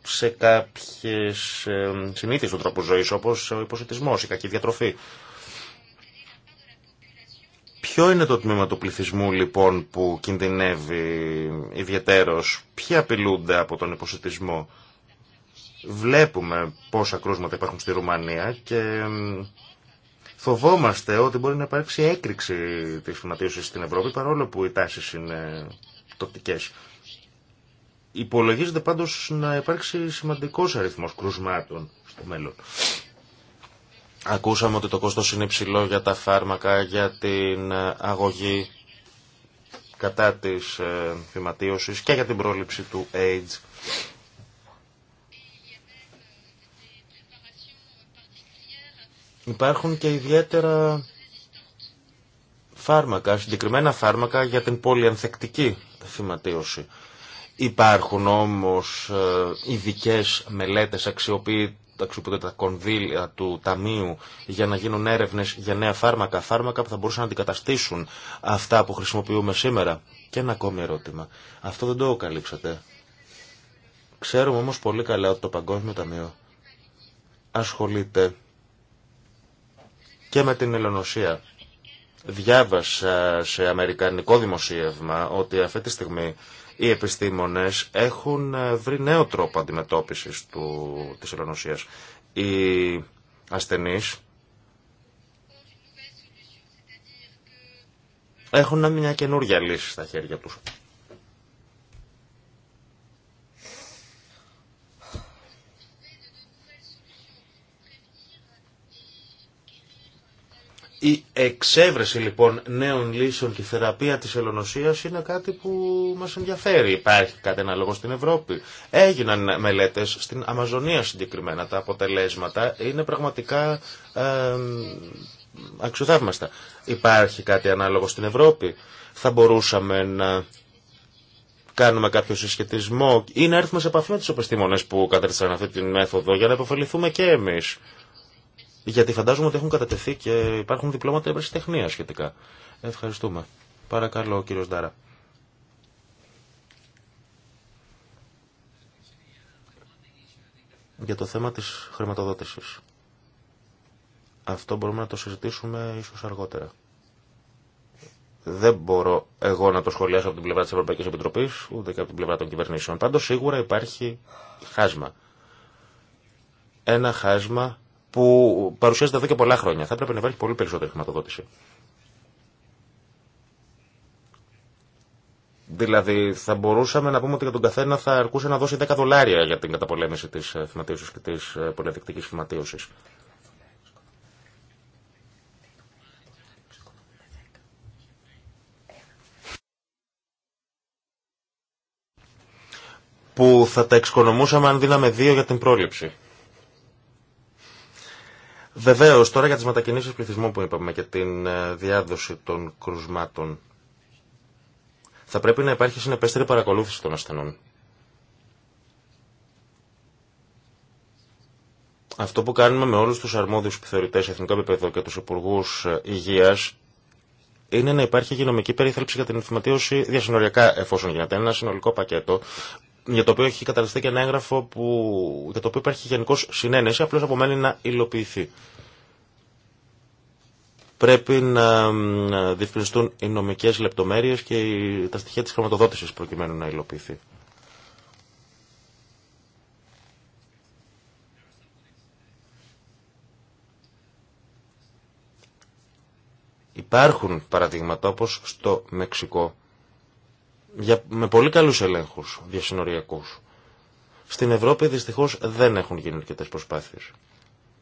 σε κάποιες ε, συνήθειες του τρόπου ζωής, όπως ο υποσυτισμός, η κακή διατροφή. Ποιο είναι το τμήμα του πληθυσμού λοιπόν που κινδυνεύει ιδιαίτερος, ποιοι απειλούνται από τον υποσυτισμό. Βλέπουμε πόσα κρούσματα υπάρχουν στη Ρουμανία και φοβόμαστε ότι μπορεί να υπάρξει έκρηξη της φυματίωσης στην Ευρώπη παρόλο που οι τάσεις είναι τοπικές. Υπολογίζεται πάντως να υπάρξει σημαντικός αριθμός κρουσμάτων στο μέλλον. Ακούσαμε ότι το κόστος είναι υψηλό για τα φάρμακα, για την ε, αγωγή κατά της φυματίωσης ε, και για την πρόληψη του AIDS. Υπάρχουν και ιδιαίτερα φάρμακα, συγκεκριμένα φάρμακα για την πολυανθεκτική θυματίωση. Υπάρχουν όμως ε, ειδικέ μελέτες, αξιοποιητές τα κονδύλια του Ταμείου για να γίνουν έρευνες για νέα φάρμακα, φάρμακα που θα μπορούσαν να αντικαταστήσουν αυτά που χρησιμοποιούμε σήμερα. Και ένα ακόμη ερώτημα. Αυτό δεν το καλύψατε. Ξέρουμε όμως πολύ καλά ότι το Παγκόσμιο Ταμείο ασχολείται και με την ελληνοσία. Διάβασα σε αμερικανικό δημοσίευμα ότι αυτή τη στιγμή οι επιστήμονες έχουν ε, βρει νέο τρόπο αντιμετώπισης του, της ελονοσίας. Οι ασθενείς έχουν μια καινούργια λύση στα χέρια τους. Η εξέβρεση λοιπόν νέων λύσεων και θεραπεία της ελονοσίας είναι κάτι που μας ενδιαφέρει. Υπάρχει κάτι αναλόγο στην Ευρώπη. Έγιναν μελέτες στην Αμαζονία συγκεκριμένα. Τα αποτελέσματα είναι πραγματικά ε, αξιοθαύμαστα. Υπάρχει κάτι ανάλογο στην Ευρώπη. Θα μπορούσαμε να κάνουμε κάποιο συσχετισμό ή να έρθουμε σε επαφή με τους επιστήμονες που κατέρθησαν αυτή τη μέθοδο για να υποφεληθούμε και εμείς. Γιατί φαντάζομαι ότι έχουν κατατεθεί και υπάρχουν διπλώματα ευρεσιτεχνία σχετικά. Ευχαριστούμε. Παρακαλώ, κύριο Ντάρα. Για το θέμα της χρηματοδότησης. Αυτό μπορούμε να το συζητήσουμε ίσως αργότερα. Δεν μπορώ εγώ να το σχολιάσω από την πλευρά της Ευρωπαϊκής Επιτροπής, ούτε και από την πλευρά των κυβερνήσεων. Πάντως σίγουρα υπάρχει χάσμα. Ένα χάσμα που παρουσιάζεται εδώ και πολλά χρόνια. Θα έπρεπε να υπάρχει πολύ περισσότερη χρηματοδότηση. Δηλαδή, θα μπορούσαμε να πούμε ότι για τον καθένα θα αρκούσε να δώσει 10 δολάρια για την καταπολέμηση τη ε, θυματίωση και τη ε, πολυεθνική θυματίωση. Που θα τα εξοικονομούσαμε αν δίναμε δύο για την πρόληψη. Βεβαίω, τώρα για τι μετακινήσει πληθυσμού που είπαμε και την ε, διάδοση των κρουσμάτων. Θα πρέπει να υπάρχει συνεπέστερη παρακολούθηση των ασθενών. Αυτό που κάνουμε με όλους τους αρμόδιους επιθεωρητές σε εθνικό επίπεδο και τους υπουργού ε, υγείας είναι να υπάρχει υγειονομική περίθαλψη για την ενθυματίωση διασυνοριακά εφόσον γίνεται. Ένα συνολικό πακέτο για το οποίο έχει καταρριστεί και ένα έγγραφο που, για το οποίο υπάρχει γενικώ συνένεση, απλώς απομένει να υλοποιηθεί. Πρέπει να διευκρινιστούν οι νομικές λεπτομέρειες και τα στοιχεία της χρηματοδότησης προκειμένου να υλοποιηθεί. Υπάρχουν παραδείγματα όπως στο Μεξικό για, με πολύ καλούς ελέγχους διασυνοριακούς. Στην Ευρώπη δυστυχώς δεν έχουν γίνει αρκετέ προσπάθειες.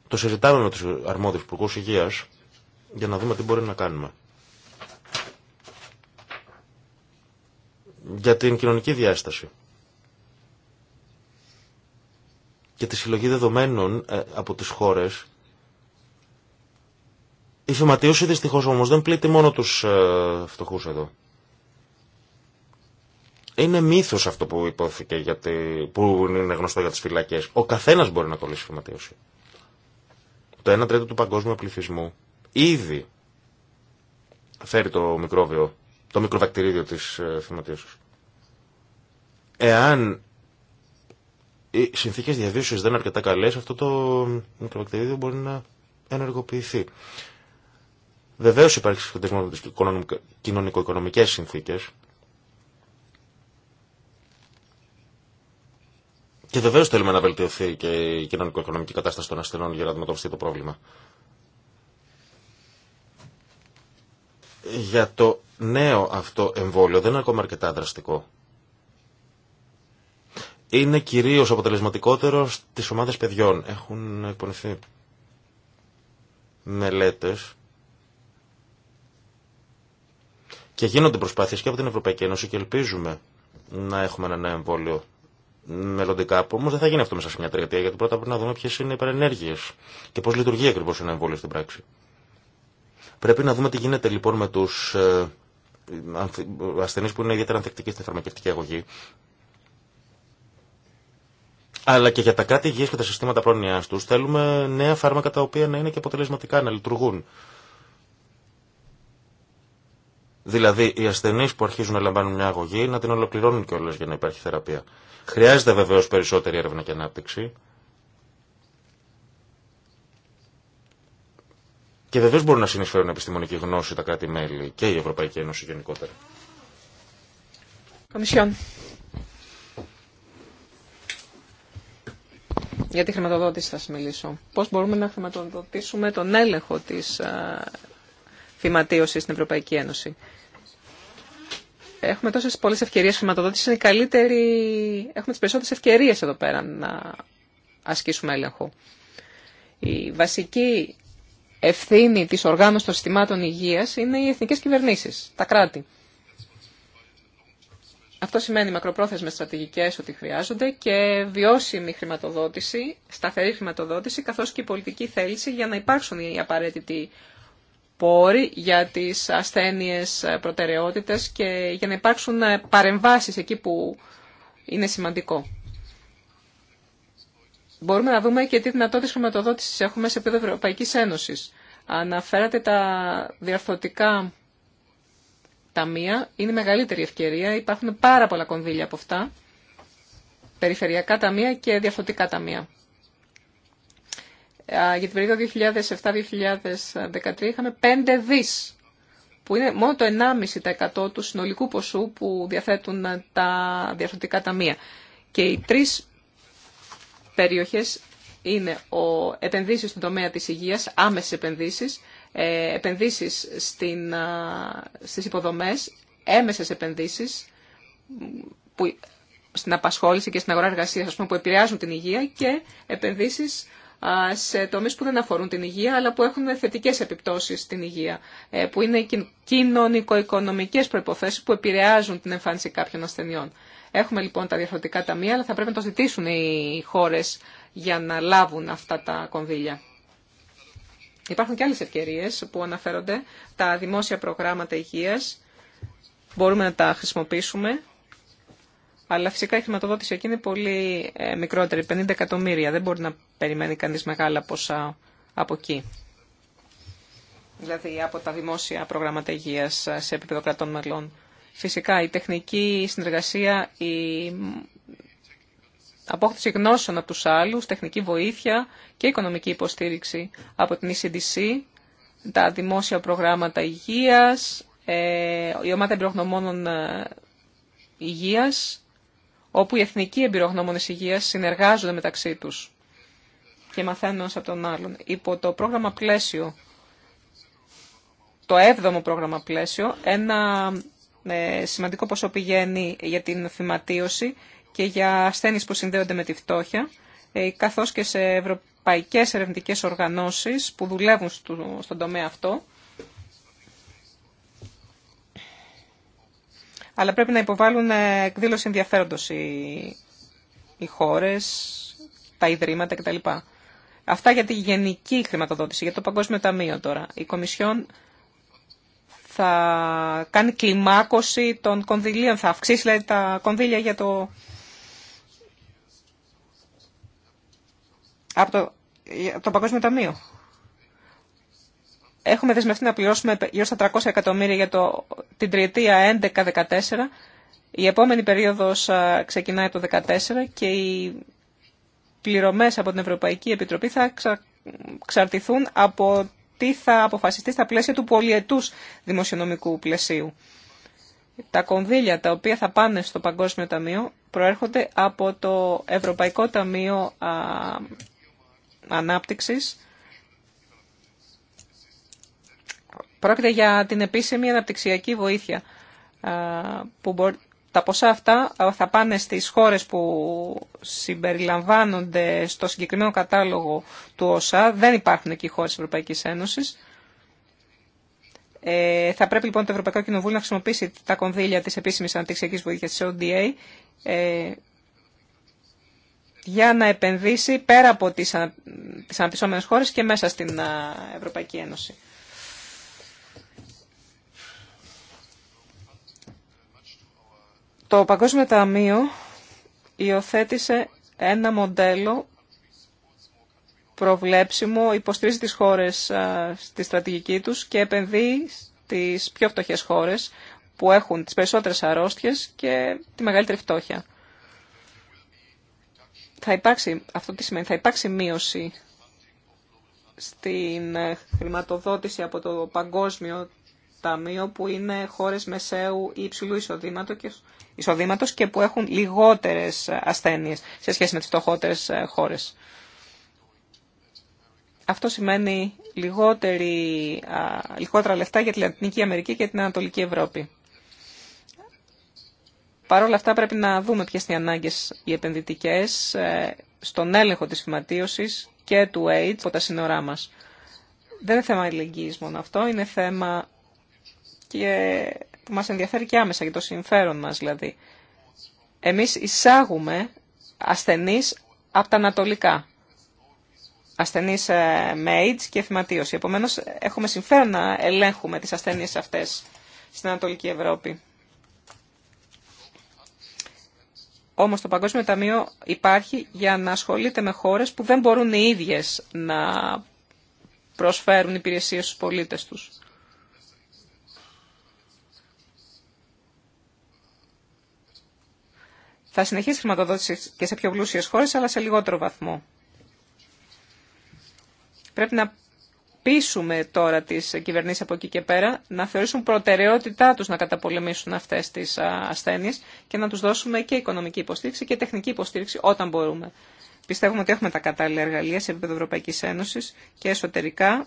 Το συζητάμε με τους αρμόδιους υπουργού υγεία για να δούμε τι μπορεί να κάνουμε. Για την κοινωνική διάσταση και τη συλλογή δεδομένων ε, από τις χώρες η φυματίωση δυστυχώς όμως δεν πλήττει μόνο τους ε, φτωχούς εδώ. Είναι μύθο αυτό που υπόθηκε, γιατί, που είναι γνωστό για τις φυλακές. Ο καθένας μπορεί να κολλήσει φυματίωση. Το 1 τρίτο του παγκόσμιου πληθυσμού ήδη φέρει το μικρόβιο, το μικροβακτηρίδιο της φυματίωσης. Ε, Εάν οι συνθήκε διαβίωση δεν είναι αρκετά καλές, αυτό το μικροβακτηρίδιο μπορεί να ενεργοποιηθεί. Βεβαίω υπάρχει συσχετισμό με τι κοινωνικο-οικονομικέ συνθήκε, Και βεβαίω θέλουμε να βελτιωθεί και η κοινωνικο-οικονομική κατάσταση των ασθενών για να αντιμετωπιστεί το πρόβλημα. Για το νέο αυτό εμβόλιο δεν είναι ακόμα αρκετά δραστικό. Είναι κυρίως αποτελεσματικότερο στις ομάδες παιδιών. Έχουν εκπονηθεί μελέτες και γίνονται προσπάθειες και από την Ευρωπαϊκή Ένωση και ελπίζουμε να έχουμε ένα νέο εμβόλιο μελλοντικά όμω δεν θα γίνει αυτό μέσα σε μια τριετία, γιατί πρώτα πρέπει να δούμε ποιε είναι οι παρενέργειε και πώ λειτουργεί ακριβώ ένα εμβόλιο στην πράξη. Πρέπει να δούμε τι γίνεται λοιπόν με του ε, ασθενεί που είναι ιδιαίτερα ανθεκτικοί στη φαρμακευτική αγωγή. Αλλά και για τα κράτη υγεία και τα συστήματα πρόνοια του θέλουμε νέα φάρμακα τα οποία να είναι και αποτελεσματικά, να λειτουργούν. Δηλαδή, οι ασθενεί που αρχίζουν να λαμβάνουν μια αγωγή να την ολοκληρώνουν κιόλα για να υπάρχει θεραπεία. Χρειάζεται βεβαίω περισσότερη έρευνα και ανάπτυξη. Και βεβαίω μπορούν να συνεισφέρουν επιστημονική γνώση τα κράτη-μέλη και η Ευρωπαϊκή Ένωση γενικότερα. Κομισιόν. Για τη χρηματοδότηση θα σας μιλήσω. Πώς μπορούμε να χρηματοδοτήσουμε τον έλεγχο της ε, στην Ευρωπαϊκή Ένωση. Έχουμε τόσε πολλέ ευκαιρίε χρηματοδότηση. καλύτερη... Έχουμε τι περισσότερε ευκαιρίε εδώ πέρα να ασκήσουμε έλεγχο. Η βασική ευθύνη τη οργάνωση των συστημάτων υγεία είναι οι εθνικέ κυβερνήσει, τα κράτη. Αυτό σημαίνει μακροπρόθεσμε στρατηγικέ ότι χρειάζονται και βιώσιμη χρηματοδότηση, σταθερή χρηματοδότηση, καθώ και η πολιτική θέληση για να υπάρξουν οι απαραίτητοι πόροι, για τις ασθένειες προτεραιότητες και για να υπάρξουν παρεμβάσεις εκεί που είναι σημαντικό. Μπορούμε να δούμε και τι δυνατότητες χρηματοδότησης έχουμε σε επίπεδο Ευρωπαϊκής Ένωσης. Αναφέρατε τα διαρθωτικά ταμεία. Είναι μεγαλύτερη ευκαιρία. Υπάρχουν πάρα πολλά κονδύλια από αυτά. Περιφερειακά ταμεία και διαρθωτικά ταμεία για την περίοδο 2007-2013 είχαμε 5 δις, που είναι μόνο το 1,5% του συνολικού ποσού που διαθέτουν τα διαφορετικά ταμεία. Και οι τρεις περιοχές είναι ο επενδύσεις στον τομέα της υγείας, άμεσες επενδύσεις, ε, επενδύσεις στην, στις υποδομές, έμεσες επενδύσεις που στην απασχόληση και στην αγορά εργασίας που επηρεάζουν την υγεία και επενδύσεις σε τομείς που δεν αφορούν την υγεία, αλλά που έχουν θετικές επιπτώσεις στην υγεία, ε, που είναι κοινωνικο-οικονομικές προϋποθέσεις που επηρεάζουν την εμφάνιση κάποιων ασθενειών. Έχουμε λοιπόν τα διαφορετικά ταμεία, αλλά θα πρέπει να το ζητήσουν οι χώρες για να λάβουν αυτά τα κονδύλια. Υπάρχουν και άλλες ευκαιρίες που αναφέρονται, τα δημόσια προγράμματα υγείας, μπορούμε να τα χρησιμοποιήσουμε αλλά φυσικά η χρηματοδότηση εκεί είναι πολύ ε, μικρότερη, 50 εκατομμύρια. Δεν μπορεί να περιμένει κανείς μεγάλα ποσά από εκεί. Δηλαδή από τα δημόσια προγράμματα υγείας ε, σε επίπεδο κρατών μελών. Φυσικά η τεχνική συνεργασία, η απόκτηση γνώσεων από τους άλλους, τεχνική βοήθεια και οικονομική υποστήριξη από την ECDC, τα δημόσια προγράμματα υγείας, ε, η ομάδα εμπειρογνωμόνων υγείας όπου οι εθνικοί εμπειρογνώμονε υγεία συνεργάζονται μεταξύ του και μαθαίνουν ένας από τον άλλον. Υπό το πρόγραμμα πλαίσιο, το 7ο πρόγραμμα πλαίσιο, ένα ε, σημαντικό ποσό πηγαίνει για την θυματίωση και για ασθένειε που συνδέονται με τη φτώχεια, ε, καθώς και σε ευρωπαϊκές ερευνητικέ οργανώσεις που δουλεύουν στον τομέα αυτό αλλά πρέπει να υποβάλουν ε, εκδήλωση ενδιαφέροντος οι, οι χώρες, τα ιδρύματα κτλ. Αυτά για τη γενική χρηματοδότηση, για το Παγκόσμιο Ταμείο τώρα. Η Κομισιόν θα κάνει κλιμάκωση των κονδυλίων, θα αυξήσει δηλαδή, τα κονδύλια για το... Από το Παγκόσμιο Ταμείο έχουμε δεσμευτεί να πληρώσουμε γύρω στα 300 εκατομμύρια για το, την τριετία 11-14. Η επόμενη περίοδος ξεκινάει το 2014 και οι πληρωμές από την Ευρωπαϊκή Επιτροπή θα εξαρτηθούν από τι θα αποφασιστεί στα πλαίσια του πολυετούς δημοσιονομικού πλαισίου. Τα κονδύλια τα οποία θα πάνε στο Παγκόσμιο Ταμείο προέρχονται από το Ευρωπαϊκό Ταμείο Ανάπτυξης Πρόκειται για την επίσημη αναπτυξιακή βοήθεια. Που Τα ποσά αυτά θα πάνε στις χώρες που συμπεριλαμβάνονται στο συγκεκριμένο κατάλογο του ΩΣΑ. Δεν υπάρχουν εκεί χώρες της Ευρωπαϊκής Ένωσης. Ε, θα πρέπει λοιπόν το Ευρωπαϊκό Κοινοβούλιο να χρησιμοποιήσει τα κονδύλια της επίσημης αναπτυξιακής βοήθειας της ODA ε, για να επενδύσει πέρα από τις, τις αναπτυσσόμενες χώρες και μέσα στην Ευρωπαϊκή Ένωση. Το Παγκόσμιο Ταμείο υιοθέτησε ένα μοντέλο προβλέψιμο, υποστηρίζει τις χώρες στη στρατηγική τους και επενδύει στις πιο φτωχές χώρες που έχουν τις περισσότερες αρρώστιες και τη μεγαλύτερη φτώχεια. Θα υπάρξει, αυτό τι σημαίνει, θα υπάρξει μείωση στην ε, χρηματοδότηση από το Παγκόσμιο ταμείο που είναι χώρες μεσαίου ή υψηλού εισοδήματος και που έχουν λιγότερες ασθένειες σε σχέση με τις φτωχότερες ε, χώρες. Αυτό σημαίνει λιγότερη, λιγότερα λεφτά για την Λατινική Αμερική και την Ανατολική Ευρώπη. Παρ' όλα αυτά πρέπει να δούμε ποιες είναι οι ανάγκες οι επενδυτικές ε, στον έλεγχο της φυματίωσης και του AIDS από τα σύνορά μας. Δεν είναι θέμα αλληλεγγύης μόνο αυτό, είναι θέμα και που μας ενδιαφέρει και άμεσα για το συμφέρον μας δηλαδή. Εμείς εισάγουμε ασθενείς από τα ανατολικά, ασθενείς ε, με AIDS και θυματίωση. Επομένως έχουμε συμφέρον να ελέγχουμε τις ασθένειες αυτές στην Ανατολική Ευρώπη. Όμως το Παγκόσμιο Ταμείο υπάρχει για να ασχολείται με χώρες που δεν μπορούν οι ίδιες να προσφέρουν υπηρεσίες στους πολίτες τους. Θα συνεχίσει χρηματοδότηση και σε πιο πλούσιε χώρε, αλλά σε λιγότερο βαθμό. Πρέπει να πείσουμε τώρα τι κυβερνήσει από εκεί και πέρα να θεωρήσουν προτεραιότητά του να καταπολεμήσουν αυτέ τι ασθένειε και να του δώσουμε και οικονομική υποστήριξη και τεχνική υποστήριξη όταν μπορούμε. Πιστεύουμε ότι έχουμε τα κατάλληλα εργαλεία σε επίπεδο Ευρωπαϊκή Ένωση και εσωτερικά,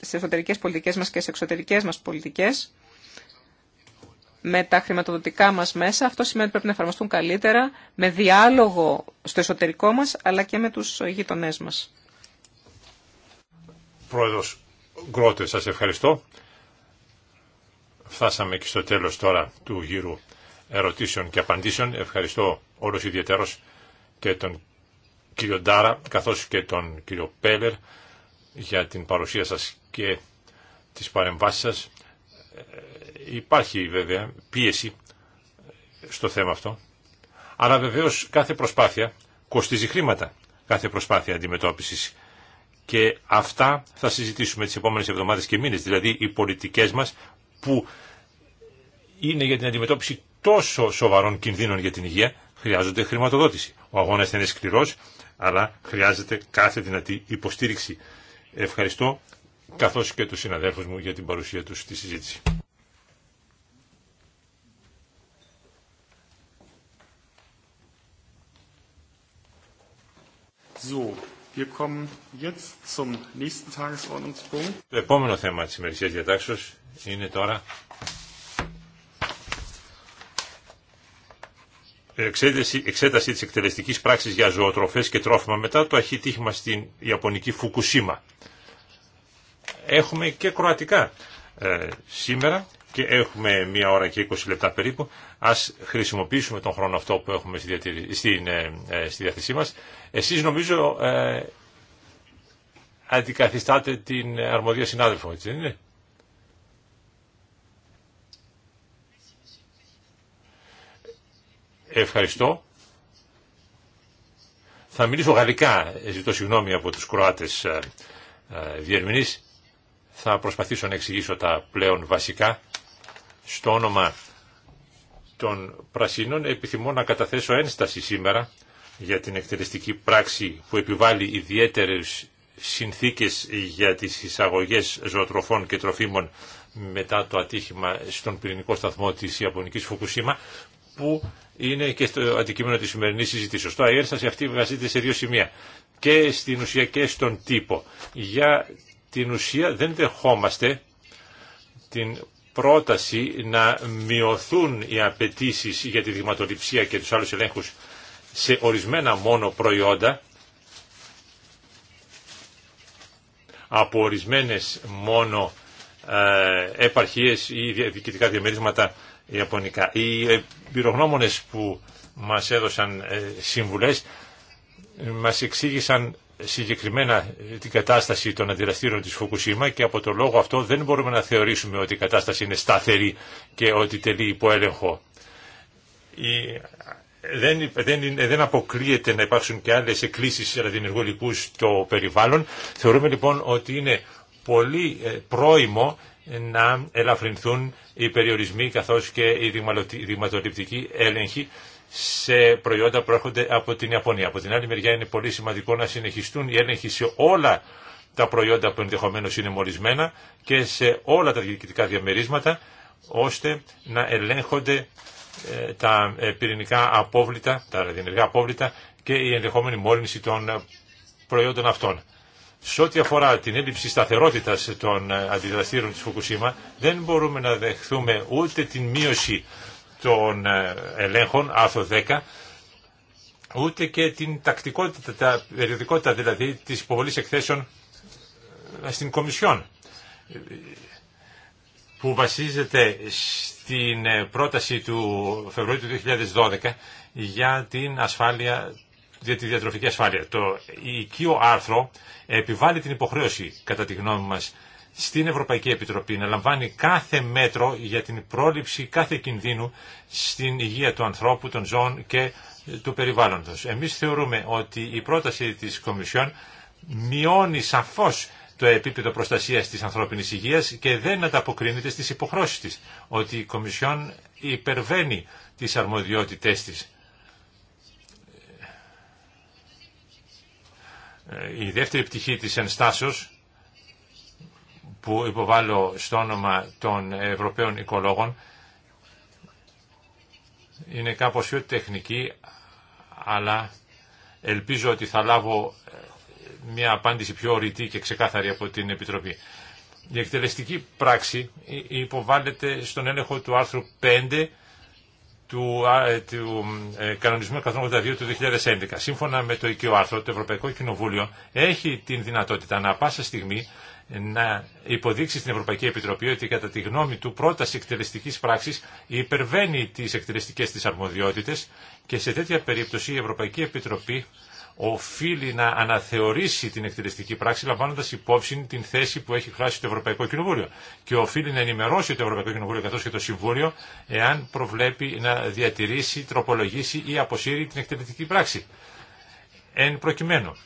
σε εσωτερικέ πολιτικέ μα και σε εξωτερικέ μα πολιτικέ με τα χρηματοδοτικά μας μέσα. Αυτό σημαίνει ότι πρέπει να εφαρμοστούν καλύτερα με διάλογο στο εσωτερικό μας αλλά και με τους γειτονέ μας. Πρόεδρο Γκρότε, σας ευχαριστώ. Φτάσαμε και στο τέλος τώρα του γύρου ερωτήσεων και απαντήσεων. Ευχαριστώ όλους ιδιαίτερος και τον κύριο Ντάρα καθώς και τον κύριο Πέλερ για την παρουσία σα και τις παρεμβάσεις σας. Ε, υπάρχει βέβαια πίεση στο θέμα αυτό, αλλά βεβαίως κάθε προσπάθεια κοστίζει χρήματα, κάθε προσπάθεια αντιμετώπισης. Και αυτά θα συζητήσουμε τις επόμενες εβδομάδες και μήνες, δηλαδή οι πολιτικές μας που είναι για την αντιμετώπιση τόσο σοβαρών κινδύνων για την υγεία, χρειάζονται χρηματοδότηση. Ο αγώνας θα είναι σκληρός, αλλά χρειάζεται κάθε δυνατή υποστήριξη. Ευχαριστώ καθώς και τους συναδέλφους μου για την παρουσία τους στη συζήτηση. So, wir kommen jetzt zum nächsten Tagesordnungspunkt. Το επόμενο θέμα της ημερησίας διατάξεως είναι τώρα εξέταση, εξέταση της εκτελεστικής πράξης για ζωοτροφές και τρόφιμα μετά το αχυτήχημα στην Ιαπωνική Φουκουσίμα έχουμε και κροατικά ε, σήμερα και έχουμε μία ώρα και 20 λεπτά περίπου. Ας χρησιμοποιήσουμε τον χρόνο αυτό που έχουμε στη, στην, ε, ε, στη διάθεσή μας. Εσείς νομίζω ε, αντικαθιστάτε την αρμοδία συνάδελφο, έτσι δεν είναι. Ευχαριστώ. Θα μιλήσω γαλλικά, ζητώ συγγνώμη από τους Κροάτες ε, διερμηνείς. Θα προσπαθήσω να εξηγήσω τα πλέον βασικά. Στο όνομα των Πρασίνων επιθυμώ να καταθέσω ένσταση σήμερα για την εκτελεστική πράξη που επιβάλλει ιδιαίτερες συνθήκες για τις εισαγωγές ζωοτροφών και τροφίμων μετά το ατύχημα στον πυρηνικό σταθμό της Ιαπωνικής Φουκουσίμα που είναι και στο αντικείμενο της σημερινής συζητήσεως. Τώρα η αυτή βασίζεται σε δύο σημεία και στην ουσία και στον τύπο για την ουσία δεν δεχόμαστε την πρόταση να μειωθούν οι απαιτήσει για τη δειγματοληψία και τους άλλους ελέγχους σε ορισμένα μόνο προϊόντα από ορισμένες μόνο ε, επαρχίες ή διοικητικά διαμερίσματα ιαπωνικά. Οι ε, πυρογνώμονες που μας έδωσαν ε, συμβουλές μας εξήγησαν συγκεκριμένα την κατάσταση των αντιδραστήρων της Φουκουσίμα και από το λόγο αυτό δεν μπορούμε να θεωρήσουμε ότι η κατάσταση είναι σταθερή και ότι τελεί υπό έλεγχο. Δεν, δεν, δεν αποκλείεται να υπάρξουν και άλλες εκκλήσεις ραδινεργολικούς στο περιβάλλον. Θεωρούμε λοιπόν ότι είναι πολύ ε, πρόημο να ελαφρυνθούν οι περιορισμοί καθώς και οι δειγματοληπτική έλεγχοι σε προϊόντα που έρχονται από την Ιαπωνία. Από την άλλη μεριά είναι πολύ σημαντικό να συνεχιστούν οι έλεγχοι σε όλα τα προϊόντα που ενδεχομένω είναι μολυσμένα και σε όλα τα διοικητικά διαμερίσματα ώστε να ελέγχονται ε, τα ε, πυρηνικά απόβλητα, τα ραδιενεργά απόβλητα και η ενδεχόμενη μόλυνση των ε, προϊόντων αυτών. Σε ό,τι αφορά την έλλειψη σταθερότητα των αντιδραστήρων τη Φουκουσίμα, δεν μπορούμε να δεχθούμε ούτε την μείωση των ε, ελέγχων, άρθρο 10, ούτε και την τακτικότητα, τα περιοδικότητα δηλαδή της υποβολής εκθέσεων ε, στην Κομισιόν που βασίζεται στην ε, πρόταση του Φεβρουαρίου του 2012 για την ασφάλεια για τη διατροφική ασφάλεια. Το οικείο άρθρο επιβάλλει την υποχρέωση, κατά τη γνώμη μας, στην Ευρωπαϊκή Επιτροπή να λαμβάνει κάθε μέτρο για την πρόληψη κάθε κινδύνου στην υγεία του ανθρώπου, των ζώων και του περιβάλλοντος. Εμείς θεωρούμε ότι η πρόταση της Κομισιόν μειώνει σαφώς το επίπεδο προστασίας της ανθρώπινης υγείας και δεν ανταποκρίνεται στις υποχρώσεις της, ότι η Κομισιόν υπερβαίνει τις αρμοδιότητές της. Ε, η δεύτερη πτυχή της ενστάσεως που υποβάλλω στο όνομα των Ευρωπαίων Οικολόγων είναι κάπως πιο τεχνική, αλλά ελπίζω ότι θα λάβω ε, μια απάντηση πιο ορητή και ξεκάθαρη από την Επιτροπή. Η εκτελεστική πράξη υποβάλλεται στον έλεγχο του άρθρου 5 του, ε, του ε, κανονισμού 182 του 2011. Σύμφωνα με το οικείο άρθρο, το Ευρωπαϊκό Κοινοβούλιο έχει την δυνατότητα να πάσα στιγμή να υποδείξει στην Ευρωπαϊκή Επιτροπή ότι κατά τη γνώμη του πρόταση εκτελεστικής πράξης υπερβαίνει τις εκτελεστικές της αρμοδιότητες και σε τέτοια περίπτωση η Ευρωπαϊκή Επιτροπή οφείλει να αναθεωρήσει την εκτελεστική πράξη λαμβάνοντα υπόψη την θέση που έχει χάσει το Ευρωπαϊκό Κοινοβούλιο. Και οφείλει να ενημερώσει το Ευρωπαϊκό Κοινοβούλιο καθώ και το Συμβούλιο εάν προβλέπει να διατηρήσει, τροπολογήσει ή αποσύρει την εκτελεστική πράξη. Εν προκειμένου,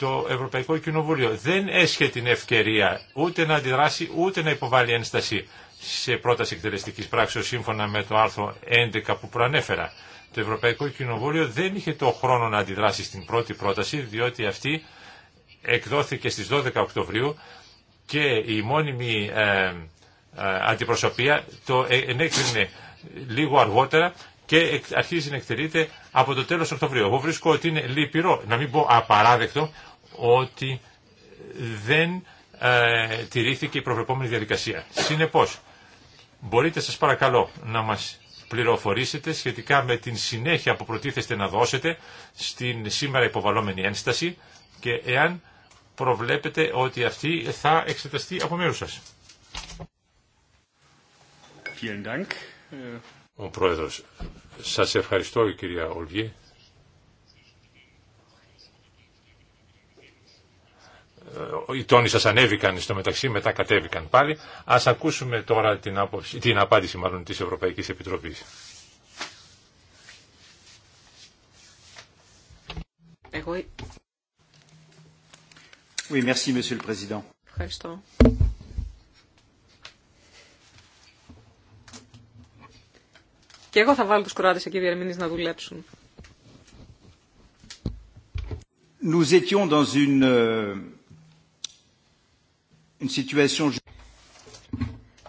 το Ευρωπαϊκό Κοινοβούλιο δεν έσχε την ευκαιρία ούτε να αντιδράσει ούτε να υποβάλει ένσταση σε πρόταση εκτελεστικής πράξης σύμφωνα με το άρθρο 11 που προανέφερα. Το Ευρωπαϊκό Κοινοβούλιο δεν είχε το χρόνο να αντιδράσει στην πρώτη πρόταση διότι αυτή εκδόθηκε στις 12 Οκτωβρίου και η μόνιμη ε, ε αντιπροσωπεία το ε, ενέκρινε λίγο αργότερα και αρχίζει να εκτελείται από το τέλος Οκτωβρίου. Εγώ βρίσκω ότι είναι λυπηρό, να μην πω απαράδεκτο, ότι δεν ε, τηρήθηκε η προβλεπόμενη διαδικασία. Συνεπώς, μπορείτε σας παρακαλώ να μας πληροφορήσετε σχετικά με την συνέχεια που προτίθεστε να δώσετε στην σήμερα υποβαλόμενη ένσταση και εάν προβλέπετε ότι αυτή θα εξεταστεί από μέρους σας. Ο Πρόεδρος, σας ευχαριστώ κυρία Ολβίε. Ε, οι τόνοι σας ανέβηκαν στο μεταξύ, μετά κατέβηκαν πάλι. Ας ακούσουμε τώρα την, άποψη, την απάντηση μάλλον της Ευρωπαϊκής Επιτροπής. Εγώ... Oui, merci, Monsieur le Président. Ευχαριστώ. Και εγώ θα βάλω τους κουράδες εκεί διερμηνείς να δουλέψουν. Nous étions dans une euh,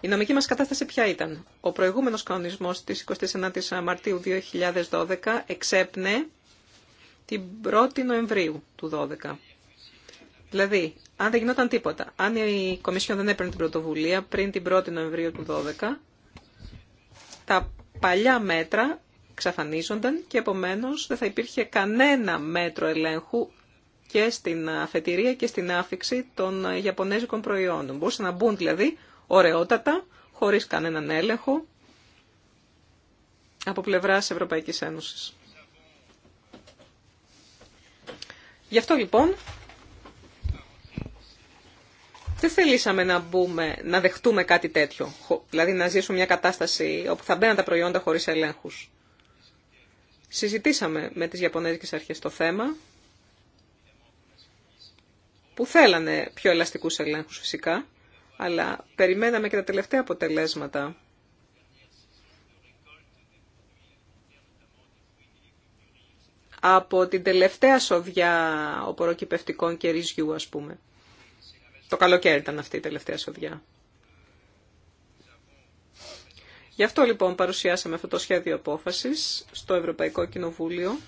η νομική μας κατάσταση ποια ήταν. Ο προηγούμενος κανονισμός της 29ης Μαρτίου 2012 εξέπνε την 1η Νοεμβρίου του 2012. Δηλαδή, αν δεν γινόταν τίποτα, αν η Κομισιόν δεν έπαιρνε την πρωτοβουλία πριν την 1η Νοεμβρίου του 2012, τα παλιά μέτρα ξαφανίζονταν και επομένως δεν θα υπήρχε κανένα μέτρο ελέγχου και στην αφετηρία και στην άφηξη των Ιαπωνέζικων προϊόντων. Μπορούσαν να μπουν δηλαδή ωραιότατα, χωρίς κανέναν έλεγχο από πλευράς Ευρωπαϊκής Ένωσης. Γι' αυτό λοιπόν δεν θελήσαμε να, μπούμε, να δεχτούμε κάτι τέτοιο, δηλαδή να ζήσουμε μια κατάσταση όπου θα μπαίναν τα προϊόντα χωρίς ελέγχους. Συζητήσαμε με τις Ιαπωνέζικες Αρχές το θέμα, που θέλανε πιο ελαστικούς ελέγχους φυσικά, αλλά περιμέναμε και τα τελευταία αποτελέσματα από την τελευταία σοδιά οποροκυπευτικών και ρυζιού, ας πούμε. Το καλοκαίρι ήταν αυτή η τελευταία σοδιά. Γι' αυτό λοιπόν παρουσιάσαμε αυτό το σχέδιο απόφασης στο Ευρωπαϊκό Κοινοβούλιο.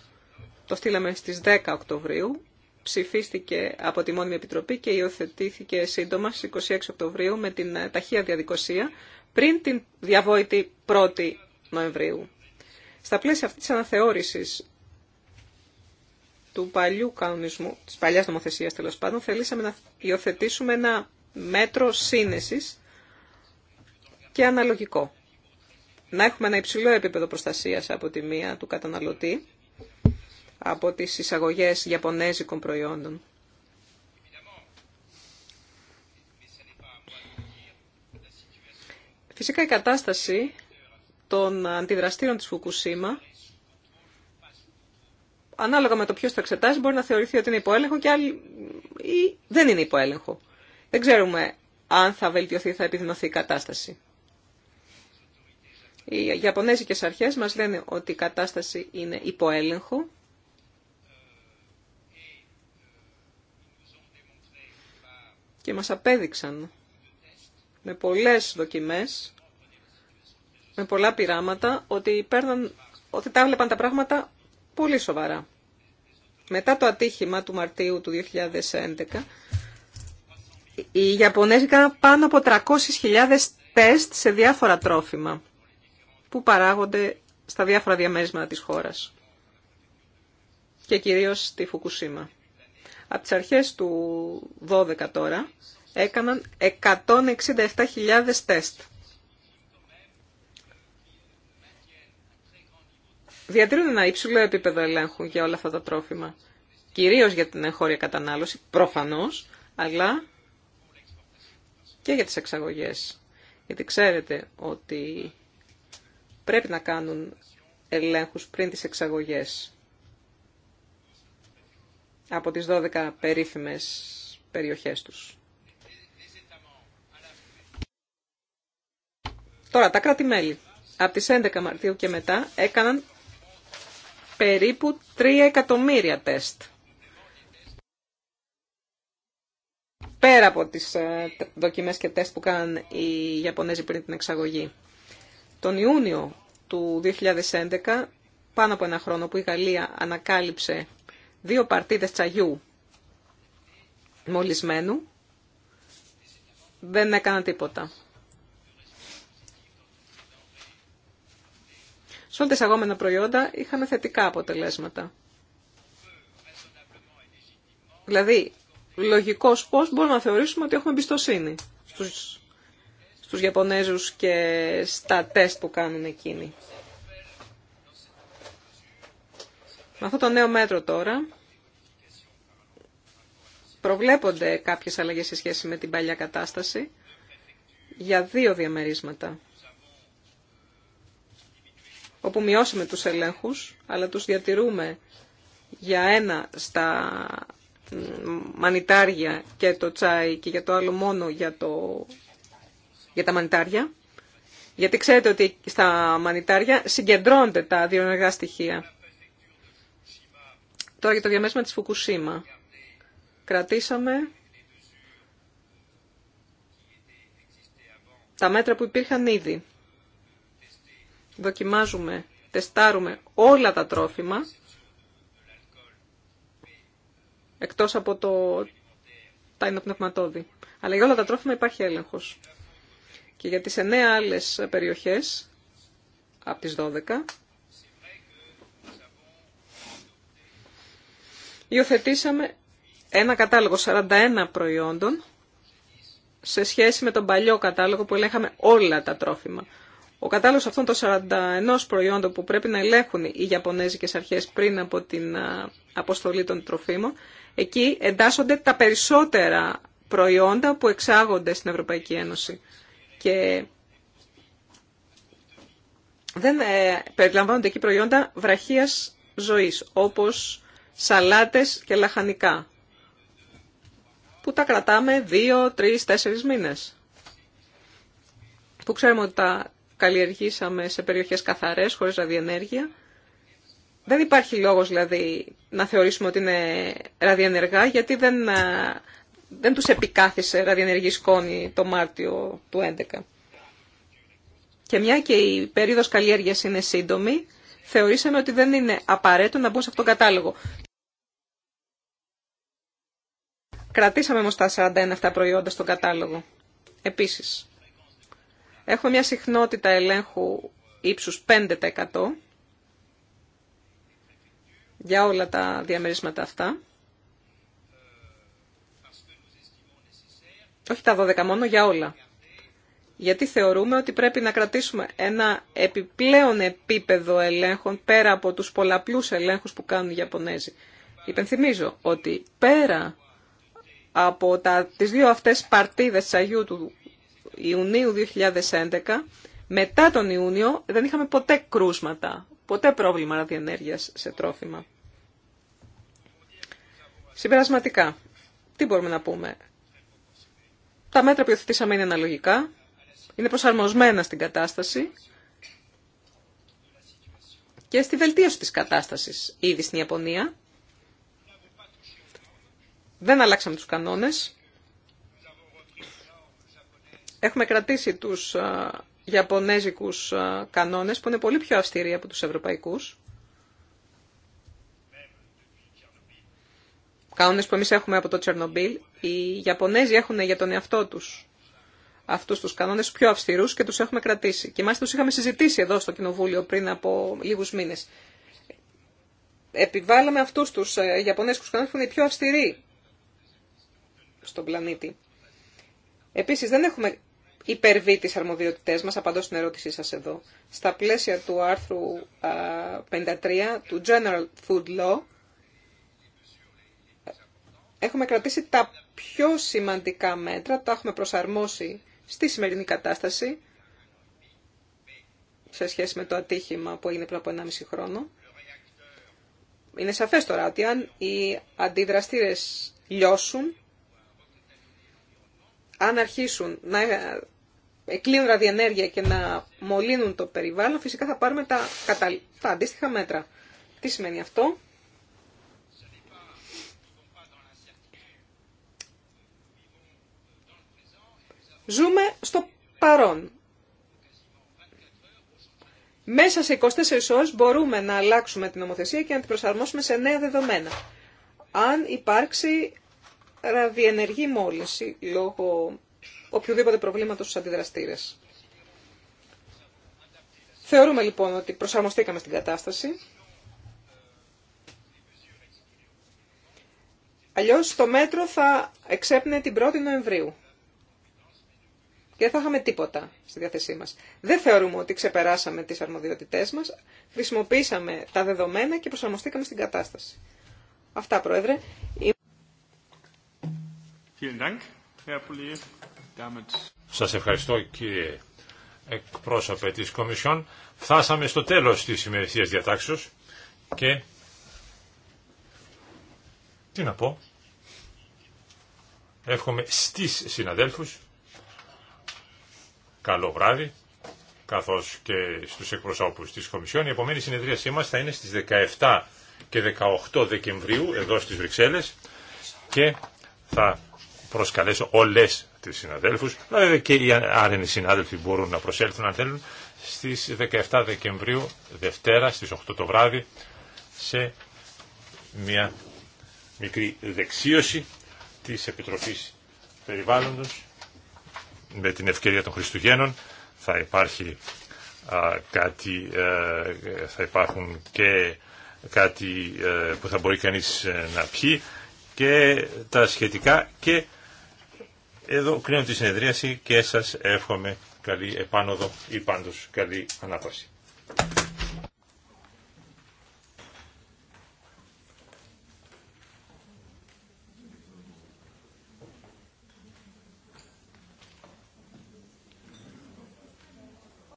Το στείλαμε στις 10 Οκτωβρίου ψηφίστηκε από τη Μόνιμη Επιτροπή και υιοθετήθηκε σύντομα στις 26 Οκτωβρίου με την ε, ταχεία διαδικασία πριν την διαβόητη 1η Νοεμβρίου. Στα πλαίσια αυτής της αναθεώρησης του παλιού κανονισμού, της παλιάς νομοθεσίας τέλος πάντων, θελήσαμε να υιοθετήσουμε ένα μέτρο σύνεσης και αναλογικό. Να έχουμε ένα υψηλό επίπεδο προστασίας από τη μία του καταναλωτή, από τις εισαγωγές ιαπωνέζικών προϊόντων. Φυσικά η κατάσταση των αντιδραστήρων της Φουκουσίμα, ανάλογα με το ποιος θα εξετάζει, μπορεί να θεωρηθεί ότι είναι υποέλεγχο και ή δεν είναι υποέλεγχο. Δεν ξέρουμε αν θα βελτιωθεί ή θα επιδεινωθεί η κατάσταση. Οι Ιαπωνέζικες αρχές μας λένε ότι η κατάσταση είναι υποέλεγχο και μας απέδειξαν με πολλές δοκιμές, με πολλά πειράματα, ότι, παίρναν, ότι τα έβλεπαν τα πράγματα πολύ σοβαρά. Μετά το ατύχημα του Μαρτίου του 2011, οι Ιαπωνέζοι έκαναν πάνω από 300.000 τεστ σε διάφορα τρόφιμα που παράγονται στα διάφορα διαμέρισματα της χώρας και κυρίως στη Φουκουσίμα. Από τις αρχές του 12 τώρα έκαναν 167.000 τεστ. Διατηρούν ένα υψηλό επίπεδο ελέγχου για όλα αυτά τα τρόφιμα. Κυρίως για την εγχώρια κατανάλωση, προφανώς, αλλά και για τις εξαγωγές. Γιατί ξέρετε ότι πρέπει να κάνουν ελέγχους πριν τις εξαγωγές από τις 12 περίφημες περιοχές τους. Τώρα, τα κράτη-μέλη από τις 11 Μαρτίου και μετά έκαναν περίπου 3 εκατομμύρια τεστ. Πέρα από τις ε, δοκιμές και τεστ που κάναν οι Ιαπωνέζοι πριν την εξαγωγή. Τον Ιούνιο του 2011, πάνω από ένα χρόνο που η Γαλλία ανακάλυψε δύο παρτίδες τσαγιού μολυσμένου, δεν έκανα τίποτα. Σε όλα προϊόντα είχαμε θετικά αποτελέσματα. Δηλαδή, λογικός πώς μπορούμε να θεωρήσουμε ότι έχουμε εμπιστοσύνη στους, στους Ιαπωνέζους και στα τεστ που κάνουν εκείνοι. Με αυτό το νέο μέτρο τώρα προβλέπονται κάποιες αλλαγές σε σχέση με την παλιά κατάσταση για δύο διαμερίσματα όπου μειώσαμε τους ελέγχους, αλλά τους διατηρούμε για ένα στα μανιτάρια και το τσάι και για το άλλο μόνο για, το... για τα μανιτάρια. Γιατί ξέρετε ότι στα μανιτάρια συγκεντρώνται τα ενεργά στοιχεία. Τώρα για το διαμέσμα της Φουκουσίμα. Κρατήσαμε τα μέτρα που υπήρχαν ήδη. Δοκιμάζουμε, τεστάρουμε όλα τα τρόφιμα, εκτός από το τα ενοπνευματόδη. Αλλά για όλα τα τρόφιμα υπάρχει έλεγχος. Και για τις εννέα άλλες περιοχές, από τις 12, Υιοθετήσαμε ένα κατάλογο 41 προϊόντων σε σχέση με τον παλιό κατάλογο που ελέγχαμε όλα τα τρόφιμα. Ο κατάλογος αυτών των 41 προϊόντων που πρέπει να ελέγχουν οι Ιαπωνέζικες αρχές πριν από την αποστολή των τροφίμων, εκεί εντάσσονται τα περισσότερα προϊόντα που εξάγονται στην Ευρωπαϊκή Ένωση. Και δεν ε, περιλαμβάνονται εκεί προϊόντα βραχίας ζωής, όπως σαλάτες και λαχανικά που τα κρατάμε δύο, τρεις, τέσσερις μήνες. Που ξέρουμε ότι τα καλλιεργήσαμε σε περιοχές καθαρές, χωρίς ραδιενέργεια. Δεν υπάρχει λόγος δηλαδή να θεωρήσουμε ότι είναι ραδιενεργά γιατί δεν, ε, δεν τους επικάθησε ραδιενεργή σκόνη το Μάρτιο του 2011. Και μια και η περίοδος καλλιέργειας είναι σύντομη, θεωρήσαμε ότι δεν είναι απαραίτητο να μπουν σε αυτόν τον κατάλογο. Κρατήσαμε όμω τα 41 αυτά προϊόντα στον κατάλογο. Επίσης, έχουμε μια συχνότητα ελέγχου ύψου 5% για όλα τα διαμερίσματα αυτά. Όχι τα 12 μόνο, για όλα. Γιατί θεωρούμε ότι πρέπει να κρατήσουμε ένα επιπλέον επίπεδο ελέγχων πέρα από τους πολλαπλούς ελέγχους που κάνουν οι Ιαπωνέζοι. Υπενθυμίζω ότι πέρα από τις δύο αυτές παρτίδες της Αγίου του Ιουνίου 2011, μετά τον Ιούνιο δεν είχαμε ποτέ κρούσματα, ποτέ πρόβλημα ραδιενέργειας σε τρόφιμα. Συμπερασματικά, τι μπορούμε να πούμε. Τα μέτρα που υιοθετήσαμε είναι αναλογικά, είναι προσαρμοσμένα στην κατάσταση και στη βελτίωση της κατάστασης ήδη στην Ιαπωνία. Δεν αλλάξαμε τους κανόνες. Έχουμε κρατήσει τους γιαπωνέζικους κανόνες που είναι πολύ πιο αυστηροί από τους ευρωπαϊκούς. Κανόνες που εμείς έχουμε από το Τσερνομπίλ. Οι Ιαπωνέζοι έχουν για τον εαυτό τους αυτούς τους κανόνες πιο αυστηρούς και τους έχουμε κρατήσει. Και μάλιστα τους είχαμε συζητήσει εδώ στο Κοινοβούλιο πριν από λίγους μήνες. Επιβάλαμε αυτούς τους ε, Ιαπωνέζικους κανόνες που είναι οι πιο αυστηροί στον πλανήτη. Επίσης δεν έχουμε υπερβεί τις αρμοδιότητές μας, απαντώ στην ερώτησή σας εδώ. Στα πλαίσια του άρθρου 53 του General Food Law έχουμε κρατήσει τα πιο σημαντικά μέτρα, τα έχουμε προσαρμόσει στη σημερινή κατάσταση σε σχέση με το ατύχημα που έγινε πριν από 1,5 χρόνο. Είναι σαφές τώρα ότι αν οι αντιδραστήρες λιώσουν, αν αρχίσουν να εκλείουν ραδιενέργεια και να μολύνουν το περιβάλλον, φυσικά θα πάρουμε τα, κατα... τα αντίστοιχα μέτρα. Τι σημαίνει αυτό. Ζούμε στο παρόν. Μέσα σε 24 ώρες μπορούμε να αλλάξουμε την νομοθεσία και να την προσαρμόσουμε σε νέα δεδομένα. Αν υπάρξει ραδιενεργή μόλυνση λόγω οποιοδήποτε προβλήματος στους αντιδραστήρες. Θεωρούμε λοιπόν ότι προσαρμοστήκαμε στην κατάσταση. Αλλιώς το μέτρο θα εξέπνε την 1η Νοεμβρίου. Και δεν θα είχαμε τίποτα στη διάθεσή μας. Δεν θεωρούμε ότι ξεπεράσαμε τις αρμοδιότητές μας. Χρησιμοποίησαμε τα δεδομένα και προσαρμοστήκαμε στην κατάσταση. Αυτά, Πρόεδρε. Σας ευχαριστώ κύριε εκπρόσωπε της Κομισιόν. Φτάσαμε στο τέλος της ημερησίας διατάξεως και τι να πω. Εύχομαι στις συναδέλφους καλό βράδυ καθώς και στους εκπροσώπους της Κομισιόν. Η επόμενη συνεδρίασή μας θα είναι στις 17 και 18 Δεκεμβρίου εδώ στις Βρυξέλλες και θα προσκαλέσω όλες τις συναδέλφους, βέβαια και οι άρενοι συνάδελφοι μπορούν να προσέλθουν αν θέλουν, στις 17 Δεκεμβρίου, Δευτέρα, στις 8 το βράδυ, σε μια μικρή δεξίωση της επιτροπή περιβάλλοντο με την ευκαιρία των Χριστουγέννων θα υπάρχει κάτι, ε, θα υπάρχουν και κάτι ε, που θα μπορεί κανείς ε, να πιει και τα σχετικά και εδώ κλείνω τη συνεδρίαση και σας εύχομαι καλή επάνωδο ή πάντως καλή ανάπαση.